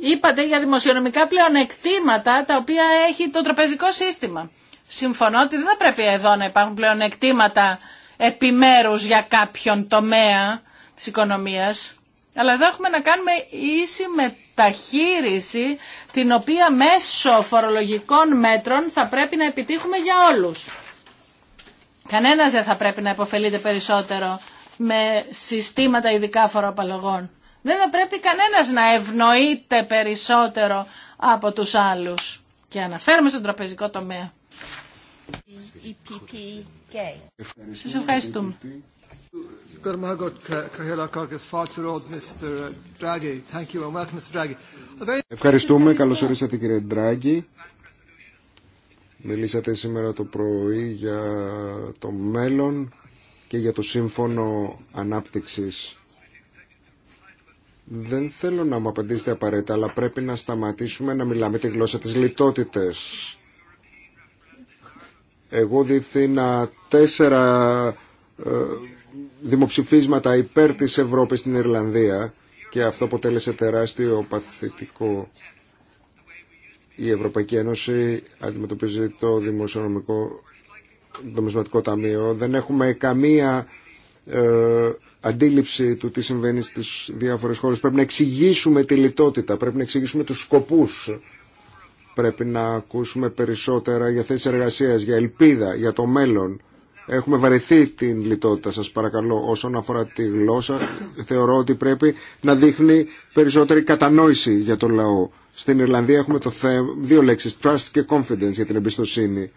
είπατε για δημοσιονομικά πλεονεκτήματα τα οποία έχει το τραπεζικό σύστημα. Συμφωνώ ότι δεν θα πρέπει εδώ να υπάρχουν πλεονεκτήματα επιμέρους για κάποιον τομέα της οικονομίας. Αλλά εδώ έχουμε να κάνουμε ίση μεταχείριση την οποία μέσω φορολογικών μέτρων θα πρέπει να επιτύχουμε για όλους. Κανένας δεν θα πρέπει να υποφελείται περισσότερο με συστήματα ειδικά φοροπαλλαγών. Δεν θα πρέπει κανένας να ευνοείται περισσότερο από τους άλλους. Και αναφέρουμε στον τραπεζικό τομέα. Σας ευχαριστούμε. Ευχαριστούμε. Καλώς ορίσατε κύριε Ντράγκη. Μιλήσατε σήμερα το πρωί για το μέλλον και για το σύμφωνο ανάπτυξης δεν θέλω να μου απαντήσετε απαραίτητα, αλλά πρέπει να σταματήσουμε να μιλάμε τη γλώσσα της λιτότητες. Εγώ διευθύνα τέσσερα ε, δημοψηφίσματα υπέρ της Ευρώπης στην Ιρλανδία και αυτό αποτέλεσε τεράστιο παθητικό. Η Ευρωπαϊκή Ένωση αντιμετωπίζει το δημοσιονομικό νομισματικό ταμείο. Δεν έχουμε καμία... Ε, αντίληψη του τι συμβαίνει στις διάφορες χώρες. Πρέπει να εξηγήσουμε τη λιτότητα, πρέπει να εξηγήσουμε τους σκοπούς. Πρέπει να ακούσουμε περισσότερα για θέσεις εργασίας, για ελπίδα, για το μέλλον. Έχουμε βαρεθεί την λιτότητα, σας παρακαλώ, όσον αφορά τη γλώσσα. Θεωρώ ότι πρέπει να δείχνει περισσότερη κατανόηση για το λαό. Στην Ιρλανδία έχουμε το δύο λέξεις, trust και confidence για την εμπιστοσύνη.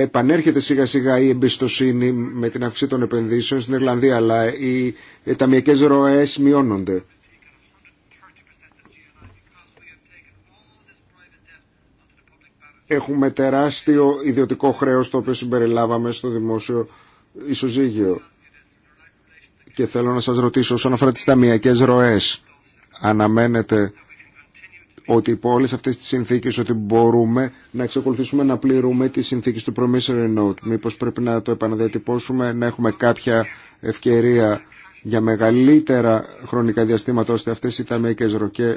επανέρχεται σιγά σιγά η εμπιστοσύνη με την αύξηση των επενδύσεων στην Ιρλανδία, αλλά οι ταμιακές ροές μειώνονται. Έχουμε τεράστιο ιδιωτικό χρέος το οποίο συμπεριλάβαμε στο δημόσιο ισοζύγιο. Και θέλω να σας ρωτήσω όσον αφορά τις ταμιακές ροές. αναμένεται ότι υπό όλε αυτέ τι συνθήκε ότι μπορούμε να εξακολουθήσουμε να πληρούμε τι συνθήκε του Promissory Note. Μήπω πρέπει να το επαναδιατυπώσουμε, να έχουμε κάποια ευκαιρία για μεγαλύτερα χρονικά διαστήματα ώστε αυτέ οι ταμιακέ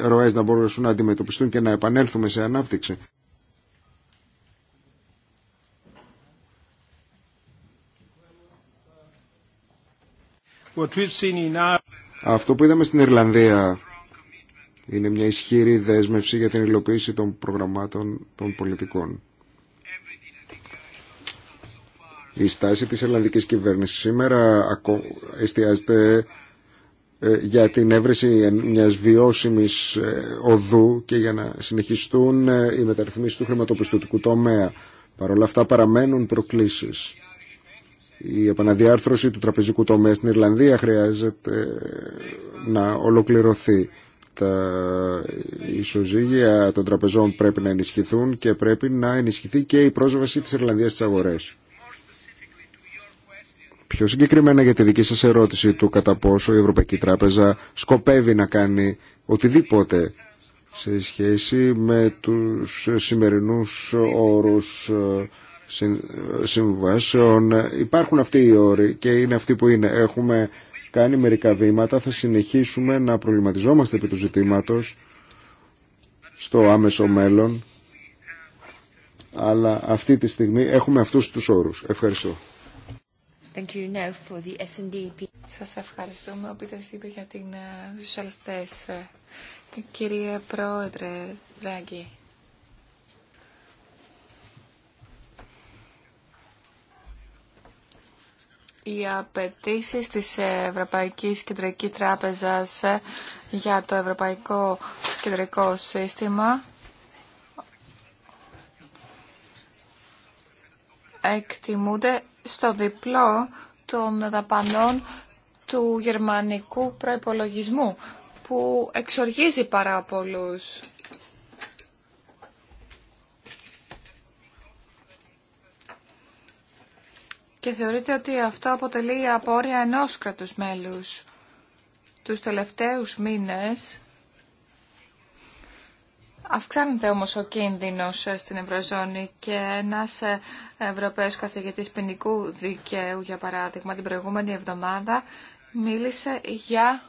ροέ να μπορέσουν να αντιμετωπιστούν και να επανέλθουμε σε ανάπτυξη. Αυτό που είδαμε στην Ιρλανδία είναι μια ισχυρή δέσμευση για την υλοποίηση των προγραμμάτων των πολιτικών. Η στάση της ελλανδικής κυβέρνησης σήμερα εστιάζεται ε, για την έβρεση μιας βιώσιμης ε, οδού και για να συνεχιστούν ε, οι μεταρρυθμίσεις του χρηματοπιστωτικού τομέα. Παρ' όλα αυτά παραμένουν προκλήσεις. Η επαναδιάρθρωση του τραπεζικού τομέα στην Ιρλανδία χρειάζεται να ολοκληρωθεί τα ισοζύγια των τραπεζών πρέπει να ενισχυθούν και πρέπει να ενισχυθεί και η πρόσβαση της Ιρλανδίας στις αγορές. Πιο συγκεκριμένα για τη δική σας ερώτηση του κατά πόσο η Ευρωπαϊκή Τράπεζα σκοπεύει να κάνει οτιδήποτε σε σχέση με τους σημερινούς όρους ε, συμβάσεων. Υπάρχουν αυτοί οι όροι και είναι αυτοί που είναι. Έχουμε κάνει μερικά βήματα. Θα συνεχίσουμε να προβληματιζόμαστε επί του ζητήματος στο άμεσο μέλλον. Αλλά αυτή τη στιγμή έχουμε αυτούς τους όρους. Ευχαριστώ. Thank you now for the Σας ευχαριστούμε, ο Πίτερς είπε για την ε, Σολστές. Κύριε Πρόεδρε, Ράγκη. οι απαιτήσει της Ευρωπαϊκή Κεντρική Τράπεζα για το Ευρωπαϊκό Κεντρικό Σύστημα εκτιμούνται στο διπλό των δαπανών του γερμανικού προϋπολογισμού που εξοργίζει πάρα πολλούς. και θεωρείται ότι αυτό αποτελεί απόρρια ενός κρατούς μέλους. Τους τελευταίους μήνες αυξάνεται όμως ο κίνδυνος στην Ευρωζώνη και ένας Ευρωπαίος καθηγητής ποινικού δικαίου, για παράδειγμα, την προηγούμενη εβδομάδα μίλησε για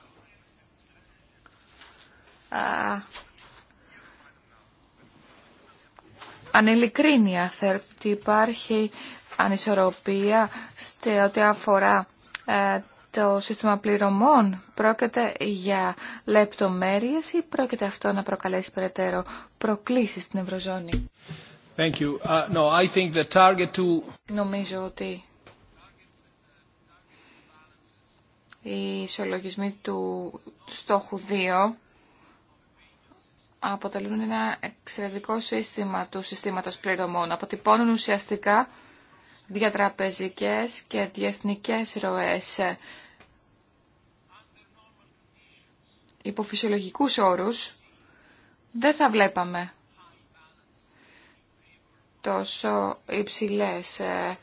ανελικρίνεια. ότι υπάρχει ανισορροπία σε ό,τι αφορά ε, το σύστημα πληρωμών. Πρόκειται για λεπτομέρειες ή πρόκειται αυτό να προκαλέσει περαιτέρω προκλήσεις στην Ευρωζώνη. Thank you. Uh, no, I think the target Νομίζω ότι οι ισολογισμοί του στόχου 2 αποτελούν ένα εξαιρετικό σύστημα του συστήματος πληρωμών. Αποτυπώνουν ουσιαστικά διατραπεζικές και διεθνικές ροές υπό φυσιολογικούς όρους δεν θα βλέπαμε τόσο υψηλές ε,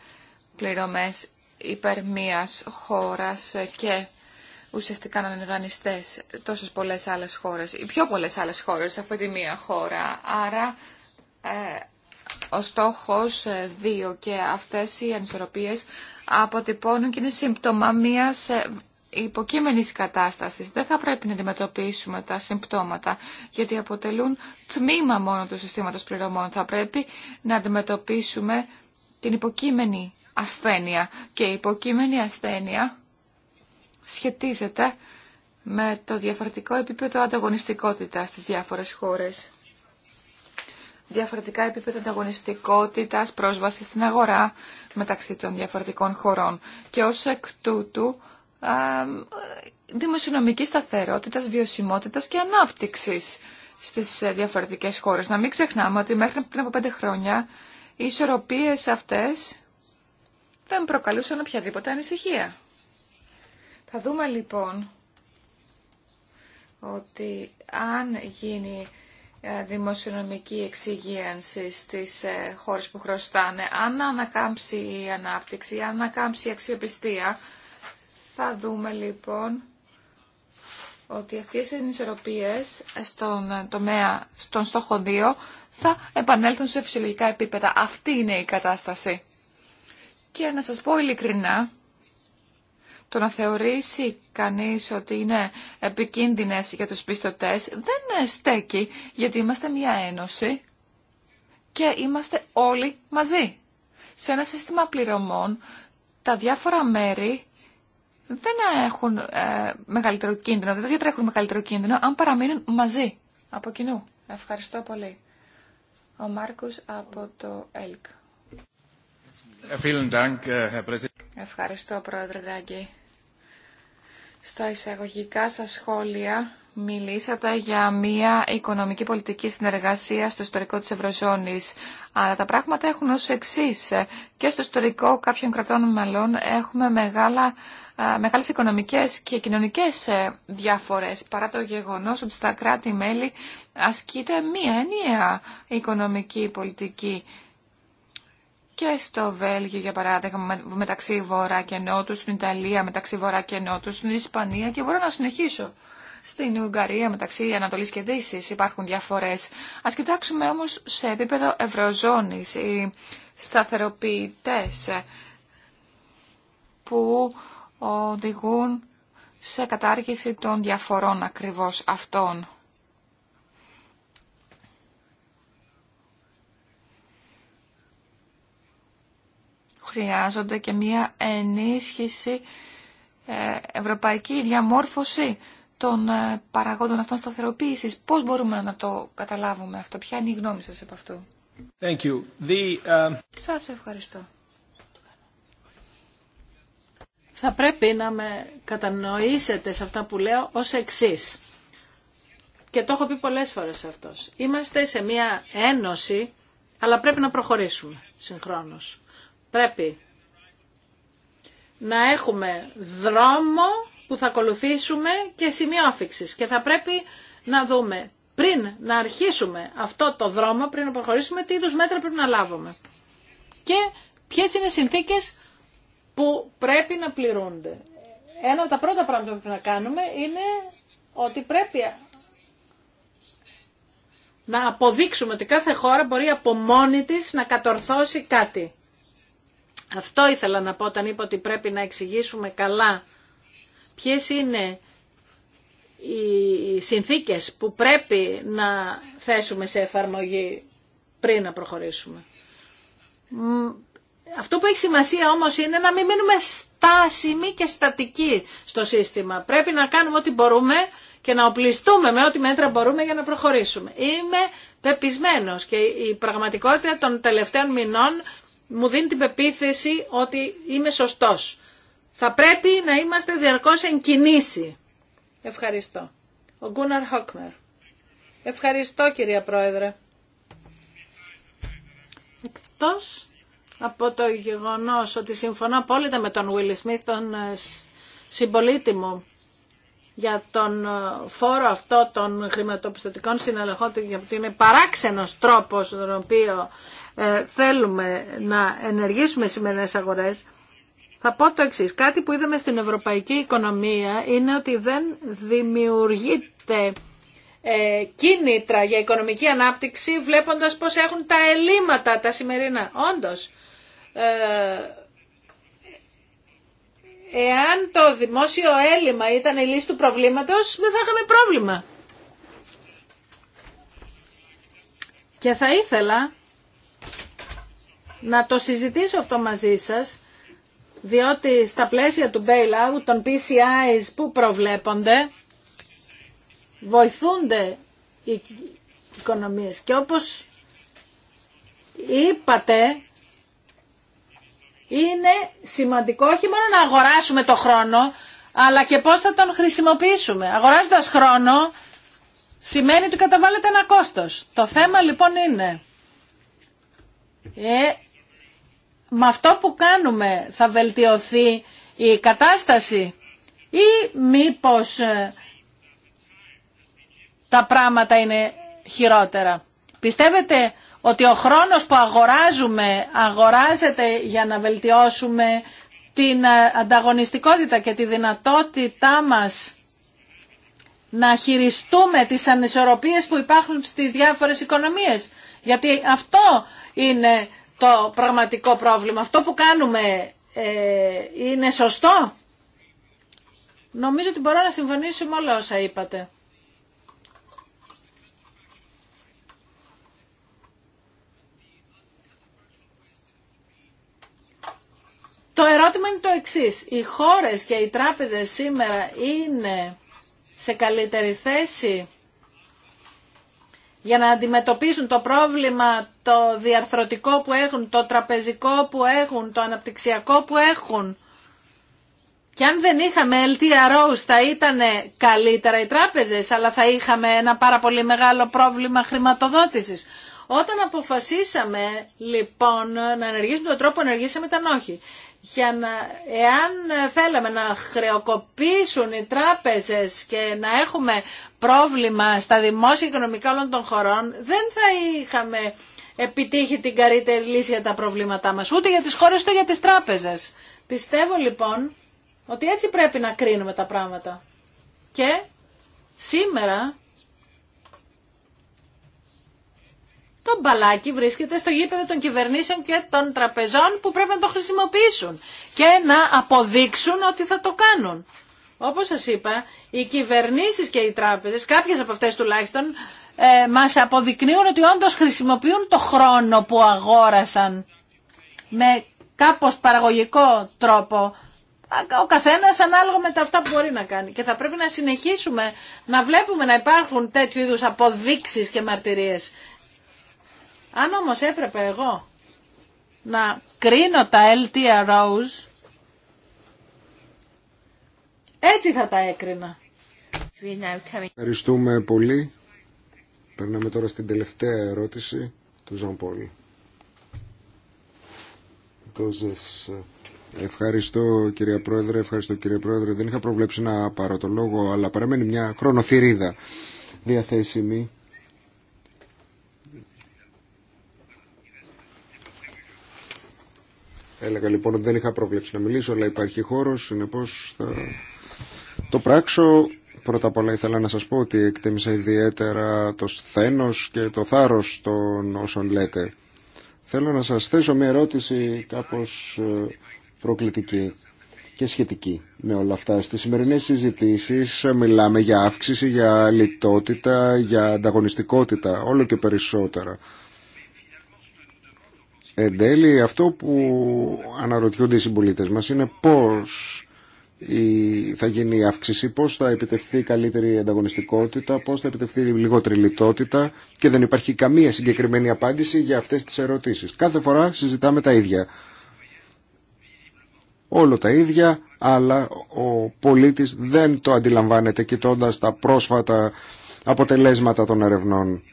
πληρωμές υπέρ μίας χώρας και ουσιαστικά να είναι τόσες πολλές άλλες χώρες, ή πιο πολλές άλλες χώρες αφού τη μία χώρα. Άρα ε, ο στόχος 2 ε, και αυτές οι ανισορροπίες αποτυπώνουν και είναι σύμπτωμα μιας ε, υποκείμενης κατάστασης. Δεν θα πρέπει να αντιμετωπίσουμε τα συμπτώματα, γιατί αποτελούν τμήμα μόνο του συστήματος πληρωμών. Θα πρέπει να αντιμετωπίσουμε την υποκείμενη ασθένεια. Και η υποκείμενη ασθένεια σχετίζεται με το διαφορετικό επίπεδο ανταγωνιστικότητα στις διάφορες χώρες διαφορετικά επίπεδα ανταγωνιστικότητας, πρόσβαση στην αγορά μεταξύ των διαφορετικών χωρών. Και ως εκ τούτου δημοσιονομική σταθερότητα, βιωσιμότητα και ανάπτυξης στις ε, διαφορετικέ χώρες. Να μην ξεχνάμε ότι μέχρι πριν από πέντε χρόνια οι ισορροπίε αυτές δεν προκαλούσαν οποιαδήποτε ανησυχία. Θα δούμε λοιπόν ότι αν γίνει ε, δημοσιονομική εξυγίανση στις ε, χώρες που χρωστάνε. Αν ανακάμψει η ανάπτυξη, αν ανακάμψει η αξιοπιστία, θα δούμε λοιπόν ότι αυτές οι ενισορροπίες στον ε, τομέα, στον στόχο 2, θα επανέλθουν σε φυσιολογικά επίπεδα. Αυτή είναι η κατάσταση. Και να σας πω ειλικρινά, το να θεωρήσει κανείς ότι είναι επικίνδυνες για τους πιστωτές δεν στέκει, γιατί είμαστε μια ένωση και είμαστε όλοι μαζί. Σε ένα σύστημα πληρωμών τα διάφορα μέρη δεν έχουν ε, μεγαλύτερο κίνδυνο, δεν διατρέχουν μεγαλύτερο κίνδυνο αν παραμείνουν μαζί από κοινού. Ευχαριστώ πολύ. Ο Μάρκος από το ΕΛΚ. Ε, ε, Ευχαριστώ, Πρόεδρε Δάγκη. Στα εισαγωγικά σας σχόλια μιλήσατε για μια οικονομική πολιτική συνεργασία στο ιστορικό της Ευρωζώνης. Αλλά τα πράγματα έχουν ως εξή. Και στο ιστορικό κάποιων κρατών μελών έχουμε μεγάλα, μεγάλες οικονομικές και κοινωνικές ε, διαφορές παρά το γεγονός ότι στα κράτη-μέλη ασκείται μία ενιαία οικονομική πολιτική και στο Βέλγιο, για παράδειγμα, μεταξύ Βορρά και Νότου, στην Ιταλία μεταξύ Βορρά και Νότου, στην Ισπανία και μπορώ να συνεχίσω. Στην Ουγγαρία μεταξύ Ανατολή και δύση υπάρχουν διαφορές. Ας κοιτάξουμε όμως σε επίπεδο ευρωζώνης οι σταθεροποιητέ που οδηγούν σε κατάργηση των διαφορών ακριβώς αυτών. χρειάζονται και μια ενίσχυση ε, ευρωπαϊκή διαμόρφωση των ε, παραγόντων αυτών σταθεροποίησης. Πώς μπορούμε να το καταλάβουμε αυτό, ποια είναι η γνώμη σας από αυτού. Thank ε, Σας ευχαριστώ. Θα πρέπει να με κατανοήσετε σε αυτά που λέω ως εξής. Και το έχω πει πολλές φορές αυτός. Είμαστε σε μια ένωση, αλλά πρέπει να προχωρήσουμε συγχρόνως. Πρέπει να έχουμε δρόμο που θα ακολουθήσουμε και σημείο άφηξης. Και θα πρέπει να δούμε πριν να αρχίσουμε αυτό το δρόμο, πριν να προχωρήσουμε, τι είδους μέτρα πρέπει να λάβουμε. Και ποιες είναι οι συνθήκες που πρέπει να πληρούνται. Ένα από τα πρώτα πράγματα που πρέπει να κάνουμε είναι ότι πρέπει να αποδείξουμε ότι κάθε χώρα μπορεί από μόνη της να κατορθώσει κάτι. Αυτό ήθελα να πω όταν είπα ότι πρέπει να εξηγήσουμε καλά ποιες είναι οι συνθήκες που πρέπει να θέσουμε σε εφαρμογή πριν να προχωρήσουμε. Αυτό που έχει σημασία όμως είναι να μην μείνουμε στάσιμοι και στατικοί στο σύστημα. Πρέπει να κάνουμε ό,τι μπορούμε και να οπλιστούμε με ό,τι μέτρα μπορούμε για να προχωρήσουμε. Είμαι πεπισμένος και η πραγματικότητα των τελευταίων μηνών μου δίνει την πεποίθηση ότι είμαι σωστός. Θα πρέπει να είμαστε διαρκώς εν κινήσει. Ευχαριστώ. Ο Γκούναρ Χόκμερ. Ευχαριστώ κυρία Πρόεδρε. Εκτός από το γεγονός ότι συμφωνώ απόλυτα με τον Βίλι Σμίθ τον ε, συμπολίτη μου, για τον ε, φόρο αυτό των χρηματοπιστωτικών συναλλαγών, γιατί είναι παράξενος τρόπος τον οποίο ε, θέλουμε να ενεργήσουμε σημερινές αγορές, θα πω το εξής. Κάτι που είδαμε στην ευρωπαϊκή οικονομία είναι ότι δεν δημιουργείται ε, κίνητρα για οικονομική ανάπτυξη βλέποντας πώς έχουν τα ελλείμματα τα σημερινά. Όντως, ε, εάν το δημόσιο έλλειμμα ήταν η λύση του προβλήματος, δεν θα είχαμε πρόβλημα. Και θα ήθελα να το συζητήσω αυτό μαζί σας, διότι στα πλαίσια του bailout, των PCIs που προβλέπονται, βοηθούνται οι οικονομίες. Και όπως είπατε, είναι σημαντικό όχι μόνο να αγοράσουμε το χρόνο, αλλά και πώς θα τον χρησιμοποιήσουμε. Αγοράζοντας χρόνο, σημαίνει ότι καταβάλλεται ένα κόστος. Το θέμα λοιπόν είναι, ε, με αυτό που κάνουμε θα βελτιωθεί η κατάσταση ή μήπως ε, τα πράγματα είναι χειρότερα. Πιστεύετε ότι ο χρόνος που αγοράζουμε αγοράζεται για να βελτιώσουμε την ε, ανταγωνιστικότητα και τη δυνατότητά μας να χειριστούμε τις ανισορροπίες που υπάρχουν στις διάφορες οικονομίες. Γιατί αυτό είναι το πραγματικό πρόβλημα. Αυτό που κάνουμε ε, είναι σωστό. Νομίζω ότι μπορώ να συμφωνήσω με όλα όσα είπατε. Το ερώτημα είναι το εξής. Οι χώρες και οι τράπεζες σήμερα είναι σε καλύτερη θέση για να αντιμετωπίσουν το πρόβλημα το διαρθρωτικό που έχουν, το τραπεζικό που έχουν, το αναπτυξιακό που έχουν. Και αν δεν είχαμε LTROs θα ήταν καλύτερα οι τράπεζες, αλλά θα είχαμε ένα πάρα πολύ μεγάλο πρόβλημα χρηματοδότησης. Όταν αποφασίσαμε λοιπόν να ενεργήσουμε τον τρόπο, ενεργήσαμε ήταν όχι για να, εάν θέλαμε να χρεοκοπήσουν οι τράπεζες και να έχουμε πρόβλημα στα δημόσια οικονομικά όλων των χωρών, δεν θα είχαμε επιτύχει την καλύτερη λύση για τα προβλήματά μας, ούτε για τις χώρες, ούτε για τις τράπεζες. Πιστεύω λοιπόν ότι έτσι πρέπει να κρίνουμε τα πράγματα. Και σήμερα το μπαλάκι βρίσκεται στο γήπεδο των κυβερνήσεων και των τραπεζών που πρέπει να το χρησιμοποιήσουν και να αποδείξουν ότι θα το κάνουν. Όπως σας είπα, οι κυβερνήσεις και οι τράπεζες, κάποιες από αυτές τουλάχιστον, ε, μας αποδεικνύουν ότι όντως χρησιμοποιούν το χρόνο που αγόρασαν με κάπως παραγωγικό τρόπο ο καθένας ανάλογα με τα αυτά που μπορεί να κάνει. Και θα πρέπει να συνεχίσουμε να βλέπουμε να υπάρχουν τέτοιου είδους αποδείξεις και μαρτυρίες. Αν όμως έπρεπε εγώ να κρίνω τα LTROs, έτσι θα τα έκρινα. Ευχαριστούμε πολύ. Περνάμε τώρα στην τελευταία ερώτηση του Ζαν Πολ. Ευχαριστώ κυρία Πρόεδρε, ευχαριστώ κύριε Πρόεδρε. Δεν είχα προβλέψει να πάρω το λόγο, αλλά παραμένει μια χρονοθυρίδα διαθέσιμη Έλεγα λοιπόν ότι δεν είχα προβλέψει να μιλήσω, αλλά υπάρχει χώρο, συνεπώ θα το πράξω. Πρώτα απ' όλα ήθελα να σας πω ότι εκτίμησα ιδιαίτερα το σθένος και το θάρρος των όσων λέτε. Θέλω να σας θέσω μια ερώτηση κάπως ε, προκλητική και σχετική με όλα αυτά. Στις σημερινές συζητήσεις ε, μιλάμε για αύξηση, για λιτότητα, για ανταγωνιστικότητα, όλο και περισσότερα. Εν τέλει αυτό που αναρωτιούνται οι συμπολίτες μας είναι πώς θα γίνει η αύξηση, πώς θα επιτευχθεί καλύτερη ανταγωνιστικότητα, πώς θα επιτευχθεί λιγότερη λιτότητα και δεν υπάρχει καμία συγκεκριμένη απάντηση για αυτές τις ερωτήσεις. Κάθε φορά συζητάμε τα ίδια. Όλο τα ίδια, αλλά ο πολίτης δεν το αντιλαμβάνεται κοιτώντα τα πρόσφατα αποτελέσματα των ερευνών.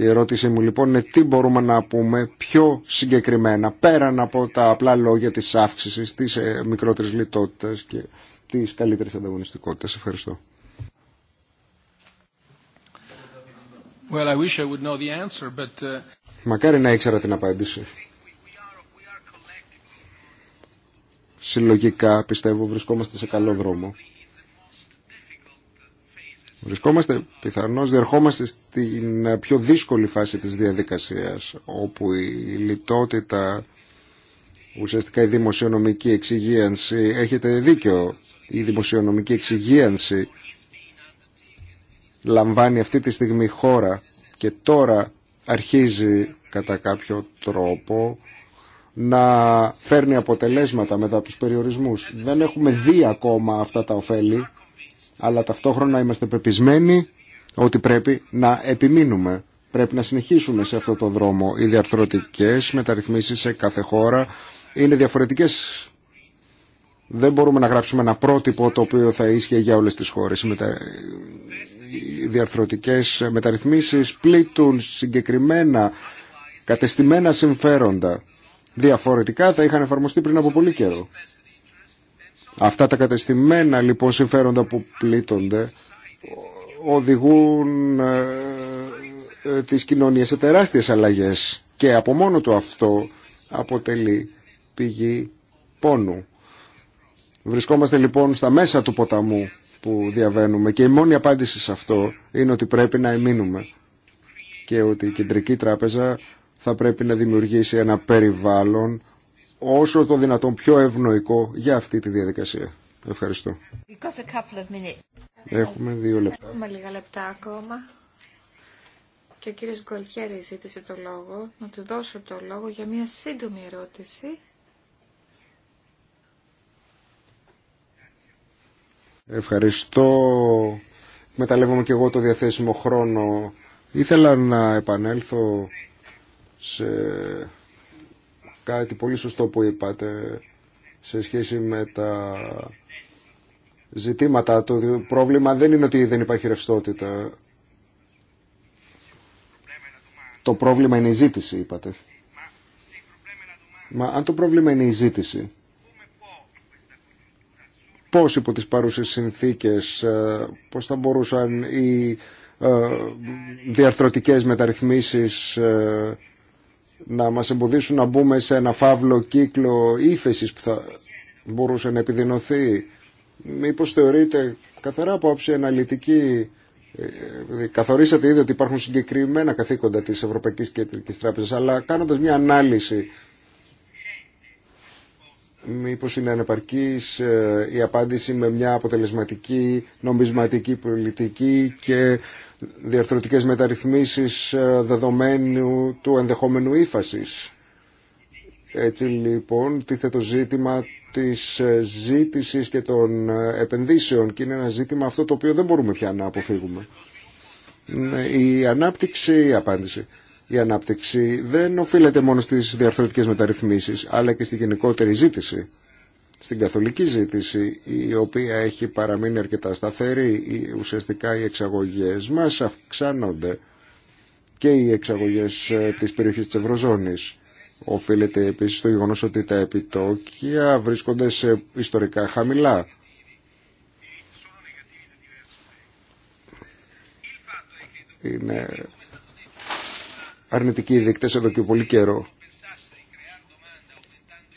Η ερώτησή μου λοιπόν είναι τι μπορούμε να πούμε πιο συγκεκριμένα πέραν από τα απλά λόγια της αύξησης, της ε, μικρότερης λιτότητας και της καλύτερης ανταγωνιστικότητας. Ευχαριστώ. Well, I I answer, but... Uh, Μακάρι να ήξερα την απάντηση. Συλλογικά πιστεύω βρισκόμαστε σε καλό δρόμο. Βρισκόμαστε, πιθανώς διερχόμαστε στην πιο δύσκολη φάση της διαδικασίας, όπου η λιτότητα, ουσιαστικά η δημοσιονομική εξυγίανση, έχετε δίκιο, η δημοσιονομική εξυγίανση λαμβάνει αυτή τη στιγμή χώρα και τώρα αρχίζει κατά κάποιο τρόπο να φέρνει αποτελέσματα μετά τους περιορισμούς. Δεν έχουμε δει ακόμα αυτά τα ωφέλη αλλά ταυτόχρονα είμαστε πεπισμένοι ότι πρέπει να επιμείνουμε. Πρέπει να συνεχίσουμε σε αυτό το δρόμο. Οι διαρθρωτικές μεταρρυθμίσεις σε κάθε χώρα είναι διαφορετικές. Δεν μπορούμε να γράψουμε ένα πρότυπο το οποίο θα ίσχυε για όλες τις χώρες. Οι διαρθρωτικές μεταρρυθμίσεις πλήττουν συγκεκριμένα κατεστημένα συμφέροντα. Διαφορετικά θα είχαν εφαρμοστεί πριν από πολύ καιρό. Αυτά τα κατεστημένα λοιπόν συμφέροντα που πλήττονται οδηγούν ε, ε, τις κοινωνίες σε τεράστιες αλλαγές και από μόνο του αυτό αποτελεί πηγή πόνου. Βρισκόμαστε λοιπόν στα μέσα του ποταμού που διαβαίνουμε και η μόνη απάντηση σε αυτό είναι ότι πρέπει να εμείνουμε και ότι η Κεντρική Τράπεζα θα πρέπει να δημιουργήσει ένα περιβάλλον όσο το δυνατόν πιο ευνοϊκό για αυτή τη διαδικασία. Ευχαριστώ. Έχουμε δύο λεπτά. Έχουμε λίγα λεπτά ακόμα. Και ο κύριος Γκολτιέρη ζήτησε το λόγο, να του δώσω το λόγο για μια σύντομη ερώτηση. Ευχαριστώ. Μεταλλεύομαι και εγώ το διαθέσιμο χρόνο. Ήθελα να επανέλθω σε κάτι πολύ σωστό που είπατε σε σχέση με τα ζητήματα. Το πρόβλημα δεν είναι ότι δεν υπάρχει ρευστότητα. Το πρόβλημα είναι η ζήτηση, είπατε. Μα αν το πρόβλημα είναι η ζήτηση, πώς υπό τις παρούσες συνθήκες, ε, πώς θα μπορούσαν οι ε, διαρθρωτικές μεταρρυθμίσεις ε, να μας εμποδίσουν να μπούμε σε ένα φαύλο κύκλο ύφεση που θα μπορούσε να επιδεινωθεί. Μήπως θεωρείτε καθαρά από άψη αναλυτική ε, ε, καθορίσατε ήδη ότι υπάρχουν συγκεκριμένα καθήκοντα της Ευρωπαϊκής Κεντρικής Τράπεζας αλλά κάνοντας μια ανάλυση μήπως είναι ανεπαρκής ε, η απάντηση με μια αποτελεσματική νομισματική πολιτική και διαρθρωτικές μεταρρυθμίσεις ε, δεδομένου του ενδεχόμενου ύφαση. Έτσι λοιπόν τίθε το ζήτημα της ε, ζήτησης και των ε, επενδύσεων και είναι ένα ζήτημα αυτό το οποίο δεν μπορούμε πια να αποφύγουμε. Ναι, η ανάπτυξη, απάντηση, η ανάπτυξη δεν οφείλεται μόνο στις διαρθρωτικές μεταρρυθμίσεις αλλά και στη γενικότερη ζήτηση στην καθολική ζήτηση η οποία έχει παραμείνει αρκετά σταθερή ουσιαστικά οι εξαγωγές μας αυξάνονται και οι εξαγωγές ε, της περιοχής της Ευρωζώνης. Οφείλεται επίσης το γεγονό ότι τα επιτόκια βρίσκονται σε ιστορικά χαμηλά. Είναι αρνητικοί οι δείκτες εδώ και πολύ καιρό.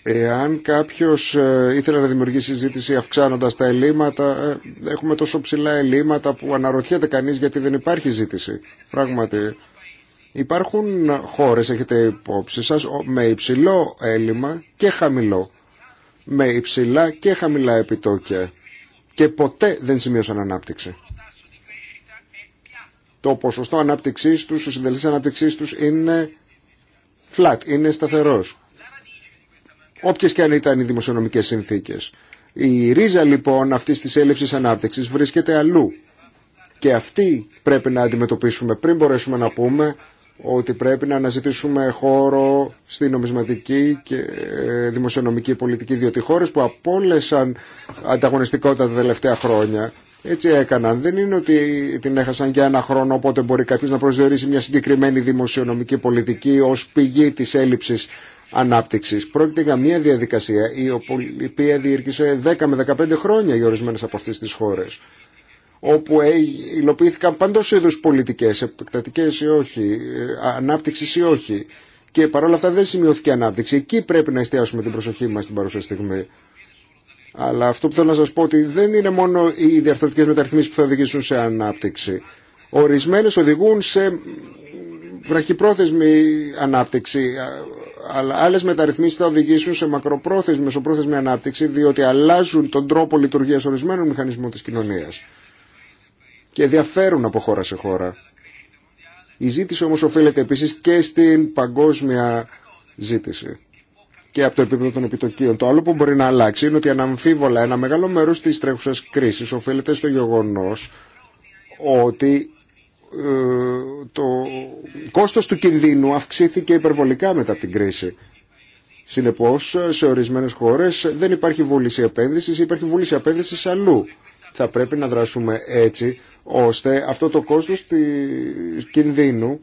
Εάν κάποιο ε, ήθελε να δημιουργήσει συζήτηση αυξάνοντα τα ελλείμματα, ε, έχουμε τόσο ψηλά ελλείμματα που αναρωτιέται κανεί γιατί δεν υπάρχει ζήτηση. Πράγματι, υπάρχουν χώρε, έχετε υπόψη σα, με υψηλό έλλειμμα και χαμηλό. Με υψηλά και χαμηλά επιτόκια. Και ποτέ δεν σημείωσαν ανάπτυξη. Το ποσοστό ανάπτυξή του, ο συντελεστή ανάπτυξή του είναι flat, είναι σταθερό όποιε και αν ήταν οι δημοσιονομικέ συνθήκε. Η ρίζα λοιπόν αυτή τη έλλειψη ανάπτυξη βρίσκεται αλλού. Και αυτή πρέπει να αντιμετωπίσουμε πριν μπορέσουμε να πούμε ότι πρέπει να αναζητήσουμε χώρο στη νομισματική και ε, δημοσιονομική πολιτική, διότι χώρες που απόλυσαν ανταγωνιστικότητα τα τελευταία χρόνια έτσι έκαναν. Δεν είναι ότι την έχασαν για ένα χρόνο, οπότε μπορεί κάποιο να προσδιορίσει μια συγκεκριμένη δημοσιονομική πολιτική ω πηγή τη έλλειψη Πρόκειται για μια διαδικασία η οποία διήρκησε 10 με 15 χρόνια για ορισμένε από αυτέ τι χώρε όπου ε, υλοποιήθηκαν παντός είδους πολιτικές, επεκτατικές ή όχι, ε, ανάπτυξη ή όχι. Και παρόλα αυτά δεν σημειώθηκε ανάπτυξη. Εκεί πρέπει να εστιάσουμε την προσοχή μας στην παρουσία στιγμή. Αλλά αυτό που θέλω να σας πω ότι δεν είναι μόνο οι διαρθρωτικές μεταρρυθμίσεις που θα οδηγήσουν σε ανάπτυξη. Ορισμένες οδηγούν σε βραχυπρόθεσμη ανάπτυξη αλλά άλλες μεταρρυθμίσεις θα οδηγήσουν σε μακροπρόθεσμη, μεσοπρόθεσμη ανάπτυξη, διότι αλλάζουν τον τρόπο λειτουργίας ορισμένων μηχανισμών της κοινωνίας και διαφέρουν από χώρα σε χώρα. Η ζήτηση όμω οφείλεται επίσης και στην παγκόσμια ζήτηση και από το επίπεδο των επιτοκίων. Το άλλο που μπορεί να αλλάξει είναι ότι αναμφίβολα ένα μεγάλο μέρο τη τρέχουσα κρίση οφείλεται στο γεγονό ότι το κόστος του κινδύνου αυξήθηκε υπερβολικά μετά την κρίση. Συνεπώς, σε ορισμένες χώρες δεν υπάρχει βούληση επένδυσης, υπάρχει βούληση επένδυσης αλλού. Θα πρέπει να δράσουμε έτσι, ώστε αυτό το κόστος του κινδύνου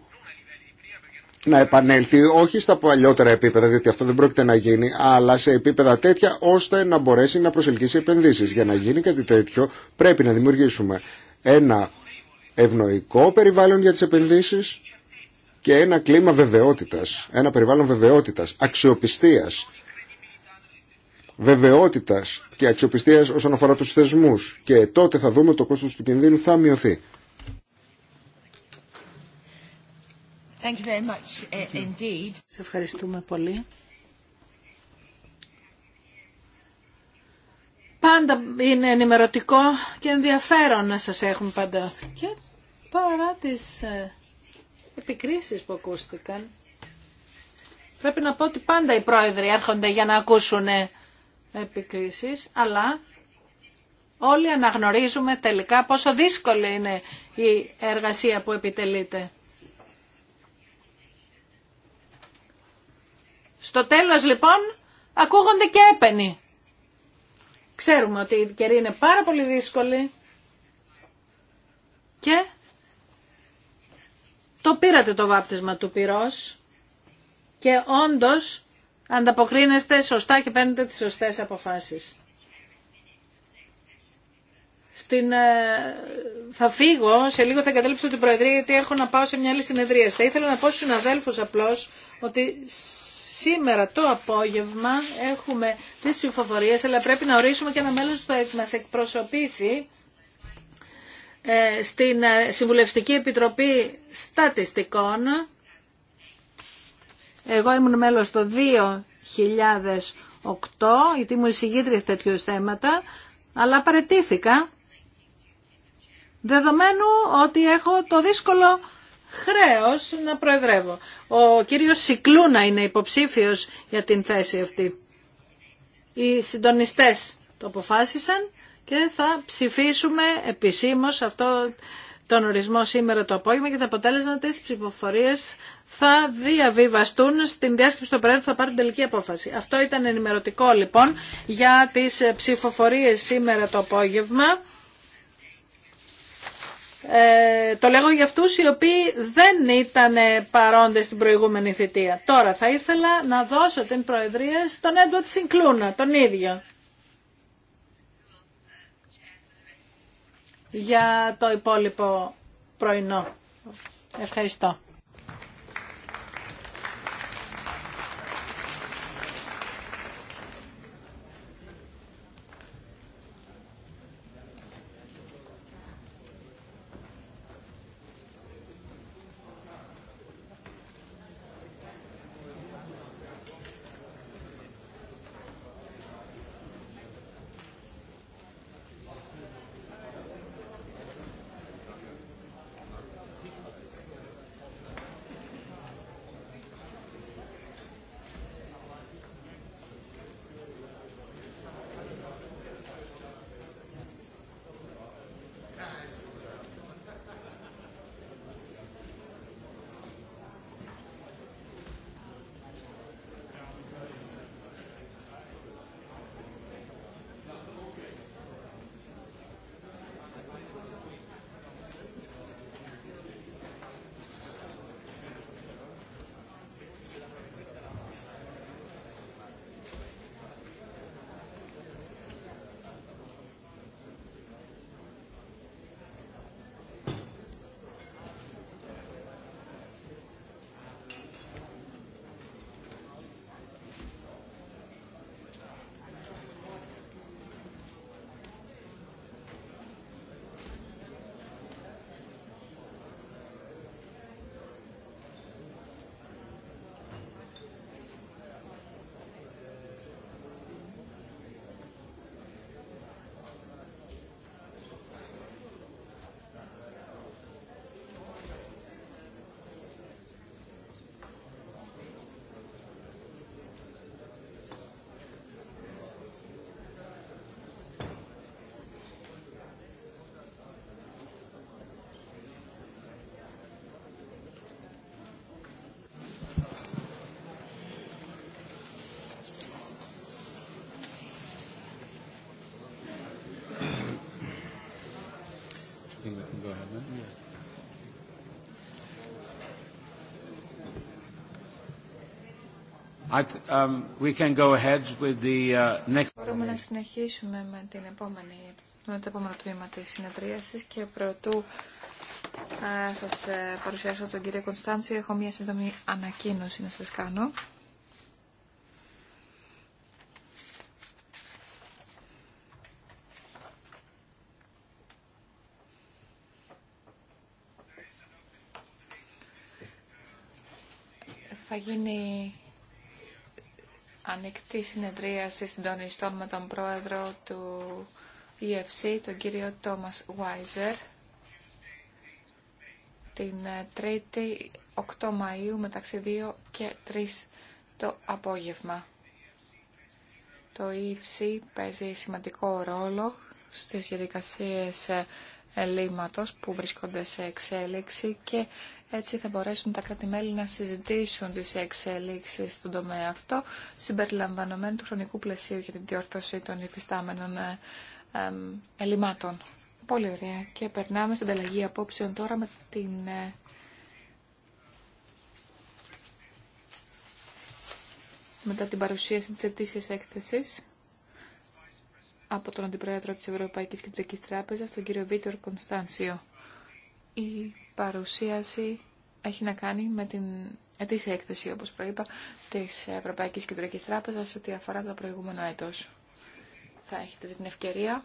να επανέλθει όχι στα παλιότερα επίπεδα, διότι αυτό δεν πρόκειται να γίνει, αλλά σε επίπεδα τέτοια ώστε να μπορέσει να προσελκύσει επενδύσεις. Για να γίνει κάτι τέτοιο πρέπει να δημιουργήσουμε ένα ευνοϊκό περιβάλλον για τις επενδύσεις και ένα κλίμα βεβαιότητας, ένα περιβάλλον βεβαιότητας, αξιοπιστίας, βεβαιότητας και αξιοπιστίας όσον αφορά τους θεσμούς και τότε θα δούμε το κόστος του κινδύνου θα μειωθεί. Thank you very much ε, indeed. Σε ευχαριστούμε πολύ. Πάντα είναι ενημερωτικό και ενδιαφέρον να σας έχουμε πάντα. Και παρά τις ε, επικρίσεις που ακούστηκαν, πρέπει να πω ότι πάντα οι πρόεδροι έρχονται για να ακούσουν ε, επικρίσεις, αλλά όλοι αναγνωρίζουμε τελικά πόσο δύσκολη είναι η εργασία που επιτελείται. Στο τέλος λοιπόν ακούγονται και έπαινοι. Ξέρουμε ότι η καιρή είναι πάρα πολύ δύσκολη και το πήρατε το βάπτισμα του πυρός και όντως ανταποκρίνεστε σωστά και παίρνετε τις σωστές αποφάσεις. Στην, ε, θα φύγω, σε λίγο θα εγκατέλειψω την Προεδρία γιατί έχω να πάω σε μια άλλη συνεδρία. Θα ήθελα να πω στους συναδέλφους απλώς ότι σήμερα το απόγευμα έχουμε τις ψηφοφορίες αλλά πρέπει να ορίσουμε και ένα μέλος που θα μας εκπροσωπήσει ε, στην ε, Συμβουλευτική Επιτροπή Στατιστικών. Εγώ ήμουν μέλος το 2008, γιατί μου εισηγήτρια τέτοιου θέματα, αλλά παρετήθηκα, δεδομένου ότι έχω το δύσκολο χρέος να προεδρεύω. Ο κύριος Σικλούνα είναι υποψήφιος για την θέση αυτή. Οι συντονιστές το αποφάσισαν και θα ψηφίσουμε επισήμως αυτό τον ορισμό σήμερα το απόγευμα και τα αποτέλεσμα της ψηφοφορίες θα διαβιβαστούν στην διάσκεψη του πρόεδρου θα πάρουν τελική απόφαση. Αυτό ήταν ενημερωτικό λοιπόν για τις ψηφοφορίες σήμερα το απόγευμα. Ε, το λέγω για αυτούς οι οποίοι δεν ήταν παρόντες στην προηγούμενη θητεία. Τώρα θα ήθελα να δώσω την Προεδρία στον Έντουατ Συγκλούνα, τον ίδιο. για το υπόλοιπο πρωινό. Ευχαριστώ. Um, uh, Μπορούμε να συνεχίσουμε με, την επόμενη, με το επόμενο τμήμα της συνεδρίασης και πρωτού σας ε, παρουσιάσω τον κύριο Κωνσταντσίου. έχω μια σύντομη ανακοίνωση να σας κάνω. γίνει ανοιχτή συνεδρίαση συντονιστών με τον πρόεδρο του EFC, τον κύριο Τόμας Βάιζερ, την 3η ε, 8 Μαΐου μεταξύ 2 και 3 το απόγευμα. Το EFC παίζει σημαντικό ρόλο στις διαδικασίες ε, ελλείμματος που βρίσκονται σε εξέλιξη και έτσι θα μπορέσουν τα κράτη-μέλη να συζητήσουν τις εξέλιξεις στον τομέα αυτό συμπεριλαμβανομένου του χρονικού πλαισίου για την διόρθωση των υφιστάμενων ε, ελλημάτων. Πολύ ωραία. Και περνάμε στην ανταλλαγή απόψεων τώρα με την... Ε, μετά την παρουσίαση της ετήσιας έκθεσης από τον Αντιπρόεδρο της Ευρωπαϊκής Κεντρικής Τράπεζας, τον κύριο Βίτορ Κωνστανσίο. Η παρουσίαση έχει να κάνει με την ετήσια έκθεση, όπως προείπα, της Ευρωπαϊκής Κεντρικής Τράπεζας, ό,τι αφορά το προηγούμενο έτος. Θα έχετε την ευκαιρία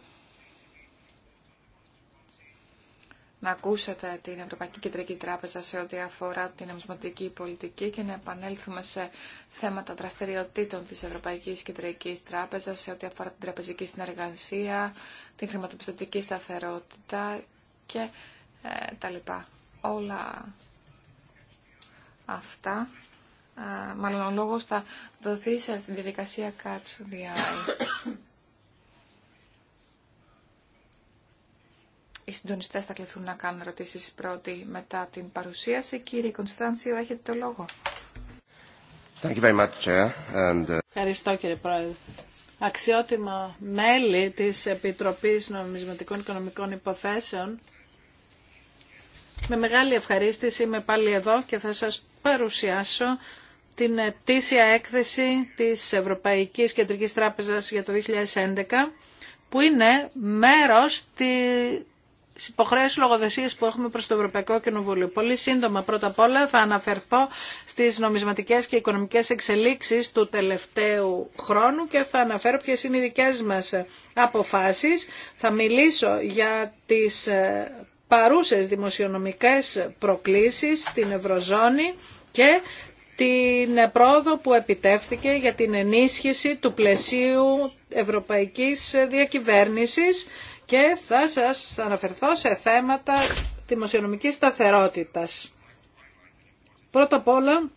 να ακούσετε την Ευρωπαϊκή Κεντρική Τράπεζα σε ό,τι αφορά την νομισματική πολιτική και να επανέλθουμε σε θέματα δραστηριοτήτων της Ευρωπαϊκής Κεντρικής Τράπεζας σε ό,τι αφορά την τραπεζική συνεργασία, την χρηματοπιστωτική σταθερότητα και ε, τα λοιπά. Όλα αυτά, ε, μάλλον ο λόγος θα δοθεί σε διαδικασία Κάτσου the Οι συντονιστές θα κληθούν να κάνουν ερωτήσεις πρώτοι μετά την παρουσίαση. Κύριε Κωνσταντσίο, έχετε το λόγο. Uh, Ευχαριστώ κύριε Πρόεδρε. Αξιότιμα μέλη της Επιτροπής Νομισματικών Οικονομικών Υποθέσεων, με μεγάλη ευχαρίστηση είμαι πάλι εδώ και θα σας παρουσιάσω την ετήσια έκθεση της Ευρωπαϊκής Κεντρικής Τράπεζας για το 2011, που είναι μέρος στις υποχρέωσεις που έχουμε προς το Ευρωπαϊκό Κοινοβούλιο. Πολύ σύντομα πρώτα απ' όλα θα αναφερθώ στις νομισματικές και οικονομικές εξελίξεις του τελευταίου χρόνου και θα αναφέρω ποιες είναι οι δικές μας αποφάσεις. Θα μιλήσω για τις ε, παρούσες δημοσιονομικές προκλήσεις στην Ευρωζώνη και την πρόοδο που επιτεύθηκε για την ενίσχυση του πλαισίου ευρωπαϊκής διακυβέρνησης και θα σας αναφερθώ σε θέματα δημοσιονομικής σταθερότητας. Πρώτα απ' όλα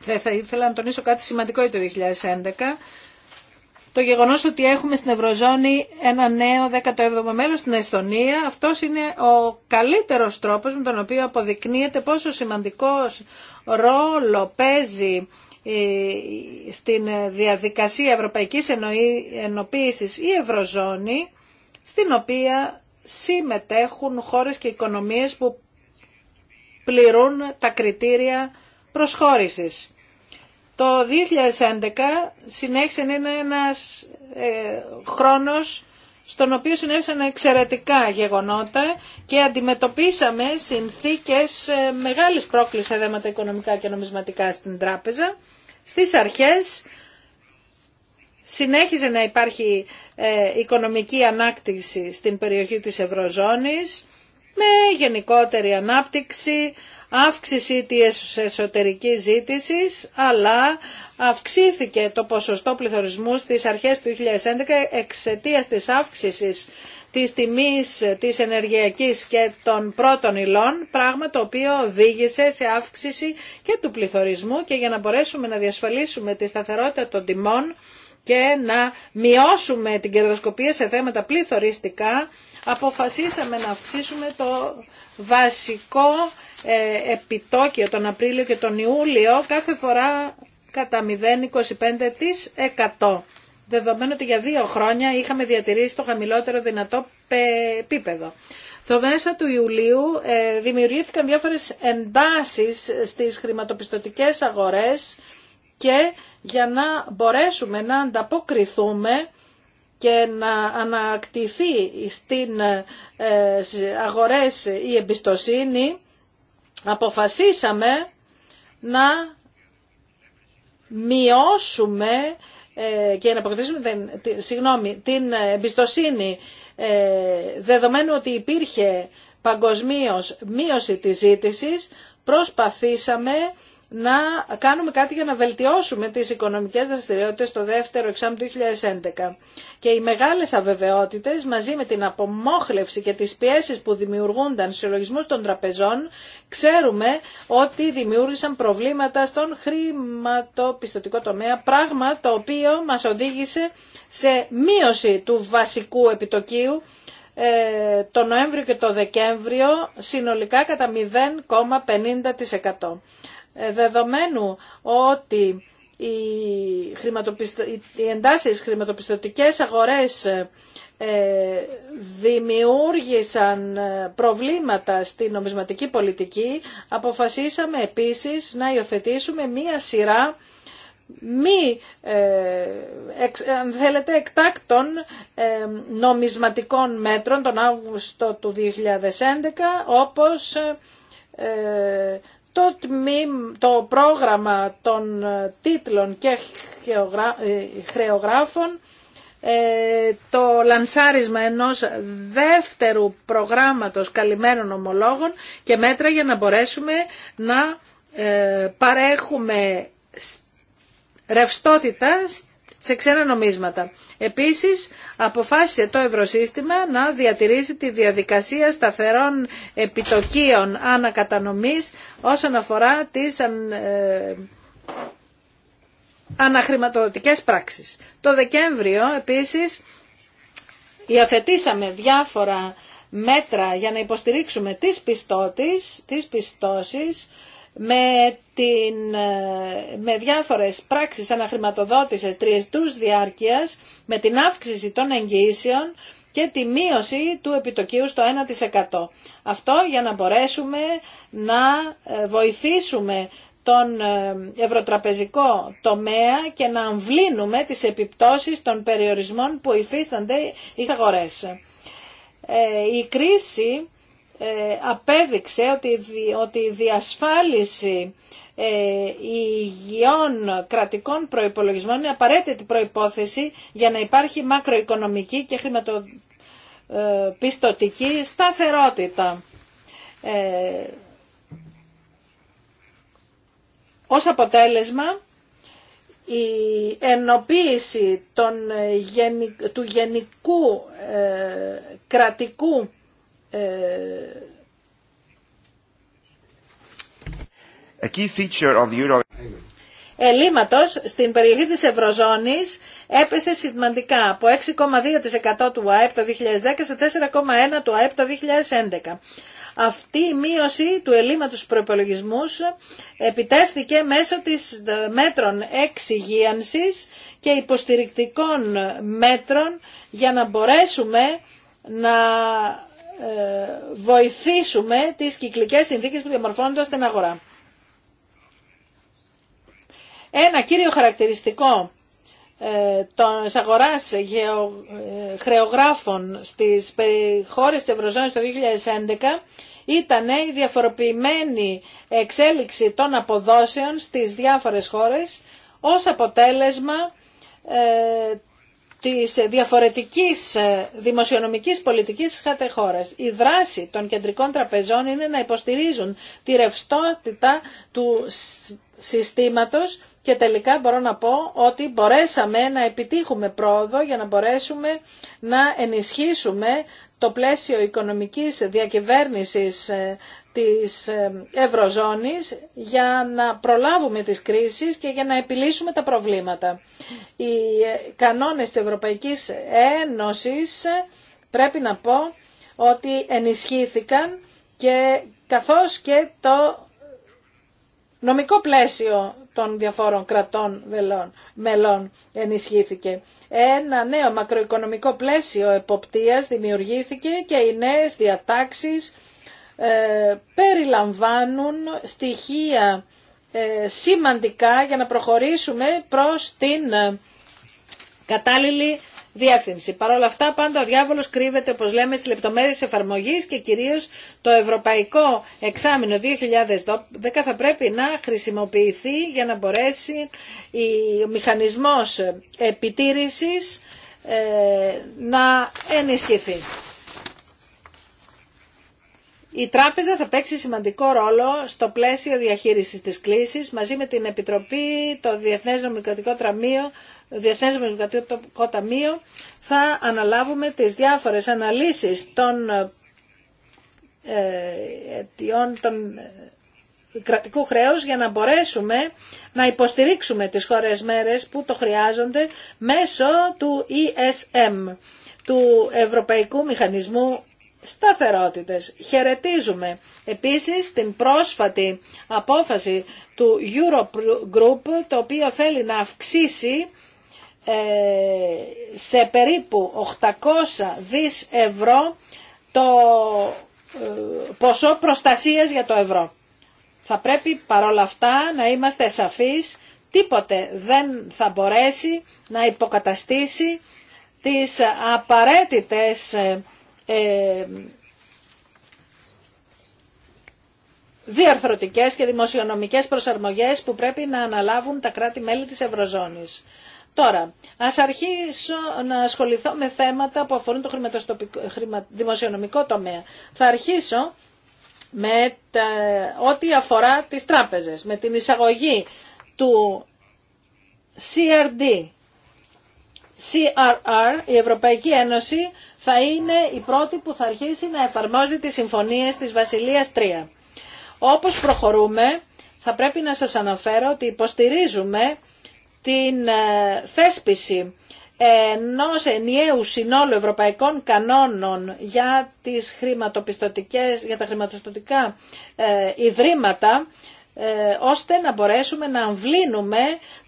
θα ήθελα να τονίσω κάτι σημαντικό για το 2011 το γεγονός ότι έχουμε στην Ευρωζώνη ένα νέο 17ο μέλος στην Εστονία, αυτός είναι ο καλύτερος τρόπος με τον οποίο αποδεικνύεται πόσο σημαντικός ρόλο παίζει ε, στην διαδικασία ευρωπαϊκής ενοποίησης η Ευρωζώνη στην οποία συμμετέχουν χώρες και οικονομίες που πληρούν τα κριτήρια προσχώρησης. Το 2011 συνέχισε να είναι ένας ε, χρόνος στον οποίο συνέβησαν εξαιρετικά γεγονότα και αντιμετωπίσαμε συνθήκες ε, μεγάλης πρόκλησης σε θέματα οικονομικά και νομισματικά στην τράπεζα. Στις αρχές συνέχιζε να υπάρχει ε, οικονομική ανάκτηση στην περιοχή της Ευρωζώνης με γενικότερη ανάπτυξη, αύξηση της εσωτερικής ζήτησης, αλλά αυξήθηκε το ποσοστό πληθωρισμού στις αρχές του 2011 εξαιτίας της αύξησης της τιμής της ενεργειακής και των πρώτων υλών, πράγμα το οποίο οδήγησε σε αύξηση και του πληθωρισμού και για να μπορέσουμε να διασφαλίσουμε τη σταθερότητα των τιμών, και να μειώσουμε την κερδοσκοπία σε θέματα πληθωριστικά, αποφασίσαμε να αυξήσουμε το βασικό ε, επιτόκιο τον Απρίλιο και τον Ιούλιο κάθε φορά κατά 0,25%. Δεδομένου ότι για δύο χρόνια είχαμε διατηρήσει το χαμηλότερο δυνατό επίπεδο. Το μέσα του Ιουλίου ε, δημιουργήθηκαν διάφορες εντάσεις στις χρηματοπιστωτικές αγορές και για να μπορέσουμε να ανταποκριθούμε και να ανακτηθεί στην ε, αγορές η εμπιστοσύνη, αποφασίσαμε να μειώσουμε ε, και να αποκτήσουμε την, συγγνώμη, την εμπιστοσύνη ε, δεδομένου ότι υπήρχε παγκοσμίως μείωση της ζήτησης, προσπαθήσαμε να κάνουμε κάτι για να βελτιώσουμε τις οικονομικές δραστηριότητες το δεύτερο εξάμεινο του 2011. Και οι μεγάλες αβεβαιότητες μαζί με την απομόχλευση και τις πιέσεις που δημιουργούνταν στους συλλογισμούς των τραπεζών ξέρουμε ότι δημιούργησαν προβλήματα στον χρηματοπιστωτικό τομέα, πράγμα το οποίο μας οδήγησε σε μείωση του βασικού επιτοκίου ε, το Νοέμβριο και το Δεκέμβριο συνολικά κατά 0,50%. Ε, δεδομένου ότι οι, χρηματοπιστω... οι εντάσεις χρηματοπιστωτικές αγορές ε, ε, δημιούργησαν προβλήματα στη νομισματική πολιτική, αποφασίσαμε επίσης να υιοθετήσουμε μία σειρά μη, αν θέλετε, εκτάκτων νομισματικών μέτρων τον Αύγουστο του 2011, όπως το, το πρόγραμμα των ε, τίτλων και ε, χρεογράφων ε, το λανσάρισμα ενός δεύτερου προγράμματος καλυμμένων ομολόγων και μέτρα για να μπορέσουμε να παρέχουμε ρευστότητα σε ξένα νομίσματα. Επίσης, αποφάσισε το ευρωσύστημα να διατηρήσει τη διαδικασία σταθερών επιτοκίων ανακατανομής όσον αφορά τις ε, αναχρηματοδοτικές πράξεις. Το Δεκέμβριο, επίσης, υιοθετήσαμε διάφορα μέτρα για να υποστηρίξουμε τις πιστώσεις, τις πιστώσεις με, την, με διάφορες πράξεις αναχρηματοδότησης τριεστούς διάρκειας, με την αύξηση των εγγυήσεων και τη μείωση του επιτοκίου στο 1%. Αυτό για να μπορέσουμε να ε, βοηθήσουμε τον ε, ευρωτραπεζικό τομέα και να αμβλύνουμε τις επιπτώσεις των περιορισμών που υφίστανται οι αγορές. Ε, η κρίση ε, απέδειξε ότι, ότι η διασφάλιση ε, υγιών κρατικών προϋπολογισμών είναι απαραίτητη προϋπόθεση για να υπάρχει μακροοικονομική και χρηματοπιστωτική ε, σταθερότητα. Ε, ως αποτέλεσμα, η ενοποίηση των, του γενικού ε, κρατικού A Ελλείμματος στην περιοχή της Ευρωζώνης έπεσε σημαντικά από 6,2% του ΑΕΠ το 2010 σε 4,1% του ΑΕΠ το 2011. Αυτή η μείωση του ελλείμματος προπολογισμού επιτεύθηκε μέσω της μέτρων εξυγίανσης και υποστηρικτικών μέτρων για να μπορέσουμε να ε, βοηθήσουμε τις κυκλικές συνθήκες που διαμορφώνονται στην αγορά. Ένα κύριο χαρακτηριστικό ε, των αγοράς ε, χρεογράφων στις χώρες της Ευρωζώνης το 2011 ήταν η διαφοροποιημένη εξέλιξη των αποδόσεων στις διάφορες χώρες ως αποτέλεσμα της διαφορετικής ε, δημοσιονομικής πολιτικής κάθε Η δράση των κεντρικών τραπεζών είναι να υποστηρίζουν τη ρευστότητα του συστήματος και τελικά μπορώ να πω ότι μπορέσαμε να επιτύχουμε πρόοδο για να μπορέσουμε να ενισχύσουμε το πλαίσιο οικονομικής διακυβέρνησης ε, της ε, Ευρωζώνης για να προλάβουμε τις κρίσεις και για να επιλύσουμε τα προβλήματα. Οι ε, κανόνες της Ευρωπαϊκής Ένωσης πρέπει να πω ότι ενισχύθηκαν και καθώς και το νομικό πλαίσιο των διαφόρων κρατών μελών ενισχύθηκε ένα νέο μακροοικονομικό πλαίσιο εποπτείας δημιουργήθηκε και οι νέες διατάξεις ε, περιλαμβάνουν στοιχεία ε, σημαντικά για να προχωρήσουμε προς την ε, κατάλληλη διεύθυνση. Παρ' όλα αυτά πάντα ο διάβολο κρύβεται όπω λέμε στι λεπτομέρειε εφαρμογή και κυρίω το Ευρωπαϊκό Εξάμεινο 2010 θα πρέπει να χρησιμοποιηθεί για να μπορέσει ο μηχανισμός επιτήρησης ε, να ενισχυθεί. Η τράπεζα θα παίξει σημαντικό ρόλο στο πλαίσιο διαχείρισης της κλίσης μαζί με την Επιτροπή, το Διεθνές Νομικοτικό Τραμείο Διεθνέ Μεσογειακό Ταμείο θα αναλάβουμε τις διάφορες αναλύσεις των ε, των ε, κρατικού χρέους για να μπορέσουμε να υποστηρίξουμε τις χώρες μέρες που το χρειάζονται μέσω του ESM, του Ευρωπαϊκού Μηχανισμού Σταθερότητες. Χαιρετίζουμε επίσης την πρόσφατη απόφαση του Eurogroup, το οποίο θέλει να αυξήσει ε, σε περίπου 800 δις ευρώ το ε, ποσό προστασίας για το ευρώ. Θα πρέπει παρόλα αυτά να είμαστε σαφείς, τίποτε δεν θα μπορέσει να υποκαταστήσει τις απαραίτητες ε, διαρθρωτικές και δημοσιονομικές προσαρμογές που πρέπει να αναλάβουν τα κράτη-μέλη της Ευρωζώνης. Τώρα, α αρχίσω να ασχοληθώ με θέματα που αφορούν το χρημα, δημοσιονομικό τομέα. Θα αρχίσω με ό,τι αφορά τις τράπεζες, με την εισαγωγή του CRD. CRR, η Ευρωπαϊκή Ένωση, θα είναι η πρώτη που θα αρχίσει να εφαρμόζει τις συμφωνίες της Βασιλείας 3. Όπως προχωρούμε, θα πρέπει να σας αναφέρω ότι υποστηρίζουμε την ε, θέσπιση ενός ενιαίου συνόλου ευρωπαϊκών κανόνων για, τις χρηματοπιστωτικές, για τα χρηματοπιστωτικά ε, ιδρύματα, ε, ώστε να μπορέσουμε να αμβλύνουμε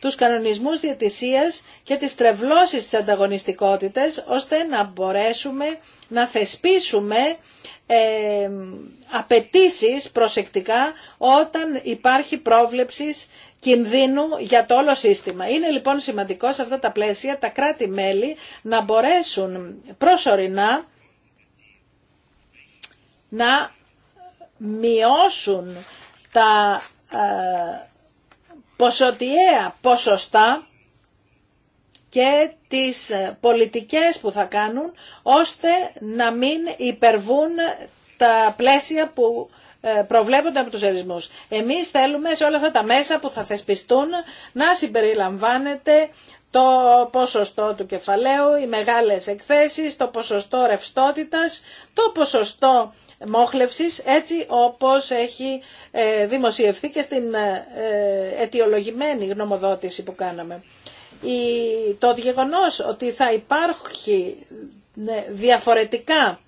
τους κανονισμούς διατησίας και τις τρευλώσεις της ανταγωνιστικότητας, ώστε να μπορέσουμε να θεσπίσουμε ε, απαιτήσει προσεκτικά όταν υπάρχει πρόβλεψης κινδύνου για το όλο σύστημα. Είναι λοιπόν σημαντικό σε αυτά τα πλαίσια τα κράτη-μέλη να μπορέσουν προσωρινά να μειώσουν τα ε, ποσοτιαία ποσοστά και τις ε, πολιτικές που θα κάνουν ώστε να μην υπερβούν τα πλαίσια που ε, προβλέπονται από τους ορισμούς. Εμείς θέλουμε σε όλα αυτά τα μέσα που θα θεσπιστούν να συμπεριλαμβάνεται το ποσοστό του κεφαλαίου, οι μεγάλες εκθέσεις, το ποσοστό ρευστότητας, το ποσοστό μόχλευσης έτσι όπως έχει ε, δημοσιευθεί και στην ε, αιτιολογημένη γνωμοδότηση που κάναμε. Το γεγονός ότι θα υπάρχει διαφορετικά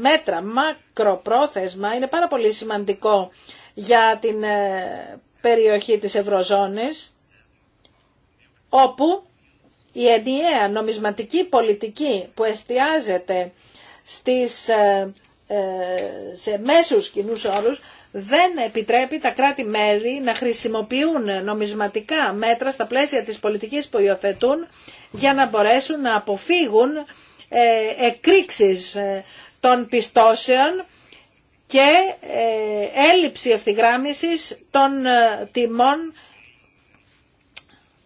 μέτρα μακροπρόθεσμα είναι πάρα πολύ σημαντικό για την ε, περιοχή της Ευρωζώνης, όπου η ενιαία νομισματική πολιτική που εστιάζεται στις, ε, ε, σε μέσους κοινού όρους δεν επιτρέπει τα κράτη-μέλη να χρησιμοποιούν νομισματικά μέτρα στα πλαίσια της πολιτικής που υιοθετούν για να μπορέσουν να αποφύγουν εκρήξεις των πιστώσεων και ε, έλλειψη ευθυγράμμισης των ε, τιμών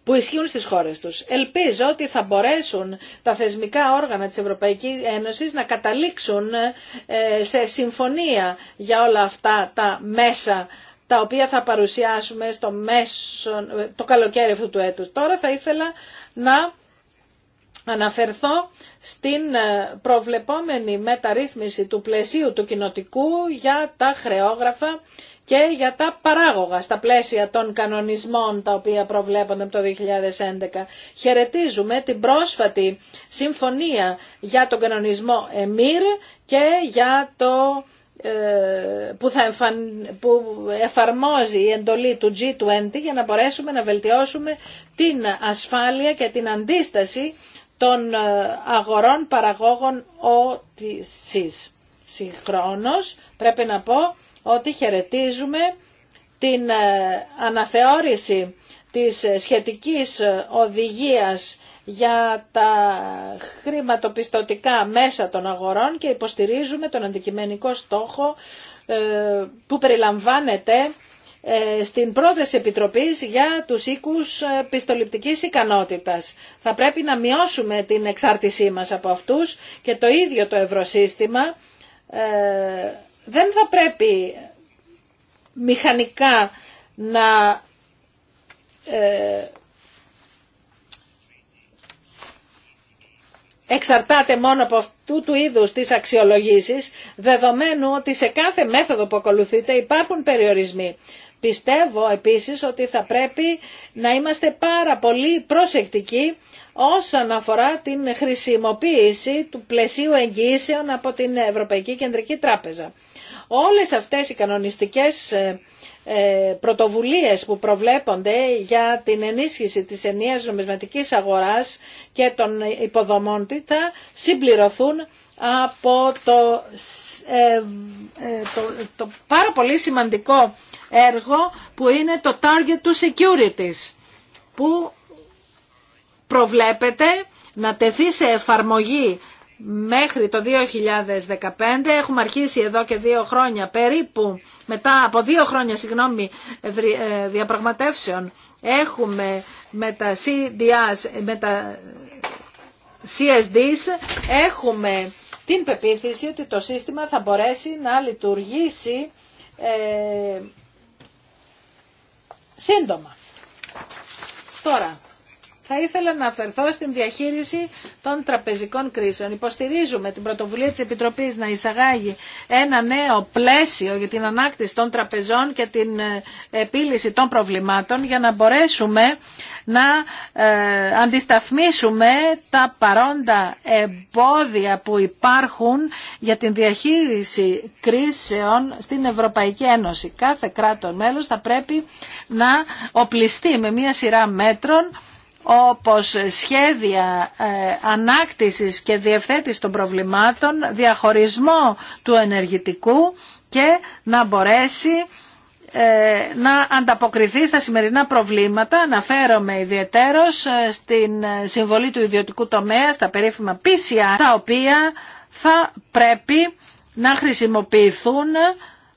που ισχύουν στις χώρες τους. Ελπίζω ότι θα μπορέσουν τα θεσμικά όργανα της Ευρωπαϊκής Ένωσης να καταλήξουν ε, σε συμφωνία για όλα αυτά τα μέσα τα οποία θα παρουσιάσουμε στο μέσο, το καλοκαίρι αυτού του έτους. Τώρα θα ήθελα να αναφερθώ στην ε, προβλεπόμενη μεταρρύθμιση του πλαισίου του κοινοτικού για τα χρεόγραφα και για τα παράγωγα στα πλαίσια των κανονισμών τα οποία προβλέπονται από το 2011. Χαιρετίζουμε την πρόσφατη συμφωνία για τον κανονισμό ΕΜΙΡ και για το ε, που, θα που εφαρμόζει η εντολή του G20 για να μπορέσουμε να βελτιώσουμε την ασφάλεια και την αντίσταση των ε, αγορών παραγόγων OTC. Συγχρόνως πρέπει να πω ότι χαιρετίζουμε την ε, αναθεώρηση της σχετικής οδηγίας για τα χρηματοπιστωτικά μέσα των αγορών και υποστηρίζουμε τον αντικειμενικό στόχο ε, που περιλαμβάνεται ε, στην πρόθεση Επιτροπής για τους οίκους ε, πιστοληπτικής ικανότητας. Θα πρέπει να μειώσουμε την εξάρτησή μας από αυτούς και το ίδιο το ευρωσύστημα ε, δεν θα πρέπει μηχανικά να εξαρτάται μόνο από αυτού του είδους τις αξιολογήσεις, δεδομένου ότι σε κάθε μέθοδο που ακολουθείτε υπάρχουν περιορισμοί. Πιστεύω επίσης ότι θα πρέπει να είμαστε πάρα πολύ προσεκτικοί όσον αφορά την χρησιμοποίηση του πλαισίου εγγυήσεων από την Ευρωπαϊκή Κεντρική Τράπεζα. Όλες αυτές οι κανονιστικές ε, ε, πρωτοβουλίες που προβλέπονται για την ενίσχυση της ενίας νομισματικής αγοράς και των υποδομών θα συμπληρωθούν από το, ε, το, το πάρα πολύ σημαντικό έργο που είναι το Target to Securities που προβλέπεται να τεθεί σε εφαρμογή μέχρι το 2015. Έχουμε αρχίσει εδώ και δύο χρόνια περίπου, μετά από δύο χρόνια συγγνώμη, ε, διαπραγματεύσεων, έχουμε με τα CDS, με τα CSDs, έχουμε την πεποίθηση ότι το σύστημα θα μπορέσει να λειτουργήσει ε, σύντομα. Τώρα, θα ήθελα να αφαιρθώ στην διαχείριση των τραπεζικών κρίσεων. Υποστηρίζουμε την πρωτοβουλία της Επιτροπής να εισαγάγει ένα νέο πλαίσιο για την ανάκτηση των τραπεζών και την ε, επίλυση των προβλημάτων για να μπορέσουμε να ε, αντισταθμίσουμε τα παρόντα εμπόδια που υπάρχουν για την διαχείριση κρίσεων στην Ευρωπαϊκή Ένωση. Κάθε κράτος μέλος θα πρέπει να οπλιστεί με μία σειρά μέτρων όπως σχέδια ε, ανάκτησης και διευθέτησης των προβλημάτων, διαχωρισμό του ενεργητικού και να μπορέσει ε, να ανταποκριθεί στα σημερινά προβλήματα. Αναφέρομαι ιδιαιτέρως ε, στην συμβολή του ιδιωτικού τομέα, στα περίφημα PCI, τα οποία θα πρέπει να χρησιμοποιηθούν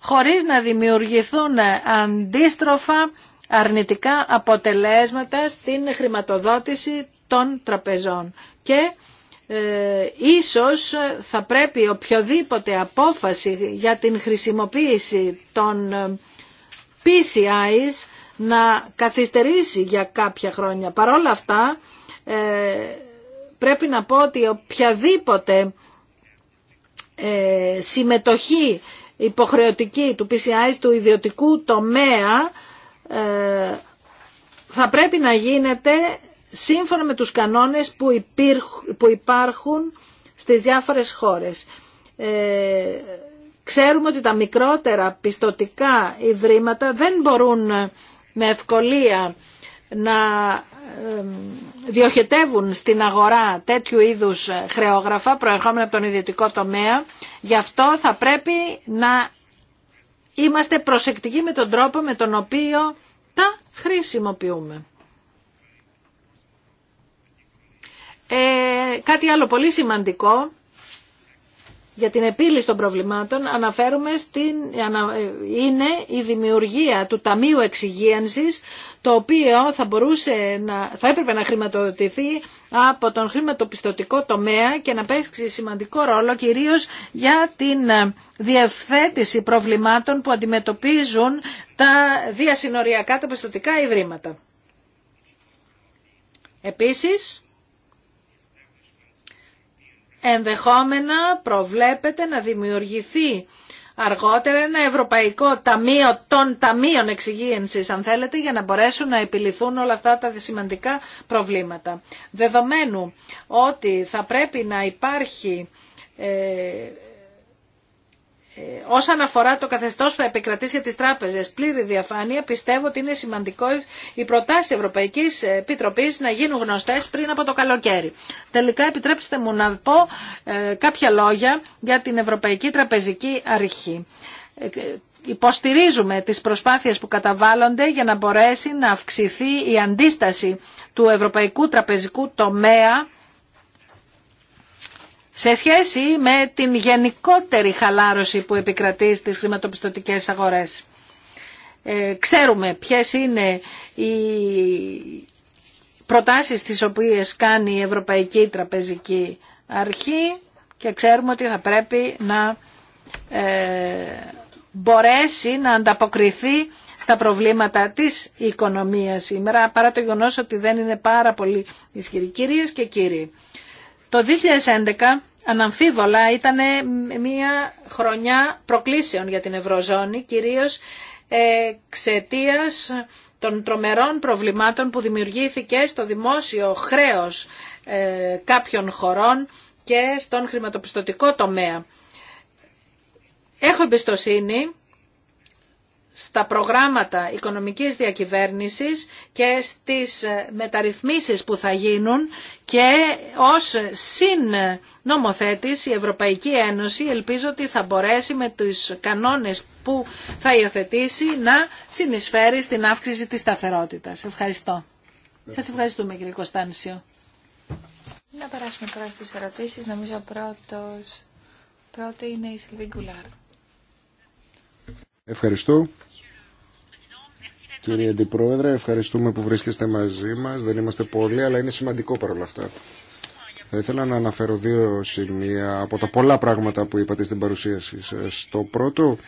χωρίς να δημιουργηθούν αντίστροφα αρνητικά αποτελέσματα στην χρηματοδότηση των τραπεζών. Και ε, ίσως θα πρέπει οποιοδήποτε απόφαση για την χρησιμοποίηση των ε, PCIs να καθυστερήσει για κάποια χρόνια. Παρ' όλα αυτά ε, πρέπει να πω ότι οποιαδήποτε ε, συμμετοχή υποχρεωτική του PCI του ιδιωτικού τομέα ε, θα πρέπει να γίνεται σύμφωνα με τους κανόνες που υπάρχουν στις διάφορες χώρες. Ε, ξέρουμε ότι τα μικρότερα πιστοτικά ιδρύματα δεν μπορούν με ευκολία να διοχετεύουν στην αγορά τέτοιου είδους χρεόγραφα προερχόμενα από τον ιδιωτικό τομέα. Γι' αυτό θα πρέπει να είμαστε προσεκτικοί με τον τρόπο με τον οποίο τα χρησιμοποιούμε. Ε, κάτι άλλο πολύ σημαντικό για την επίλυση των προβλημάτων αναφέρουμε στην, είναι η δημιουργία του Ταμείου Εξυγίανσης το οποίο θα, μπορούσε να, θα έπρεπε να χρηματοδοτηθεί από τον χρηματοπιστωτικό τομέα και να παίξει σημαντικό ρόλο κυρίως για την ε, διευθέτηση προβλημάτων που αντιμετωπίζουν τα διασυνοριακά τα πιστωτικά ιδρύματα. Επίσης, ενδεχόμενα προβλέπεται να δημιουργηθεί αργότερα ένα ευρωπαϊκό ταμείο των ταμείων εξυγίανσης αν θέλετε για να μπορέσουν να επιληθούν όλα αυτά τα σημαντικά προβλήματα. Δεδομένου ότι θα πρέπει να υπάρχει ε, ε, όσον αφορά το καθεστώ που θα επικρατήσει για τις πλήρη διαφάνεια, πιστεύω ότι είναι σημαντικό οι προτάσει Ευρωπαϊκής Επιτροπή να γίνουν γνωστές πριν από το καλοκαίρι. Τελικά επιτρέψτε μου να πω ε, κάποια λόγια για την Ευρωπαϊκή Τραπεζική Αρχή. Ε, υποστηρίζουμε τις προσπάθειες που καταβάλλονται για να μπορέσει να αυξηθεί η αντίσταση του ευρωπαϊκού τραπεζικού τομέα σε σχέση με την γενικότερη χαλάρωση που επικρατεί στις χρηματοπιστωτικές αγορές. Ε, ξέρουμε ποιες είναι οι προτάσεις τις οποίες κάνει η Ευρωπαϊκή Τραπεζική Αρχή και ξέρουμε ότι θα πρέπει να ε, μπορέσει να ανταποκριθεί στα προβλήματα της οικονομίας σήμερα, παρά το γεγονός ότι δεν είναι πάρα πολύ ισχυροί. Κυρίες και κύριοι, το 2011 Αναμφίβολα ήταν μια χρονιά προκλήσεων για την Ευρωζώνη, κυρίως ε, εξαιτία των τρομερών προβλημάτων που δημιουργήθηκε στο δημόσιο χρέος ε, κάποιων χωρών και στον χρηματοπιστωτικό τομέα. Έχω εμπιστοσύνη στα προγράμματα οικονομικής διακυβέρνησης και στις μεταρρυθμίσεις που θα γίνουν και ως συν νομοθέτης η Ευρωπαϊκή Ένωση ελπίζω ότι θα μπορέσει με τους κανόνες που θα υιοθετήσει να συνεισφέρει στην αύξηση της σταθερότητας. Ευχαριστώ. Σας ευχαριστούμε κύριε Κωνστανσιο. Να περάσουμε τώρα στις ερωτήσεις. Νομίζω πρώτος, πρώτη είναι η Σιλβί Ευχαριστώ. Κύριε Αντιπρόεδρε, ευχαριστούμε που βρίσκεστε μαζί μας. Δεν είμαστε πολλοί, αλλά είναι σημαντικό παρόλα αυτά. Θα ήθελα να αναφέρω δύο σημεία από τα πολλά πράγματα που είπατε στην παρουσίαση σας. Το πρώτο,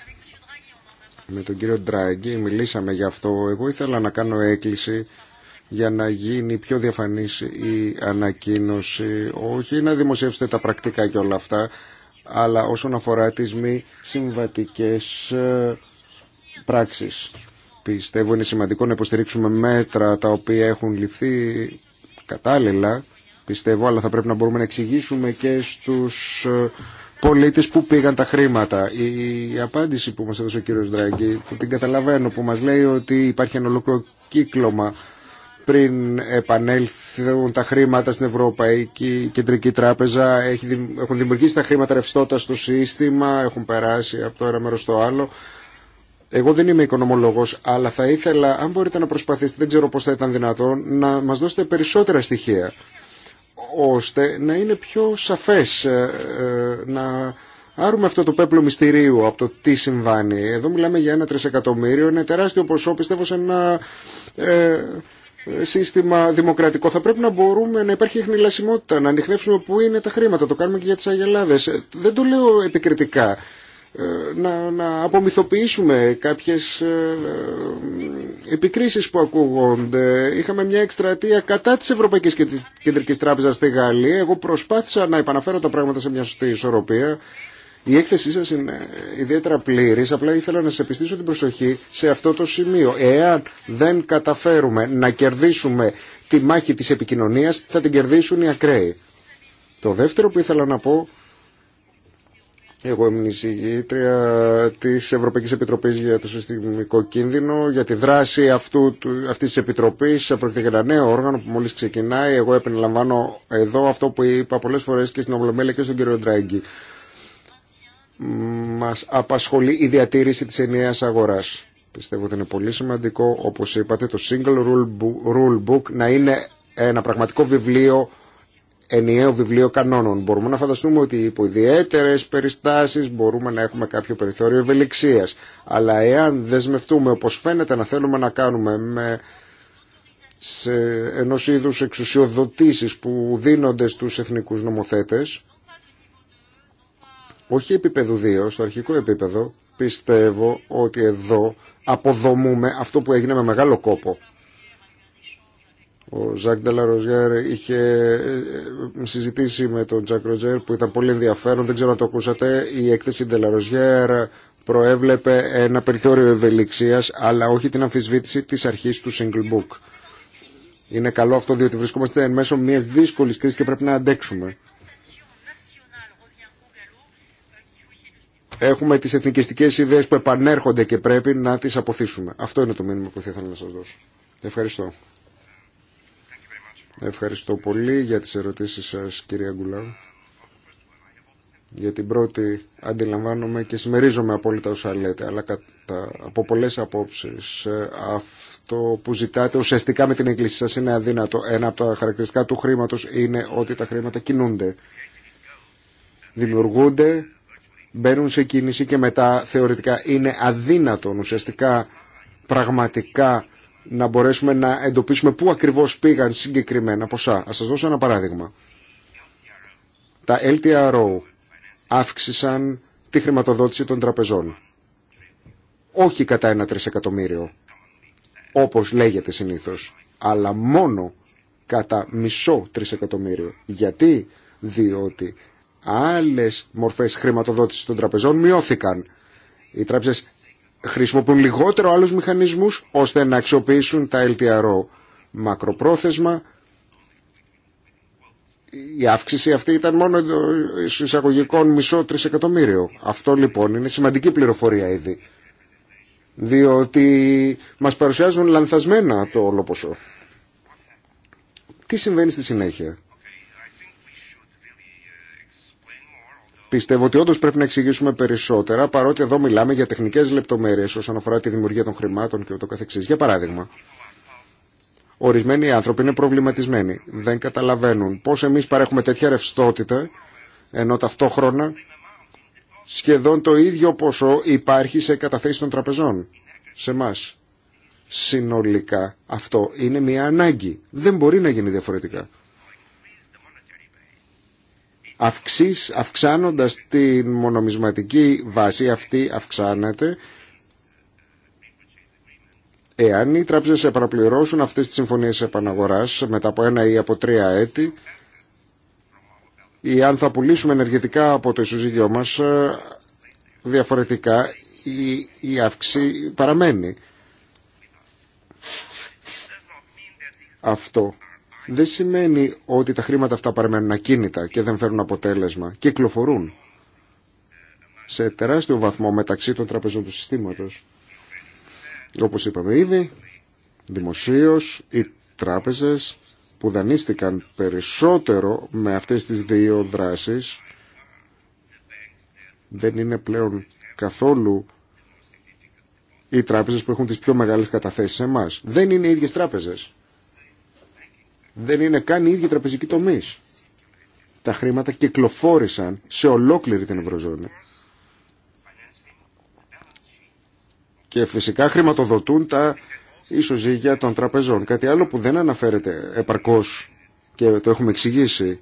με τον κύριο Ντράγκη, μιλήσαμε γι' αυτό. Εγώ ήθελα να κάνω έκκληση για να γίνει πιο διαφανής η ανακοίνωση. Όχι να δημοσιεύσετε τα πρακτικά και όλα αυτά, αλλά όσον αφορά τις μη συμβατικές ε, πράξεις. Πιστεύω είναι σημαντικό να υποστηρίξουμε μέτρα τα οποία έχουν ληφθεί κατάλληλα, πιστεύω, αλλά θα πρέπει να μπορούμε να εξηγήσουμε και στους ε, πολίτες που πήγαν τα χρήματα. Η απάντηση που μας έδωσε ο κύριος Δράγκη, που την καταλαβαίνω, που μας λέει ότι υπάρχει ένα ολόκληρο κύκλωμα πριν επανέλθουν τα χρήματα στην Ευρωπαϊκή Κεντρική Τράπεζα, έχουν δημιουργήσει τα χρήματα ρευστότητα στο σύστημα, έχουν περάσει από το ένα μέρος στο άλλο εγώ δεν είμαι οικονομολόγος, αλλά θα ήθελα, αν μπορείτε να προσπαθήσετε, δεν ξέρω πώς θα ήταν δυνατόν, να μας δώσετε περισσότερα στοιχεία, ώστε να είναι πιο σαφές, ε, ε, να άρουμε αυτό το πέπλο μυστηρίου από το τι συμβάνει. Εδώ μιλάμε για ένα τρισεκατομμύριο, είναι τεράστιο ποσό, πιστεύω σε ένα... Ε, σύστημα δημοκρατικό. Θα πρέπει να μπορούμε να υπάρχει εχνηλασιμότητα, να ανοιχνεύσουμε πού είναι τα χρήματα. Το κάνουμε και για τι Αγελάδε. Δεν το λέω επικριτικά. Ε, να, να απομυθοποιήσουμε κάποιες ε, ε, επικρίσεις που ακούγονται. Είχαμε μια εκστρατεία κατά της Ευρωπαϊκής και της Κεντρικής Τράπεζας στη Γαλλία. Εγώ προσπάθησα να επαναφέρω τα πράγματα σε μια σωστή ισορροπία. Η έκθεσή σας είναι ιδιαίτερα πλήρης, απλά ήθελα να σας επιστήσω την προσοχή σε αυτό το σημείο. Εάν δεν καταφέρουμε να κερδίσουμε τη μάχη της επικοινωνίας, θα την κερδίσουν οι ακραίοι. Το δεύτερο που ήθελα να πω εγώ ήμουν εισηγήτρια της Ευρωπαϊκής Επιτροπής για το Συστημικό Κίνδυνο, για τη δράση αυτού, αυτής της Επιτροπής. Πρόκειται για ένα νέο όργανο που μόλις ξεκινάει. Εγώ επαναλαμβάνω εδώ αυτό που είπα πολλές φορές και στην Οβλομέλεια και στον κύριο Ντράγκη. Μας απασχολεί η διατήρηση της ενιαίας αγοράς. Πιστεύω ότι είναι πολύ σημαντικό, όπως είπατε, το Single Rule Book να είναι ένα πραγματικό βιβλίο ενιαίο βιβλίο κανόνων. Μπορούμε να φανταστούμε ότι υπό ιδιαίτερε περιστάσεις μπορούμε να έχουμε κάποιο περιθώριο ευελιξία. Αλλά εάν δεσμευτούμε όπως φαίνεται να θέλουμε να κάνουμε με σε ενό είδου εξουσιοδοτήσεις που δίνονται στους εθνικούς νομοθέτες, όχι επίπεδο 2, στο αρχικό επίπεδο, πιστεύω ότι εδώ αποδομούμε αυτό που έγινε με μεγάλο κόπο ο Ζακ Ντελαροζιέρ είχε ε, ε, συζητήσει με τον Τζακ Ροζιέρ που ήταν πολύ ενδιαφέρον, δεν ξέρω αν το ακούσατε. Η έκθεση Ντελαροζιέρ προέβλεπε ένα περιθώριο ευελιξίας αλλά όχι την αμφισβήτηση της αρχής του single book. Είναι καλό αυτό διότι βρισκόμαστε εν μέσω μιας δύσκολης κρίσης και πρέπει να αντέξουμε. Έχουμε τις εθνικιστικές ιδέες που επανέρχονται και πρέπει να τις αποθήσουμε. Αυτό είναι το μήνυμα που θα ήθελα να σας δώσω. Ευχαριστώ. Ευχαριστώ πολύ για τις ερωτήσεις σας κύριε Αγκουλάου. Για την πρώτη αντιλαμβάνομαι και συμμερίζομαι απόλυτα όσα λέτε, αλλά κατά, από πολλές απόψεις ε, αυτό που ζητάτε ουσιαστικά με την εγκλήση σας είναι αδύνατο. Ένα από τα χαρακτηριστικά του χρήματος είναι ότι τα χρήματα κινούνται. Δημιουργούνται, μπαίνουν σε κίνηση και μετά θεωρητικά είναι αδύνατον ουσιαστικά πραγματικά να μπορέσουμε να εντοπίσουμε πού ακριβώς πήγαν συγκεκριμένα ποσά. Ας σας δώσω ένα παράδειγμα. Τα LTRO αύξησαν τη χρηματοδότηση των τραπεζών. Όχι κατά ένα τρισεκατομμύριο, όπως λέγεται συνήθως, αλλά μόνο κατά μισό τρισεκατομμύριο. Γιατί, διότι άλλες μορφές χρηματοδότησης των τραπεζών μειώθηκαν. Οι τράπεζες χρησιμοποιούν λιγότερο άλλους μηχανισμούς ώστε να αξιοποιήσουν τα LTRO μακροπρόθεσμα. Η αύξηση αυτή ήταν μόνο εισαγωγικών μισό τρισεκατομμύριο. Αυτό λοιπόν είναι σημαντική πληροφορία ήδη. Διότι μας παρουσιάζουν λανθασμένα το όλο ποσό. Τι συμβαίνει στη συνέχεια. Πιστεύω ότι όντω πρέπει να εξηγήσουμε περισσότερα, παρότι εδώ μιλάμε για τεχνικέ λεπτομέρειε όσον αφορά τη δημιουργία των χρημάτων και ούτω καθεξής. Για παράδειγμα, ορισμένοι άνθρωποι είναι προβληματισμένοι. Δεν καταλαβαίνουν πώ εμεί παρέχουμε τέτοια ρευστότητα, ενώ ταυτόχρονα σχεδόν το ίδιο ποσό υπάρχει σε καταθέσει των τραπεζών. Σε εμά. Συνολικά αυτό είναι μια ανάγκη. Δεν μπορεί να γίνει διαφορετικά αυξής, αυξάνοντας την μονομισματική βάση αυτή αυξάνεται εάν οι τράπεζες επαναπληρώσουν αυτές τις συμφωνίες επαναγοράς μετά από ένα ή από τρία έτη ή αν θα πουλήσουμε ενεργετικά από το ισοζύγιο μας ε, διαφορετικά η, η αύξηση παραμένει. Αυτό δεν σημαίνει ότι τα χρήματα αυτά παραμένουν ακίνητα και δεν φέρουν αποτέλεσμα. Κυκλοφορούν σε τεράστιο βαθμό μεταξύ των τραπεζών του συστήματος. Όπως είπαμε ήδη, δημοσίως οι τράπεζες που δανείστηκαν περισσότερο με αυτές τις δύο δράσεις δεν είναι πλέον καθόλου οι τράπεζες που έχουν τις πιο μεγάλες καταθέσεις σε εμάς. Δεν είναι οι ίδιες τράπεζες δεν είναι καν οι ίδιοι τραπεζικοί τομείς. Τα χρήματα κυκλοφόρησαν σε ολόκληρη την Ευρωζώνη. Και φυσικά χρηματοδοτούν τα ισοζύγια των τραπεζών. Κάτι άλλο που δεν αναφέρεται επαρκώς και το έχουμε εξηγήσει.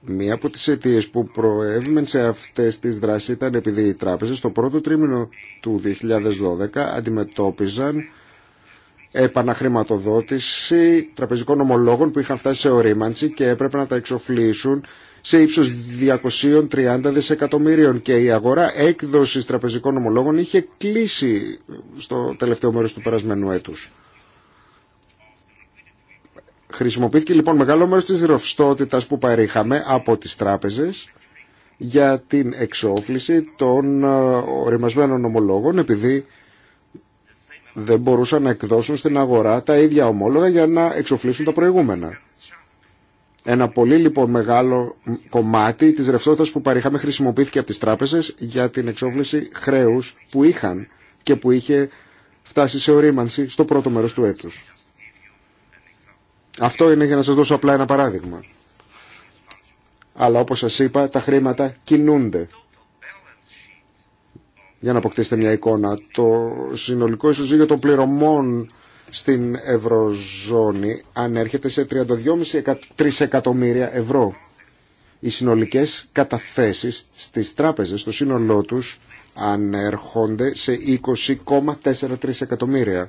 Μία από τις αιτίε που προέβημεν σε αυτές τις δράσεις ήταν επειδή οι τράπεζες το πρώτο τρίμηνο του 2012 αντιμετώπιζαν επαναχρηματοδότηση τραπεζικών ομολόγων που είχαν φτάσει σε ορίμανση και έπρεπε να τα εξοφλήσουν σε ύψος 230 δισεκατομμυρίων και η αγορά έκδοσης τραπεζικών ομολόγων είχε κλείσει στο τελευταίο μέρος του περασμένου έτους. Χρησιμοποιήθηκε λοιπόν μεγάλο μέρος της ρευστότητας που παρήχαμε από τις τράπεζες για την εξόφληση των ε, οριμασμένων ομολόγων επειδή δεν μπορούσαν να εκδώσουν στην αγορά τα ίδια ομόλογα για να εξοφλήσουν τα προηγούμενα. Ένα πολύ λοιπόν μεγάλο κομμάτι της ρευστότητας που παρήχαμε χρησιμοποιήθηκε από τις τράπεζες για την εξόφληση χρέους που είχαν και που είχε φτάσει σε ορίμανση στο πρώτο μέρος του έτους. Αυτό είναι για να σας δώσω απλά ένα παράδειγμα. Αλλά όπω σας είπα τα χρήματα κινούνται για να αποκτήσετε μια εικόνα. Το συνολικό ισοζύγιο των πληρωμών στην Ευρωζώνη ανέρχεται σε 32,5 εκατομμύρια ευρώ. Οι συνολικές καταθέσεις στις τράπεζες, στο σύνολό τους, ανέρχονται σε 20,4 εκατομμύρια.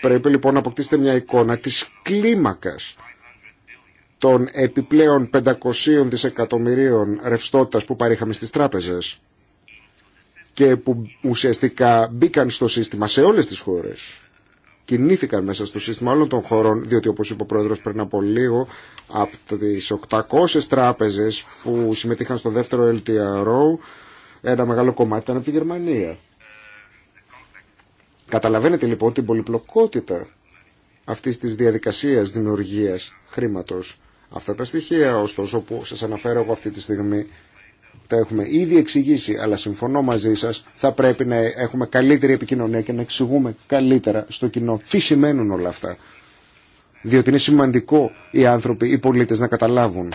Πρέπει λοιπόν να αποκτήσετε μια εικόνα της κλίμακας των επιπλέον 500 δισεκατομμυρίων ρευστότητας που παρήχαμε στις τράπεζες και που ουσιαστικά μπήκαν στο σύστημα σε όλες τις χώρες κινήθηκαν μέσα στο σύστημα όλων των χωρών διότι όπως είπε ο Πρόεδρος πριν από λίγο από τις 800 τράπεζες που συμμετείχαν στο δεύτερο LTRO ένα μεγάλο κομμάτι ήταν από τη Γερμανία Καταλαβαίνετε λοιπόν την πολυπλοκότητα αυτής της διαδικασίας δημιουργίας χρήματος Αυτά τα στοιχεία, ωστόσο, που σας αναφέρω εγώ αυτή τη στιγμή, τα έχουμε ήδη εξηγήσει, αλλά συμφωνώ μαζί σας, θα πρέπει να έχουμε καλύτερη επικοινωνία και να εξηγούμε καλύτερα στο κοινό τι σημαίνουν όλα αυτά. Διότι είναι σημαντικό οι άνθρωποι, οι πολίτες να καταλάβουν.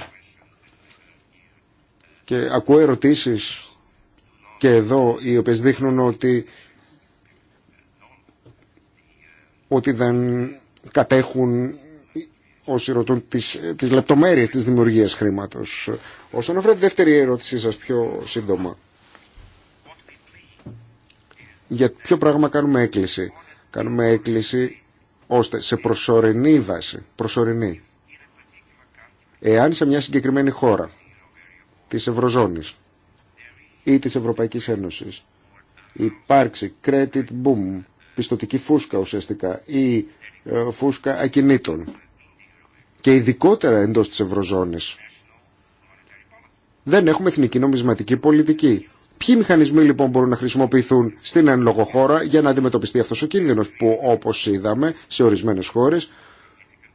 Και ακούω ερωτήσεις και εδώ, οι οποίες δείχνουν ότι, ότι δεν κατέχουν όσοι ρωτούν τις, τις λεπτομέρειες της δημιουργίας χρήματος. Όσον αφορά τη δεύτερη ερώτησή σας πιο σύντομα, για ποιο πράγμα κάνουμε έκκληση. Κάνουμε έκκληση ώστε σε προσωρινή βάση, προσωρινή, εάν σε μια συγκεκριμένη χώρα της Ευρωζώνης ή της Ευρωπαϊκής Ένωσης υπάρξει credit boom, πιστοτική φούσκα ουσιαστικά ή ε, φούσκα ακινήτων και ειδικότερα εντός της Ευρωζώνης. Δεν έχουμε εθνική νομισματική πολιτική. Ποιοι μηχανισμοί λοιπόν μπορούν να χρησιμοποιηθούν στην εν λόγω χώρα για να αντιμετωπιστεί αυτός ο κίνδυνος που όπως είδαμε σε ορισμένες χώρες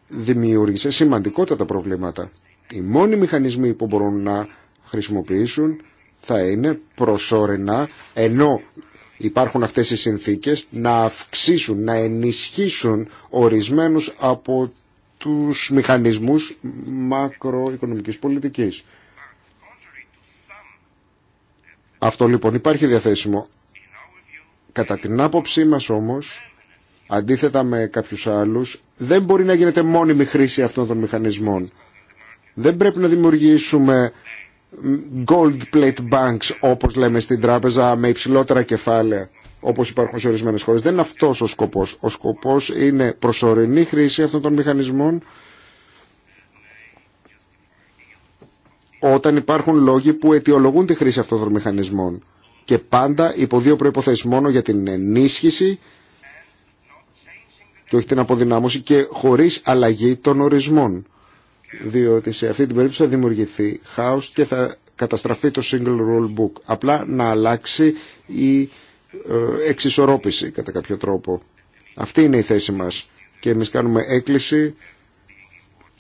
δημιούργησε σημαντικότατα προβλήματα. Οι μόνοι μηχανισμοί που μπορούν να χρησιμοποιήσουν θα είναι προσωρινά ενώ υπάρχουν αυτές οι συνθήκες να αυξήσουν, να ενισχύσουν ορισμένους από τους μηχανισμούς μακροοικονομικής πολιτικής. Αυτό λοιπόν υπάρχει διαθέσιμο. Κατά την άποψή μας όμως, αντίθετα με κάποιους άλλους, δεν μπορεί να γίνεται μόνιμη χρήση αυτών των μηχανισμών. Δεν πρέπει να δημιουργήσουμε gold plate banks όπως λέμε στην τράπεζα με υψηλότερα κεφάλαια όπως υπάρχουν σε ορισμένες χώρες. Δεν είναι αυτός ο σκοπός. Ο σκοπός είναι προσωρινή χρήση αυτών των μηχανισμών όταν υπάρχουν λόγοι που αιτιολογούν τη χρήση αυτών των μηχανισμών. Και πάντα υπό δύο προϋποθέσεις μόνο για την ενίσχυση και όχι την αποδυνάμωση και χωρίς αλλαγή των ορισμών. Διότι σε αυτή την περίπτωση θα δημιουργηθεί χάος και θα καταστραφεί το single rule book. Απλά να αλλάξει η ε, εξισορρόπηση κατά κάποιο τρόπο. Αυτή είναι η θέση μας και εμείς κάνουμε έκκληση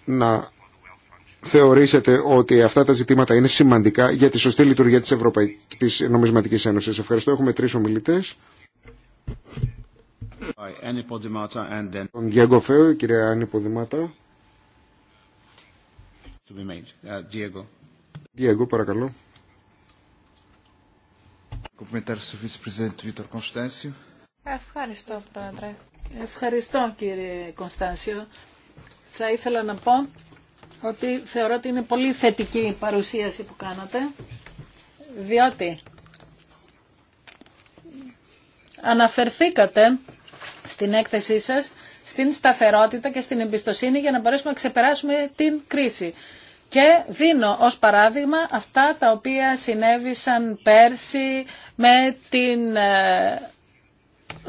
να θεωρήσετε ότι αυτά τα ζητήματα είναι σημαντικά για τη σωστή λειτουργία της, Ευρωπαϊκής, της Νομισματικής Ένωσης. Ευχαριστώ. Έχουμε τρεις ομιλητές. Τον Διέγκο κυρία Άννη Ποδημάτα. Διέγκο, παρακαλώ. Ευχαριστώ, κύριε Κωνστάνσιο. Θα ήθελα να πω ότι θεωρώ ότι είναι πολύ θετική η παρουσίαση που κάνατε, διότι αναφερθήκατε στην έκθεσή σας στην σταθερότητα και στην εμπιστοσύνη για να μπορέσουμε να ξεπεράσουμε την κρίση. Και δίνω ως παράδειγμα αυτά τα οποία συνέβησαν πέρσι με την, ε,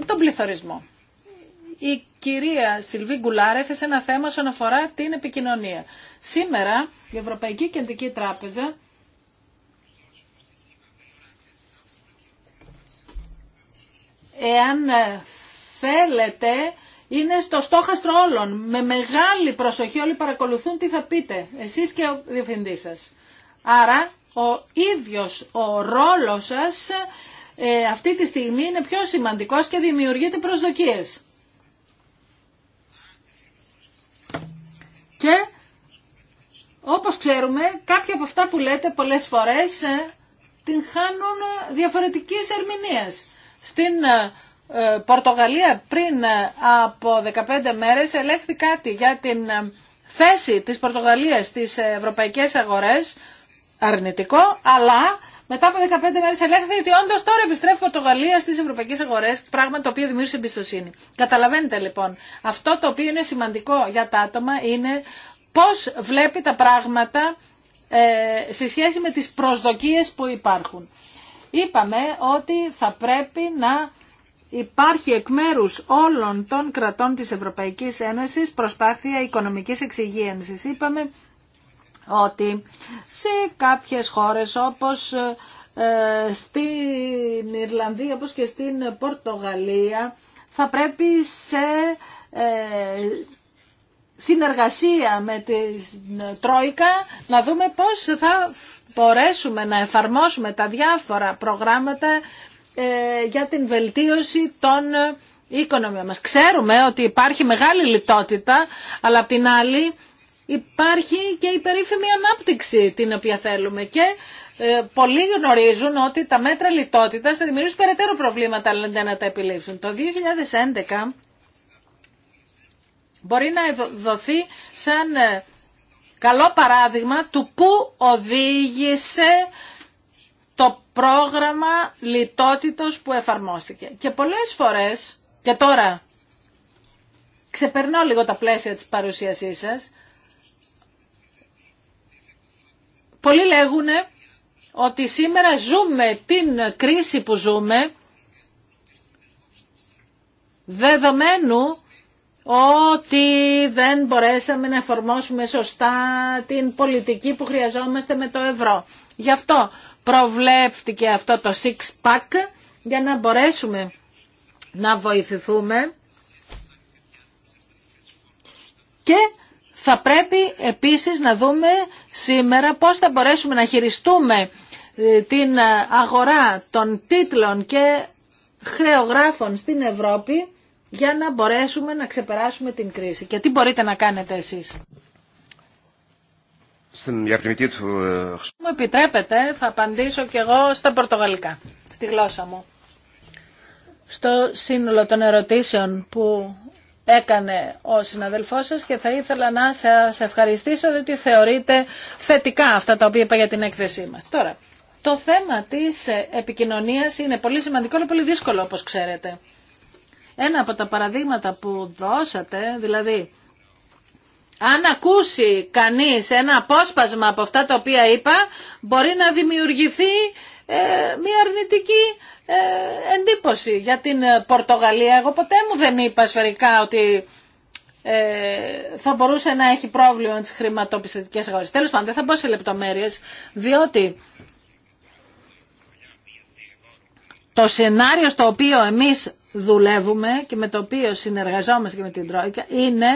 τον πληθωρισμό. Η κυρία Σιλβί Γκουλάρ έθεσε ένα θέμα σχετικά αφορά την επικοινωνία. Σήμερα η Ευρωπαϊκή Κεντρική Τράπεζα εάν ε, θέλετε είναι στο στόχαστρο όλων. Με μεγάλη προσοχή όλοι παρακολουθούν τι θα πείτε, εσείς και ο διευθυντής σας. Άρα ο ίδιος ο ρόλος σας ε, αυτή τη στιγμή είναι πιο σημαντικός και δημιουργείται προσδοκίες. Και όπως ξέρουμε κάποια από αυτά που λέτε πολλές φορές ε, την χάνουν διαφορετικής ερμηνείας. Στην ε, ε, Πορτογαλία πριν ε, από 15 μέρες ελέγχθη κάτι για την ε, θέση της Πορτογαλίας στις ευρωπαϊκές αγορές, αρνητικό, αλλά μετά από 15 μέρες ελέγχθη ότι όντως τώρα επιστρέφει η Πορτογαλία στις ευρωπαϊκές αγορές, πράγμα το οποίο δημιούργησε εμπιστοσύνη. Καταλαβαίνετε λοιπόν, αυτό το οποίο είναι σημαντικό για τα άτομα είναι πώς βλέπει τα πράγματα σε σχέση με τις προσδοκίες που υπάρχουν. Είπαμε ότι θα πρέπει να υπάρχει εκ μέρου όλων των κρατών της Ευρωπαϊκής Ένωσης προσπάθεια οικονομικής εξυγίανσης. Είπαμε ότι σε κάποιες χώρες όπως ε, στην Ιρλανδία όπως και στην Πορτογαλία θα πρέπει σε ε, συνεργασία με την Τρόικα να δούμε πώς θα μπορέσουμε να εφαρμόσουμε τα διάφορα προγράμματα ε, για την βελτίωση των ε, οικονομιών μας. Ξέρουμε ότι υπάρχει μεγάλη λιτότητα, αλλά απ' την άλλη υπάρχει και η περίφημη ανάπτυξη την οποία θέλουμε και ε, πολλοί γνωρίζουν ότι τα μέτρα λιτότητας θα δημιουργήσουν περαιτέρω προβλήματα αλλά δεν να τα επιλύσουν. Το 2011 μπορεί να δοθεί σαν καλό παράδειγμα του που οδήγησε το πρόγραμμα λιτότητος που εφαρμόστηκε. Και πολλές φορές, και τώρα ξεπερνώ λίγο τα πλαίσια της παρουσίασής σας, πολλοί λέγουν ότι σήμερα ζούμε την κρίση που ζούμε δεδομένου ότι δεν μπορέσαμε να εφαρμόσουμε σωστά την πολιτική που χρειαζόμαστε με το ευρώ. Γι' αυτό προβλέφτηκε αυτό το six pack για να μπορέσουμε να βοηθηθούμε και θα πρέπει επίσης να δούμε σήμερα πώς θα μπορέσουμε να χειριστούμε ε, την αγορά των τίτλων και χρεογράφων στην Ευρώπη για να μπορέσουμε να ξεπεράσουμε την κρίση. Και τι μπορείτε να κάνετε εσείς. Ε, μου επιτρέπετε, θα απαντήσω κι εγώ στα πορτογαλικά, στη γλώσσα μου. Στο σύνολο των ερωτήσεων που έκανε ο συναδελφός σας και θα ήθελα να σας ευχαριστήσω ότι θεωρείτε θετικά αυτά τα οποία είπα για την έκθεσή μας. Τώρα, το θέμα της ε, επικοινωνίας είναι πολύ σημαντικό, αλλά πολύ δύσκολο όπως ξέρετε. Ένα από τα παραδείγματα που δώσατε, δηλαδή αν ακούσει κανείς ένα απόσπασμα από αυτά τα οποία είπα, μπορεί να δημιουργηθεί ε, μια αρνητική ε, εντύπωση για την ε, Πορτογαλία. Εγώ ποτέ μου δεν είπα σφαιρικά ότι θα μπορούσε να έχει πρόβλημα τις χρηματοπιστωτικές αγορές. Τέλος πάντων, δεν θα μπω σε λεπτομέρειες, διότι το σενάριο στο οποίο εμείς δουλεύουμε και με το οποίο συνεργαζόμαστε και με την Τρόικα είναι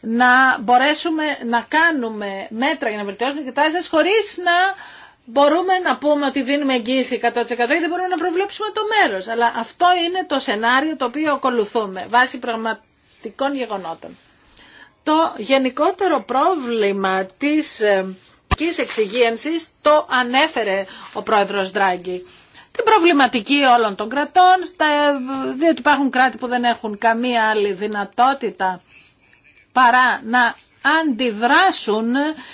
να μπορέσουμε να κάνουμε μέτρα για να βελτιώσουμε την κατάσταση χωρίς να μπορούμε να πούμε ότι δίνουμε εγγύηση 100% ή δεν μπορούμε να προβλέψουμε το μέρος. Αλλά αυτό είναι το σενάριο το οποίο ακολουθούμε βάσει πραγματικών γεγονότων. Το γενικότερο πρόβλημα της ε, εξυγίανσης το ανέφερε ο πρόεδρος Δράγκη την προβληματική όλων των κρατών, στα, διότι υπάρχουν κράτη που δεν έχουν καμία άλλη δυνατότητα παρά να αντιδράσουν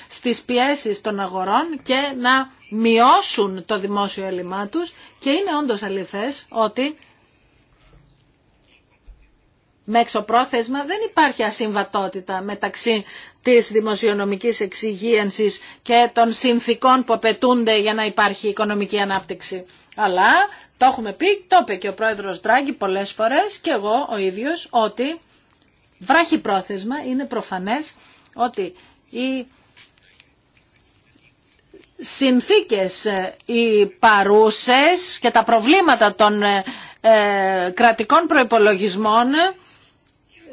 στις πιέσεις των αγορών και να μειώσουν το δημόσιο έλλειμμα τους και είναι όντως αληθές ότι με εξωπρόθεσμα δεν υπάρχει ασυμβατότητα μεταξύ της δημοσιονομικής εξυγίανσης και των συνθήκων που απαιτούνται για να υπάρχει οικονομική ανάπτυξη. Αλλά το έχουμε πει, το είπε και ο πρόεδρος Δράγκη πολλές φορές και εγώ ο ίδιος ότι βράχει πρόθεσμα είναι προφανές ότι οι συνθήκες ε, οι παρούσες και τα προβλήματα των ε, ε, κρατικών προϋπολογισμών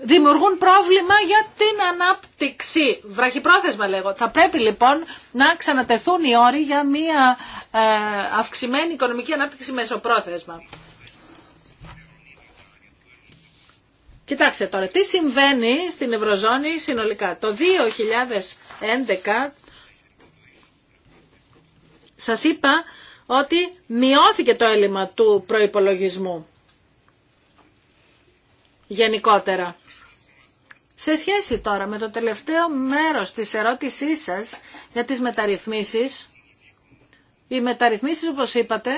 δημιουργούν πρόβλημα για την ανάπτυξη. Βραχυπρόθεσμα λέγω. Θα πρέπει λοιπόν να ξανατεθούν οι όροι για μια ε, αυξημένη οικονομική ανάπτυξη μεσοπρόθεσμα. Κοιτάξτε τώρα, τι συμβαίνει στην Ευρωζώνη συνολικά. Το 2011 σας είπα ότι μειώθηκε το έλλειμμα του προϋπολογισμού γενικότερα. Σε σχέση τώρα με το τελευταίο μέρος της ερώτησής σας για τις μεταρρυθμίσεις, οι μεταρρυθμίσεις όπως είπατε,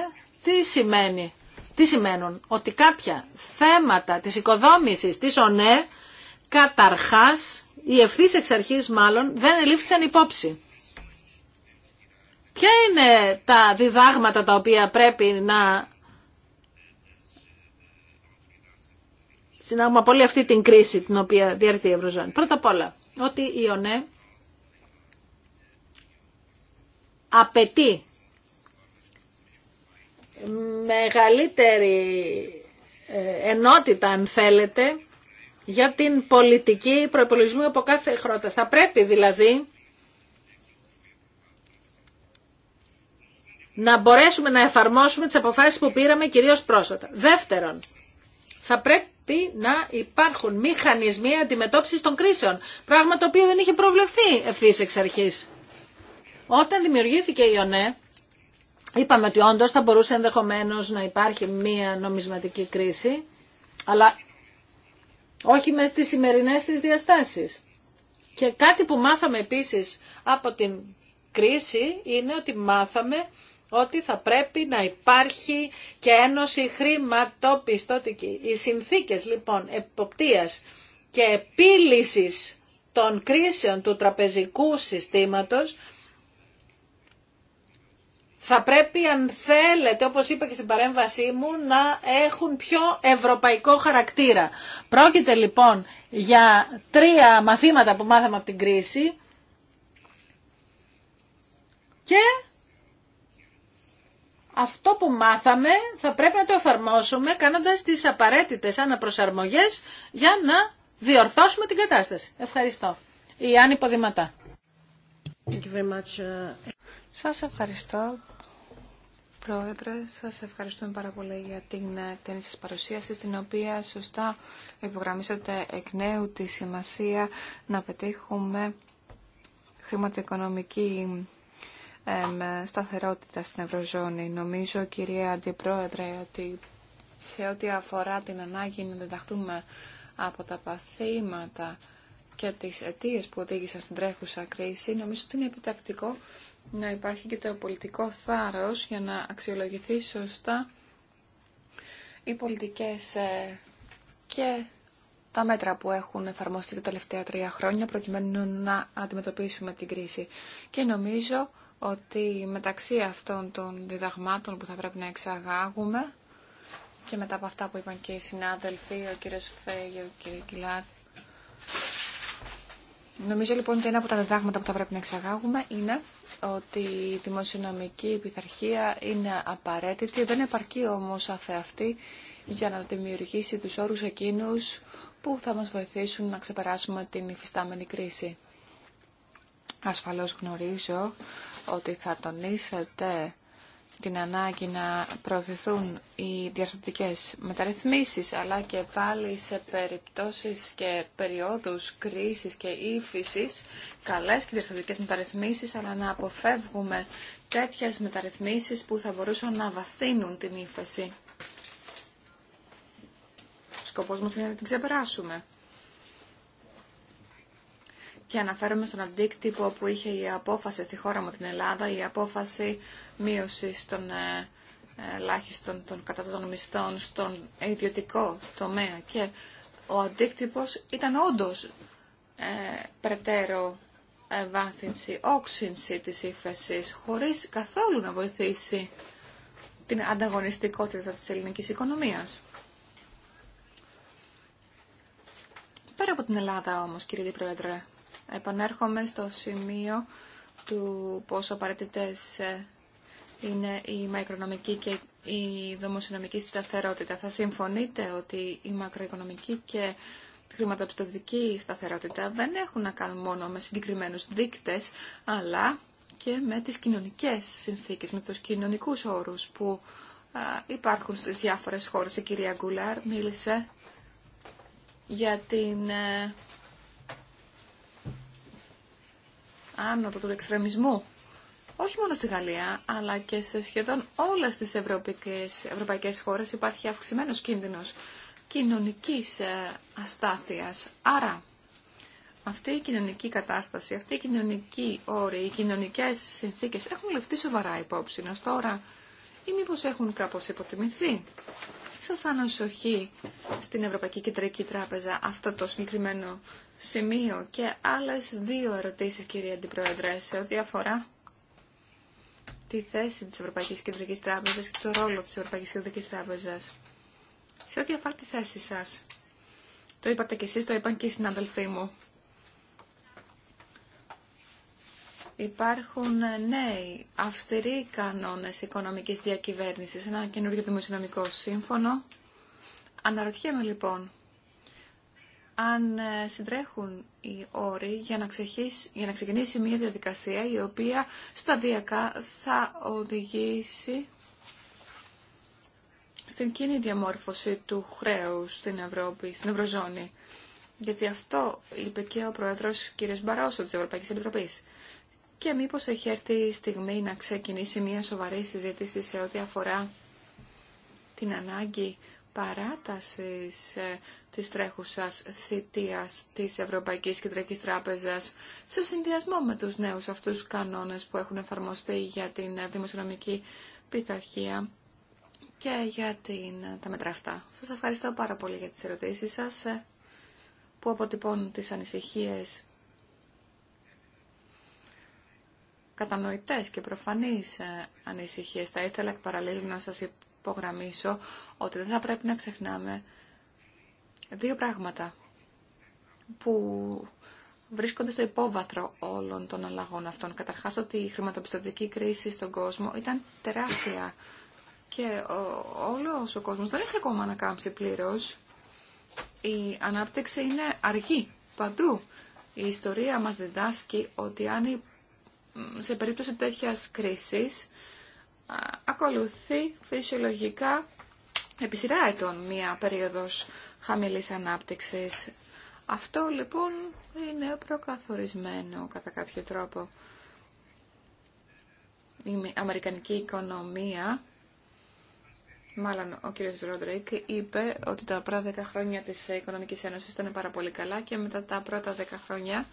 τι σημαίνει. Τι σημαίνουν ότι κάποια θέματα της οικοδόμησης της ΟΝΕ καταρχάς οι ευθύ εξ αρχής μάλλον δεν ελήφθησαν υπόψη. Ποια είναι τα διδάγματα τα οποία πρέπει να συνάγουμε από όλη αυτή την κρίση την οποία διέρχεται η Ευρωζώνη. Πρώτα απ' όλα, ότι η ΟΝΕ απαιτεί μεγαλύτερη ε, ενότητα, αν θέλετε, για την πολιτική προπολογισμού από κάθε χρόνο. Θα πρέπει δηλαδή να μπορέσουμε να εφαρμόσουμε τις αποφάσεις που πήραμε κυρίως πρόσφατα. Δεύτερον, θα πρέπει να υπάρχουν μηχανισμοί αντιμετώπισης των κρίσεων. Πράγμα το οποίο δεν είχε προβλεφθεί ευθύ εξ αρχή. Όταν δημιουργήθηκε η ΟΝΕ, είπαμε ότι όντω θα μπορούσε ενδεχομένως να υπάρχει μία νομισματική κρίση, αλλά όχι με τις σημερινές της διαστάσεις. Και κάτι που μάθαμε επίσης από την κρίση είναι ότι μάθαμε ότι θα πρέπει να υπάρχει και ένωση χρηματοπιστωτική. Οι συνθήκες λοιπόν εποπτείας και επίλυσης των κρίσεων του τραπεζικού συστήματος θα πρέπει αν θέλετε, όπως είπα και στην παρέμβασή μου, να έχουν πιο ευρωπαϊκό χαρακτήρα. Πρόκειται λοιπόν για τρία μαθήματα που μάθαμε από την κρίση και αυτό που μάθαμε θα πρέπει να το εφαρμόσουμε κάνοντας τις απαραίτητες αναπροσαρμογές για να διορθώσουμε την κατάσταση. Ευχαριστώ. Η Άννη Ποδηματά. Uh, σας ευχαριστώ. Πρόεδρε, σας ευχαριστούμε πάρα πολύ για την ε, τέννη σας παρουσίαση, στην οποία σωστά υπογραμμίσατε εκ νέου τη σημασία να πετύχουμε χρηματοοικονομική σταθερότητα στην Ευρωζώνη. Νομίζω, κυρία Αντιπρόεδρε, ότι σε ό,τι αφορά την ανάγκη να διδαχτούμε από τα παθήματα και τις αιτίες που οδήγησαν στην τρέχουσα κρίση, νομίζω ότι είναι επιτακτικό να υπάρχει και το πολιτικό θάρρος για να αξιολογηθεί σωστά οι πολιτικές ε, και τα μέτρα που έχουν εφαρμοστεί τα τελευταία τρία χρόνια προκειμένου να αντιμετωπίσουμε την κρίση. Και νομίζω ότι μεταξύ αυτών των διδαγμάτων που θα πρέπει να εξαγάγουμε και μετά από αυτά που είπαν και οι συνάδελφοι, ο κύριος Φέγιο και ο Κιλάρ, Νομίζω λοιπόν ότι ένα από τα διδάγματα που θα πρέπει να εξαγάγουμε είναι ότι η δημοσιονομική πειθαρχία είναι απαραίτητη, δεν επαρκεί όμως αυτή για να δημιουργήσει τους όρους εκείνους που θα μας βοηθήσουν να ξεπεράσουμε την υφιστάμενη κρίση. Ασφαλώς γνωρίζω ότι θα τονίσετε την ανάγκη να προωθηθούν οι διαρθρωτικές μεταρρυθμίσεις, αλλά και πάλι σε περιπτώσεις και περιόδους κρίσης και ύφησης, καλές και διαρθρωτικές μεταρρυθμίσεις, αλλά να αποφεύγουμε τέτοιες μεταρρυθμίσεις που θα μπορούσαν να βαθύνουν την ύφεση. Ο σκοπός μας είναι να την ξεπεράσουμε και αναφέρομαι στον αντίκτυπο που είχε η απόφαση στη χώρα μου την Ελλάδα, η απόφαση μείωσης των ε, ελάχιστων των κατατών μισθών στον ιδιωτικό τομέα και ο αντίκτυπος ήταν όντως ε, περαιτέρω βάθυνση, όξυνση της ύφεση, χωρίς καθόλου να βοηθήσει την ανταγωνιστικότητα της ελληνικής οικονομίας. Πέρα από την Ελλάδα όμως, κύριε Πρόεδρε, Επανέρχομαι στο σημείο του πόσο απαραίτητε ε, είναι η μακροοικονομική και η δομοσυνομική σταθερότητα. Θα συμφωνείτε ότι η μακροοικονομική και η χρηματοπιστωτική σταθερότητα δεν έχουν να κάνουν μόνο με συγκεκριμένους δείκτες, αλλά και με τις κοινωνικές συνθήκες, με τους κοινωνικούς όρους που υπάρχουν στις διάφορες χώρες. Η κυρία Γκουλάρ μίλησε για την ε, άνοδο του εξτρεμισμού όχι μόνο στη Γαλλία, αλλά και σε σχεδόν όλες τις ευρωπαϊκές, ευρωπαϊκές χώρες υπάρχει αυξημένος κίνδυνος κοινωνικής ε, αστάθειας. Άρα, αυτή η κοινωνική κατάσταση, αυτή η κοινωνική όρη, οι κοινωνικές συνθήκες έχουν λεφτεί σοβαρά υπόψη ως τώρα ή μήπω έχουν κάπως υποτιμηθεί. Σας ανοσοχή στην Ευρωπαϊκή Κεντρική Τράπεζα αυτό το συγκεκριμένο σημείο και άλλες δύο ερωτήσεις, κύριε Αντιπρόεδρε, σε ό,τι αφορά τη θέση της Ευρωπαϊκής Κεντρικής Τράπεζας και το ρόλο της Ευρωπαϊκής Κεντρικής Τράπεζας. Σε ό,τι αφορά τη θέση σας, το είπατε και εσείς, το είπαν και οι συναδελφοί μου. Υπάρχουν ε, νέοι αυστηροί κανόνες οικονομικής διακυβέρνησης, ένα καινούργιο δημοσιονομικό σύμφωνο. Αναρωτιέμαι λοιπόν, αν ε, συντρέχουν οι όροι για να, για να ξεκινήσει μια διαδικασία η οποία σταδιακά θα οδηγήσει στην κοινή διαμόρφωση του χρέους στην Ευρώπη, στην Ευρωζώνη. Γιατί αυτό είπε και ο Πρόεδρος κ. Μπαρόσο της Ευρωπαϊκής Επιτροπής. Και μήπως έχει έρθει η στιγμή να ξεκινήσει μια σοβαρή συζήτηση σε ό,τι αφορά την ανάγκη παράτασης ε, της τρέχουσας θητείας της Ευρωπαϊκής Κεντρικής Τράπεζας σε συνδυασμό με τους νέους αυτούς κανόνες που έχουν εφαρμοστεί για την ε, δημοσιονομική πειθαρχία και για την, ε, τα μέτρα αυτά. Σας ευχαριστώ πάρα πολύ για τις ερωτήσεις σας που αποτυπώνουν τις ανησυχίες κατανοητές και προφανείς ανησυχίες. Θα ήθελα εκ να σας υπογραμμίσω ότι δεν θα πρέπει να ξεχνάμε δύο πράγματα που βρίσκονται στο υπόβαθρο όλων των αλλαγών αυτών. Καταρχάς ότι η χρηματοπιστωτική κρίση στον κόσμο ήταν τεράστια και όλος ο κόσμος δεν έχει ακόμα ανακάμψει πλήρως. Η ανάπτυξη είναι αργή παντού. Η ιστορία μας διδάσκει ότι αν σε περίπτωση τέτοιας κρίσης ακολουθεί φυσιολογικά επί σειρά ετών μία περίοδος χαμηλής ανάπτυξης. Αυτό λοιπόν είναι προκαθορισμένο κατά κάποιο τρόπο. Η Αμερικανική οικονομία, μάλλον ο κύριος Ρόντρικ, είπε ότι τα πρώτα δέκα χρόνια της Οικονομικής Ένωσης ήταν πάρα πολύ καλά και μετά τα πρώτα δέκα χρόνια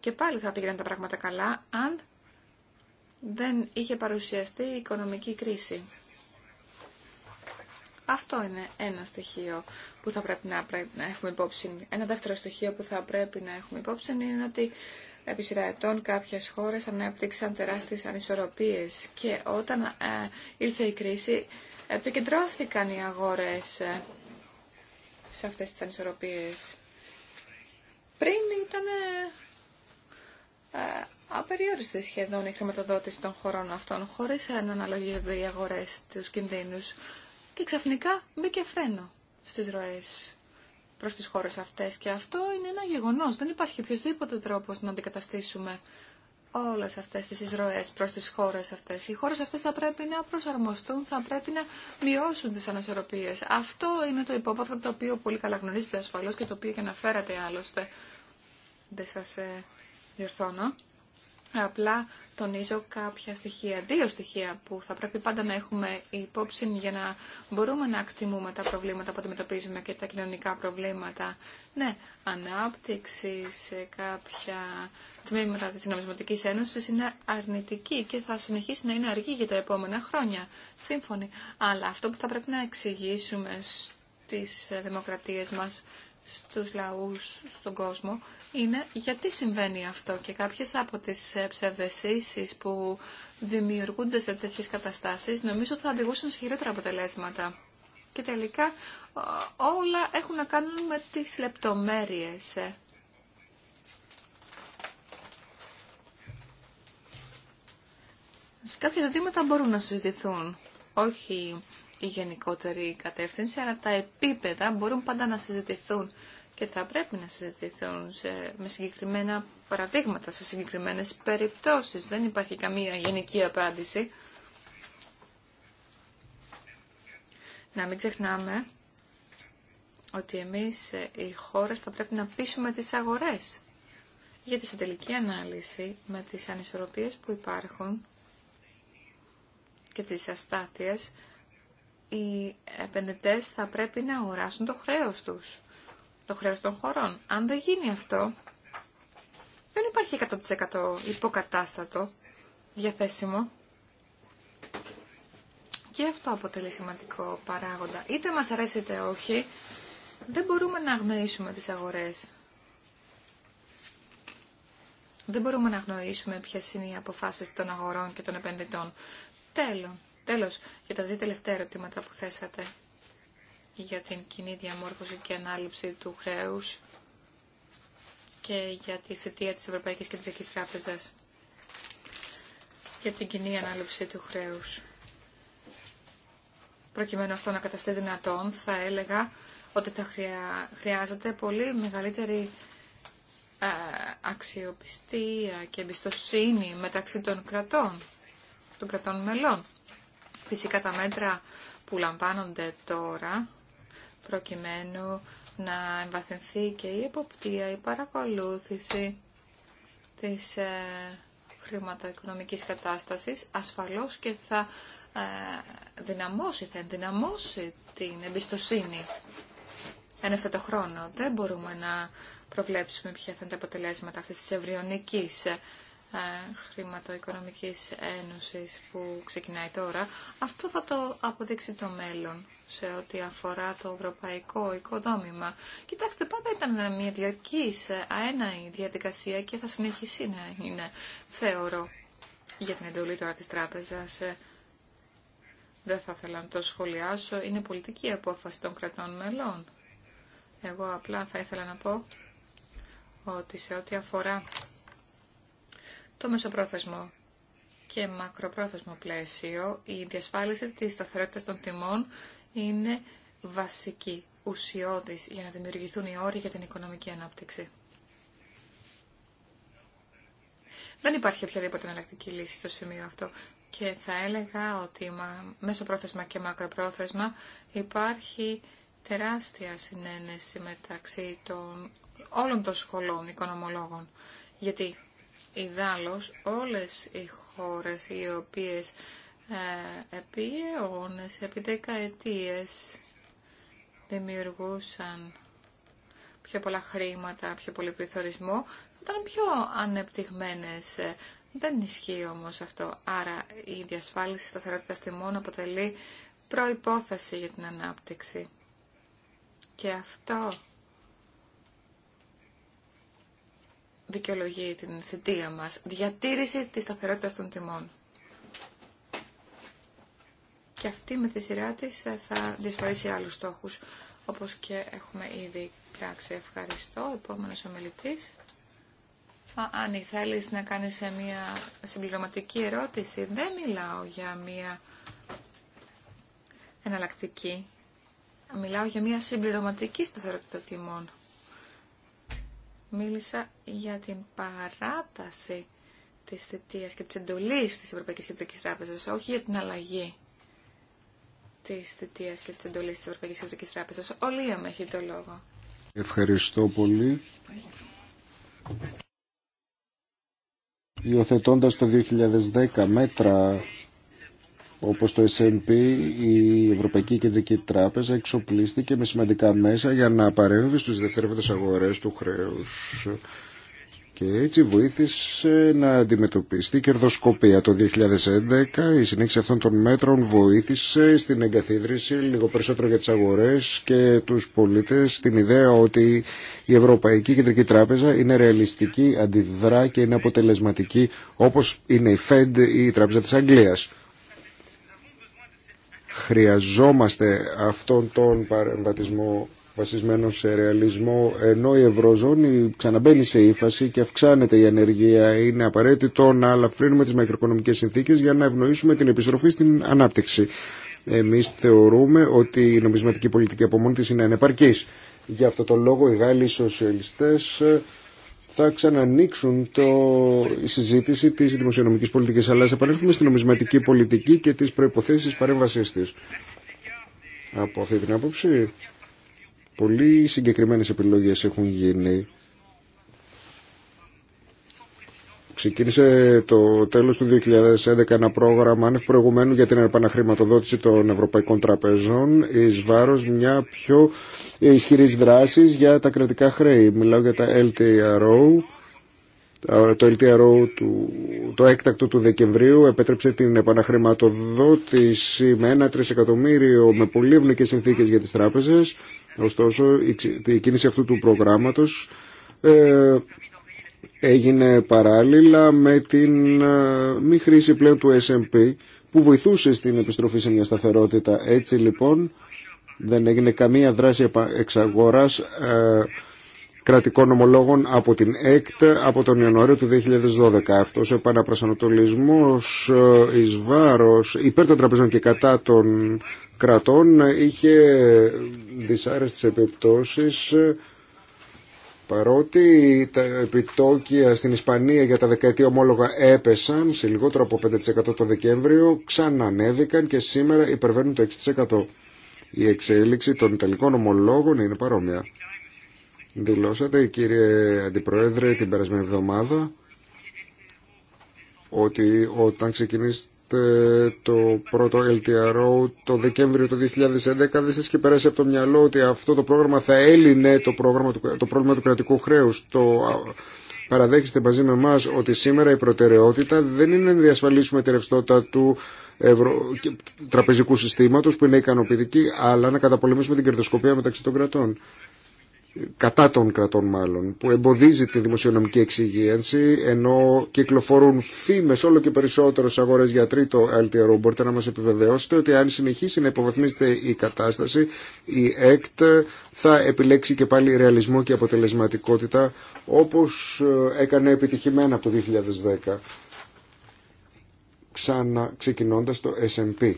και πάλι θα πήγαιναν τα πράγματα καλά αν δεν είχε παρουσιαστεί η οικονομική κρίση. Αυτό είναι ένα στοιχείο που θα πρέπει να, να έχουμε υπόψη. Ένα δεύτερο στοιχείο που θα πρέπει να έχουμε υπόψη είναι ότι επί σειρά ετών κάποιες χώρες ανέπτυξαν τεράστιες ανισορροπίες και όταν ε, ήρθε η κρίση επικεντρώθηκαν οι αγορές ε, σε αυτές τις ανισορροπίες. Πριν ήταν ε, απεριόριστη σχεδόν η χρηματοδότηση των χωρών αυτών, χωρί να αναλογίζονται οι αγορέ του κινδύνου. Και ξαφνικά μπήκε φρένο στι ροέ προ τι χώρε αυτέ. Και αυτό είναι ένα γεγονό. Δεν υπάρχει οποιοδήποτε τρόπο να αντικαταστήσουμε όλε αυτέ τι εισρωές προ τι χώρε αυτέ. Οι χώρε αυτέ θα πρέπει να προσαρμοστούν, θα πρέπει να μειώσουν τι ανασορροπίες. Αυτό είναι το υπόβαθρο το οποίο πολύ καλά γνωρίζετε ασφαλώ και το οποίο και αναφέρατε άλλωστε. Δεν σα ε, διορθώνω. Απλά τονίζω κάποια στοιχεία, δύο στοιχεία που θα πρέπει πάντα να έχουμε υπόψη για να μπορούμε να ακτιμούμε τα προβλήματα που αντιμετωπίζουμε και τα κοινωνικά προβλήματα. Ναι, ανάπτυξη σε κάποια τμήματα της Νομισματικής Ένωσης είναι αρνητική και θα συνεχίσει να είναι αργή για τα επόμενα χρόνια. Σύμφωνοι. Αλλά αυτό που θα πρέπει να εξηγήσουμε στις δημοκρατίες μας στους λαούς, στον κόσμο, είναι γιατί συμβαίνει αυτό και κάποιες από τις ε, ψευδεσίσεις που δημιουργούνται σε τέτοιες καταστάσεις νομίζω θα αντιγούσαν σε χειρότερα αποτελέσματα. Και τελικά όλα έχουν να κάνουν με τις λεπτομέρειες. Σε κάποια ζητήματα μπορούν να συζητηθούν, όχι η γενικότερη κατεύθυνση, αλλά τα επίπεδα μπορούν πάντα να συζητηθούν και θα πρέπει να συζητηθούν σε, με συγκεκριμένα παραδείγματα, σε συγκεκριμένες περιπτώσεις. Δεν υπάρχει καμία γενική απάντηση. Να μην ξεχνάμε ότι εμείς ε, οι χώρες θα πρέπει να πείσουμε τις αγορές. για τη τελική ανάλυση με τις ανισορροπίες που υπάρχουν και τις αστάθειες οι επενδυτές θα πρέπει να αγοράσουν το χρέος τους, το χρέος των χωρών. Αν δεν γίνει αυτό, δεν υπάρχει 100% υποκατάστατο διαθέσιμο. Και αυτό αποτελεί σημαντικό παράγοντα. Είτε μας αρέσει είτε όχι, δεν μπορούμε να αγνοήσουμε τις αγορές. Δεν μπορούμε να αγνοήσουμε ποιες είναι οι αποφάσεις των αγορών και των επενδυτών. Τέλος. Τέλος, για τα δύο τελευταία ερωτήματα που θέσατε για την κοινή διαμόρφωση και ανάληψη του χρέους και για τη θητεία της Ευρωπαϊκής Κεντρικής Τράπεζας για την κοινή ανάληψη του χρέους. Προκειμένου αυτό να καταστεί δυνατόν, θα έλεγα ότι θα χρειά... χρειάζεται πολύ μεγαλύτερη ε, αξιοπιστία και εμπιστοσύνη μεταξύ των κρατών, των κρατών μελών. Φυσικά τα μέτρα που λαμβάνονται τώρα προκειμένου να εμβαθυνθεί και η εποπτεία, η παρακολούθηση της ε, χρηματοοικονομικής κατάστασης ασφαλώς και θα ε, δυναμώσει, θα ενδυναμώσει την εμπιστοσύνη εν αυτό χρόνο. Δεν μπορούμε να προβλέψουμε ποια θα είναι τα αποτελέσματα αυτής της ευριονικής ε, ε, χρηματοοικονομικής ένωσης που ξεκινάει τώρα, αυτό θα το αποδείξει το μέλλον σε ό,τι αφορά το ευρωπαϊκό οικοδόμημα. Κοιτάξτε, πάντα ήταν μια διαρκής, ε, αέναη διαδικασία και θα συνεχίσει να είναι, θεωρώ, για την εντολή τώρα της τράπεζας. Ε, δεν θα ήθελα να το σχολιάσω. Είναι πολιτική απόφαση των κρατών μελών. Εγώ απλά θα ήθελα να πω ότι σε ό,τι αφορά το μεσοπρόθεσμο και μακροπρόθεσμο πλαίσιο, η διασφάλιση της σταθερότητας των τιμών είναι βασική, ουσιώδης για να δημιουργηθούν οι όροι για την οικονομική ανάπτυξη. Δεν υπάρχει οποιαδήποτε εναλλακτική λύση στο σημείο αυτό και θα έλεγα ότι μέσω και μακροπρόθεσμα υπάρχει τεράστια συνένεση μεταξύ των όλων των σχολών οικονομολόγων. Γιατί Ιδάλως, όλες οι χώρες οι οποίες ε, επί αιώνες, επί δεκαετίες δημιουργούσαν πιο πολλά χρήματα, πιο πολύ πληθωρισμό, ήταν πιο ανεπτυγμένες. Δεν ισχύει όμως αυτό. Άρα η διασφάλιση σταθερότητας τιμών αποτελεί προϋπόθεση για την ανάπτυξη. Και αυτό δικαιολογεί την θητεία μας. Διατήρηση της σταθερότητας των τιμών. Και αυτή με τη σειρά της ε, θα διασφαλίσει άλλους στόχους, όπως και έχουμε ήδη πράξει. Ευχαριστώ. Επόμενος ομιλητής. Αν θέλεις να κάνεις ε, μια συμπληρωματική ερώτηση, δεν μιλάω για μια εναλλακτική. Μιλάω για μια συμπληρωματική σταθερότητα τιμών μίλησα για την παράταση της θητείας και της εντολής της Ευρωπαϊκής Κεντρικής Τράπεζας, όχι για την αλλαγή της θητείας και της εντολής της Ευρωπαϊκής Κεντρικής Τράπεζας. Ο Λίαμ έχει το λόγο. Ευχαριστώ πολύ. Υιοθετώντα το 2010 μέτρα όπως το S&P, η Ευρωπαϊκή Κεντρική Τράπεζα εξοπλίστηκε με σημαντικά μέσα για να παρέμβει στους δευτερεύοντες αγορές του χρέους και έτσι βοήθησε να αντιμετωπιστεί η κερδοσκοπία. Το 2011 η συνέχιση αυτών των μέτρων βοήθησε στην εγκαθίδρυση λίγο περισσότερο για τις αγορές και τους πολίτες στην ιδέα ότι η Ευρωπαϊκή Κεντρική Τράπεζα είναι ρεαλιστική, αντιδρά και είναι αποτελεσματική όπως είναι η Fed ή η Τράπεζα της Αγγλίας. Χρειαζόμαστε αυτόν τον παρεμβατισμό βασισμένο σε ρεαλισμό, ενώ η Ευρωζώνη ξαναμπαίνει σε ύφαση και αυξάνεται η ανεργία. Είναι απαραίτητο να αλαφρύνουμε τις μακροοικονομικές συνθήκες για να ευνοήσουμε την επιστροφή στην ανάπτυξη. Εμείς θεωρούμε ότι η νομισματική πολιτική από είναι ανεπαρκής. Γι' αυτό το λόγο οι Γάλλοι σοσιαλιστές θα ξανανοίξουν το, η συζήτηση της δημοσιονομικής πολιτικής. Αλλά θα επανέλθουμε στην νομισματική πολιτική και τις προϋποθέσεις παρέμβασής της. Από αυτή την άποψη, πολύ συγκεκριμένες επιλογές έχουν γίνει. Ξεκίνησε το τέλος του 2011 ένα πρόγραμμα άνευ προηγουμένου για την επαναχρηματοδότηση των ευρωπαϊκών τραπεζών εις βάρος μια πιο ισχυρή δράση για τα κρατικά χρέη. Μιλάω για τα LTRO. Το LTRO του, το έκτακτο του Δεκεμβρίου επέτρεψε την επαναχρηματοδότηση με ένα τρισεκατομμύριο με πολύ ευνοϊκές συνθήκες για τις τράπεζες. Ωστόσο, η κίνηση αυτού του προγράμματος ε, έγινε παράλληλα με την ε, μη χρήση πλέον του SMP που βοηθούσε στην επιστροφή σε μια σταθερότητα. Έτσι λοιπόν δεν έγινε καμία δράση εξαγοράς ε, κρατικών ομολόγων από την ΕΚΤ από τον Ιανουάριο του 2012. Αυτός ο επαναπρασανατολισμός ε, εις βάρος υπέρ των τραπεζών και κατά των κρατών είχε δυσάρεστες επιπτώσεις ε, παρότι τα επιτόκια στην Ισπανία για τα δεκαετία ομόλογα έπεσαν σε λιγότερο από 5% το Δεκέμβριο, ξανανέβηκαν και σήμερα υπερβαίνουν το 6%. Η εξέλιξη των Ιταλικών ομολόγων είναι παρόμοια. Δηλώσατε, κύριε Αντιπρόεδρε, την περασμένη εβδομάδα ότι όταν ξεκινήσετε το πρώτο LTRO το Δεκέμβριο του 2011 δεν σας και πέρασε από το μυαλό ότι αυτό το πρόγραμμα θα έλυνε το, πρόγραμμα, το πρόβλημα του κρατικού χρέους. Το παραδέχεστε μαζί με εμά ότι σήμερα η προτεραιότητα δεν είναι να διασφαλίσουμε τη ρευστότητα του τραπεζικού συστήματος που είναι ικανοποιητική, αλλά να καταπολεμήσουμε την κερδοσκοπία μεταξύ των κρατών κατά των κρατών μάλλον, που εμποδίζει τη δημοσιονομική εξυγίανση, ενώ κυκλοφορούν φήμες όλο και περισσότερο αγορές για τρίτο LTRO. Μπορείτε να μας επιβεβαιώσετε ότι αν συνεχίσει να υποβαθμίζεται η κατάσταση, η ΕΚΤ θα επιλέξει και πάλι ρεαλισμό και αποτελεσματικότητα, όπως ε, έκανε επιτυχημένα από το 2010, ξανά ξεκινώντας το S&P.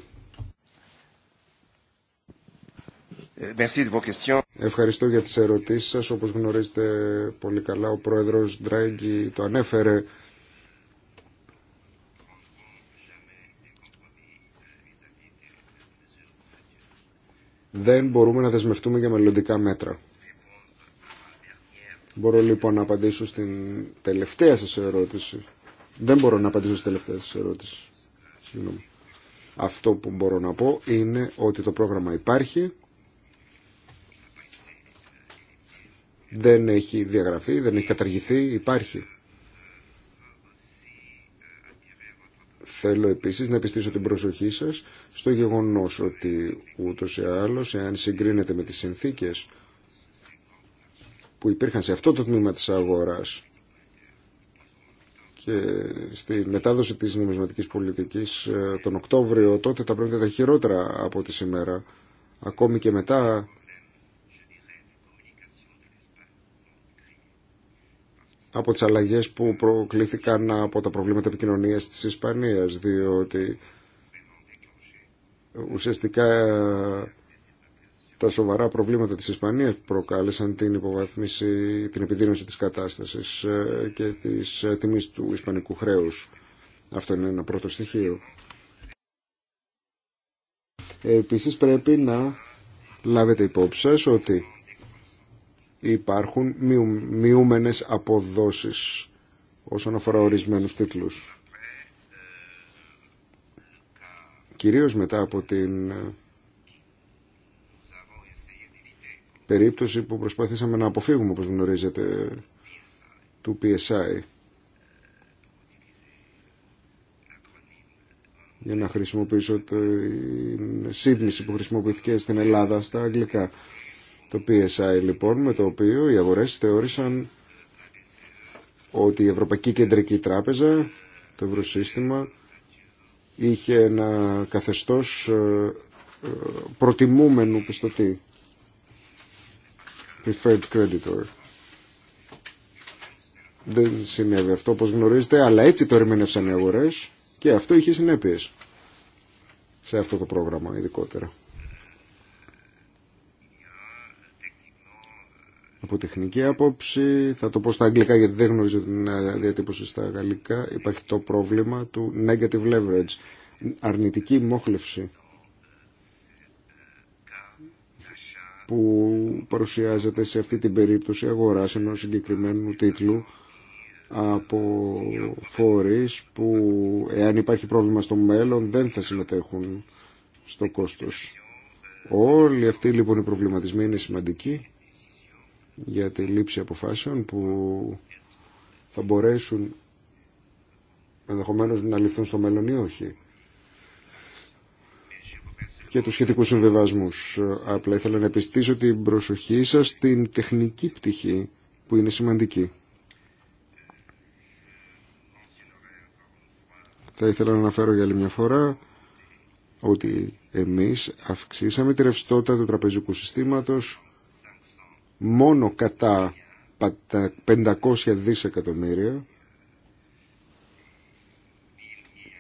Ευχαριστώ για τις ερωτήσεις σας. Όπως γνωρίζετε πολύ καλά, ο πρόεδρος Ντράγκη το ανέφερε. Δεν μπορούμε να δεσμευτούμε για μελλοντικά μέτρα. Μπορώ λοιπόν να απαντήσω στην τελευταία σας ερώτηση. Δεν μπορώ να απαντήσω στην τελευταία σας ερώτηση. Αυτό που μπορώ να πω είναι ότι το πρόγραμμα υπάρχει. δεν έχει διαγραφεί, δεν έχει καταργηθεί, υπάρχει. Θέλω επίσης να επιστήσω την προσοχή σας στο γεγονός ότι ούτως ή άλλως, εάν συγκρίνεται με τις συνθήκες που υπήρχαν σε αυτό το τμήμα της αγοράς και στη μετάδοση της νομισματικής πολιτικής ε, τον Οκτώβριο, τότε τα πράγματα ήταν χειρότερα από τη σήμερα. Ακόμη και μετά από τις αλλαγές που προκλήθηκαν από τα προβλήματα επικοινωνίας της Ισπανίας, διότι ουσιαστικά τα σοβαρά προβλήματα της Ισπανίας προκάλεσαν την υποβάθμιση, την επιδείνωση της κατάστασης ε, και της τιμής του ισπανικού χρέους. Αυτό είναι ένα πρώτο στοιχείο. Επίσης πρέπει να λάβετε υπόψη σας ότι υπάρχουν μειούμενες αποδόσεις όσον αφορά ορισμένους τίτλους. Κυρίως μετά από την ε, περίπτωση που προσπαθήσαμε να αποφύγουμε, όπως γνωρίζετε, του PSI. για να χρησιμοποιήσω την σύντμηση που χρησιμοποιήθηκε στην Ελλάδα στα αγγλικά. Το PSI λοιπόν με το οποίο οι αγορές θεώρησαν ότι η Ευρωπαϊκή Κεντρική Τράπεζα, το Ευρωσύστημα, είχε ένα καθεστώς ε, ε, προτιμούμενου πιστωτή, preferred creditor. Δεν συνέβη αυτό όπως γνωρίζετε, αλλά έτσι το ερμηνεύσαν οι αγορές και αυτό είχε συνέπειες σε αυτό το πρόγραμμα ειδικότερα. από τεχνική άποψη, θα το πω στα αγγλικά γιατί δεν γνωρίζω την ε, διατύπωση στα γαλλικά, υπάρχει το πρόβλημα του negative leverage, αρνητική μόχλευση που παρουσιάζεται σε αυτή την περίπτωση αγορά ενό συγκεκριμένου τίτλου από φορείς που εάν υπάρχει πρόβλημα στο μέλλον δεν θα συμμετέχουν στο κόστος. Όλοι αυτοί λοιπόν οι προβληματισμοί είναι σημαντικοί για τη λήψη αποφάσεων που θα μπορέσουν ενδεχομένως να ληφθούν στο μέλλον ή όχι και τους σχετικούς συμβιβασμούς. Απλά ήθελα να επιστήσω την προσοχή σας στην τεχνική πτυχή που είναι σημαντική. Θα ήθελα να αναφέρω για άλλη μια φορά ότι εμείς αυξήσαμε τη ρευστότητα του τραπεζικού συστήματος μόνο κατά 500 δισεκατομμύρια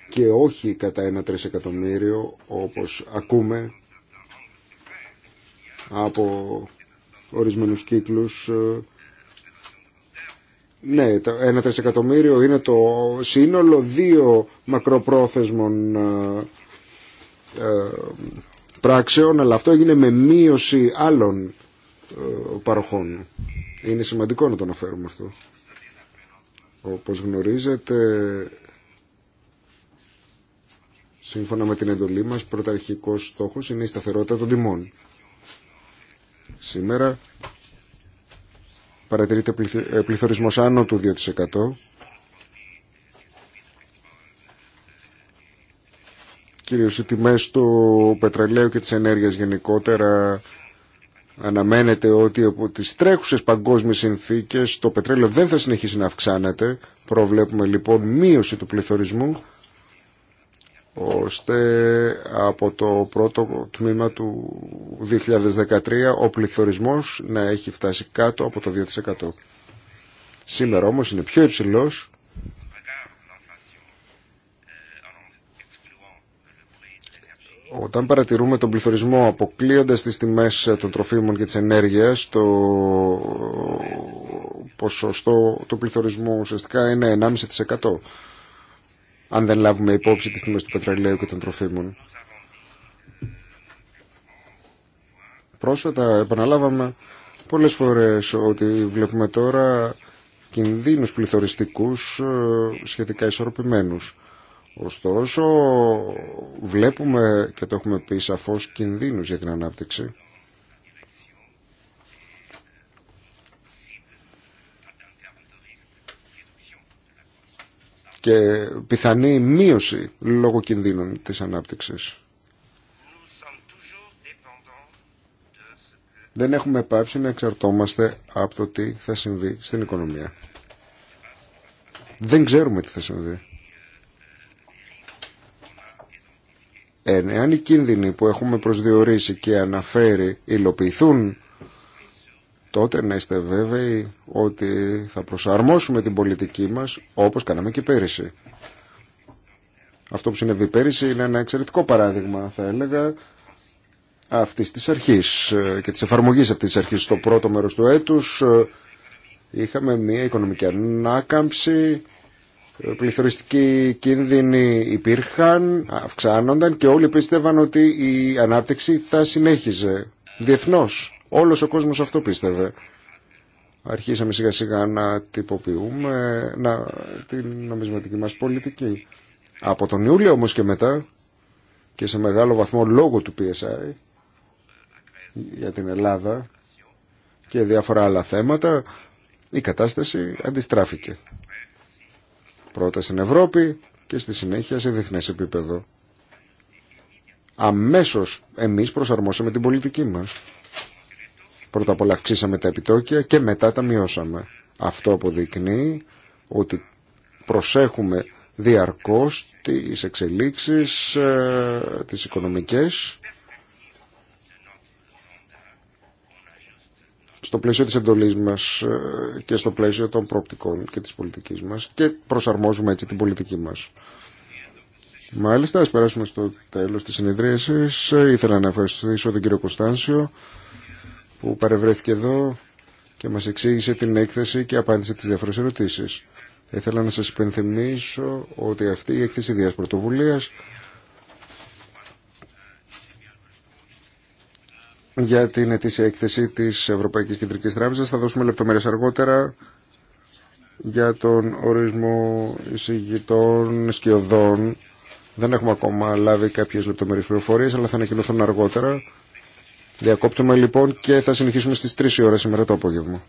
και όχι κατά ένα τρισεκατομμύριο όπως ακούμε από ορισμένους κύκλους ναι, ένα τρισεκατομμύριο είναι το σύνολο δύο μακροπρόθεσμων ε, ε, πράξεων αλλά αυτό έγινε με μείωση άλλων ε, παροχών. Είναι σημαντικό να το αναφέρουμε αυτό. Όπως γνωρίζετε, σύμφωνα με την εντολή μας, πρωταρχικός στόχος είναι η σταθερότητα των τιμών. Σήμερα παρατηρείται ε, πληθωρισμός άνω του 2%. Κυρίως οι τιμές του πετρελαίου και της ενέργειας γενικότερα Αναμένεται ότι από τις τρέχουσες παγκόσμιες συνθήκες το πετρέλαιο δεν θα συνεχίσει να αυξάνεται. Προβλέπουμε λοιπόν μείωση του πληθωρισμού ώστε από το πρώτο τμήμα του 2013 ο πληθωρισμός να έχει φτάσει κάτω από το 2%. Σήμερα όμως είναι πιο υψηλός Όταν παρατηρούμε τον πληθωρισμό αποκλείοντας τις τιμές των τροφίμων και της ενέργεια, το ποσοστό του πληθωρισμού ουσιαστικά είναι 1,5% αν δεν λάβουμε υπόψη τις τιμές του πετρελαίου και των τροφίμων. Πρόσφατα επαναλάβαμε πολλές φορές ότι βλέπουμε τώρα κινδύνους πληθωριστικούς ε, σχετικά ισορροπημένους. Ωστόσο, βλέπουμε και το έχουμε πει σαφώς κινδύνους για την ανάπτυξη. και πιθανή μείωση λόγω κινδύνων της ανάπτυξης. Δεν έχουμε πάψει να εξαρτώμαστε από το τι θα συμβεί στην οικονομία. Δεν ξέρουμε τι θα συμβεί. εάν οι κίνδυνοι που έχουμε προσδιορίσει και αναφέρει υλοποιηθούν, τότε να είστε βέβαιοι ότι θα προσαρμόσουμε την πολιτική μας όπως κάναμε και πέρυσι. Αυτό που συνέβη πέρυσι είναι ένα εξαιρετικό παράδειγμα, θα έλεγα, ...αυτής της αρχής ε, και της εφαρμογής αυτής της αρχής στο πρώτο μέρος του έτους... Ε, είχαμε μια οικονομική ανάκαμψη πληθωριστικοί κίνδυνοι υπήρχαν, αυξάνονταν και όλοι πίστευαν ότι η ανάπτυξη θα συνέχιζε διεθνώς. Όλος ο κόσμος αυτό πίστευε. Αρχίσαμε σιγά σιγά να τυποποιούμε να, την νομισματική μας πολιτική. Από τον Ιούλιο όμως και μετά και σε μεγάλο βαθμό λόγω του PSI για την Ελλάδα και διάφορα άλλα θέματα η κατάσταση αντιστράφηκε. Πρώτα στην Ευρώπη και στη συνέχεια σε διεθνές επίπεδο. Αμέσως εμείς προσαρμόσαμε την πολιτική μας. Πρώτα απ' όλα αυξήσαμε τα επιτόκια και μετά τα μειώσαμε. Αυτό αποδεικνύει ότι προσέχουμε διαρκώς τις εξελίξεις, ε, τις οικονομικές στο πλαίσιο της εντολής μας ε, και στο πλαίσιο των προοπτικών και της πολιτικής μας και προσαρμόζουμε έτσι την πολιτική μας. Μάλιστα, ας περάσουμε στο τέλος της συνεδρίασης. Ε, ήθελα να ευχαριστήσω τον κύριο Κωνστάνσιο που παρευρέθηκε εδώ και μας εξήγησε την έκθεση και απάντησε τις διάφορες ερωτήσεις. Ήθελα να σας υπενθυμίσω ότι αυτή η έκθεση Ιδίας Πρωτοβουλίας για την ετήσια έκθεση της Ευρωπαϊκής Κεντρικής Τράπεζας. Θα δώσουμε λεπτομέρειες αργότερα για τον ορισμό εισηγητών σκιωδών. Δεν έχουμε ακόμα λάβει κάποιες λεπτομέρειες πληροφορίες, αλλά θα ανακοινωθούν αργότερα. Διακόπτουμε λοιπόν και θα συνεχίσουμε στις 3 η ώρα σήμερα το απόγευμα.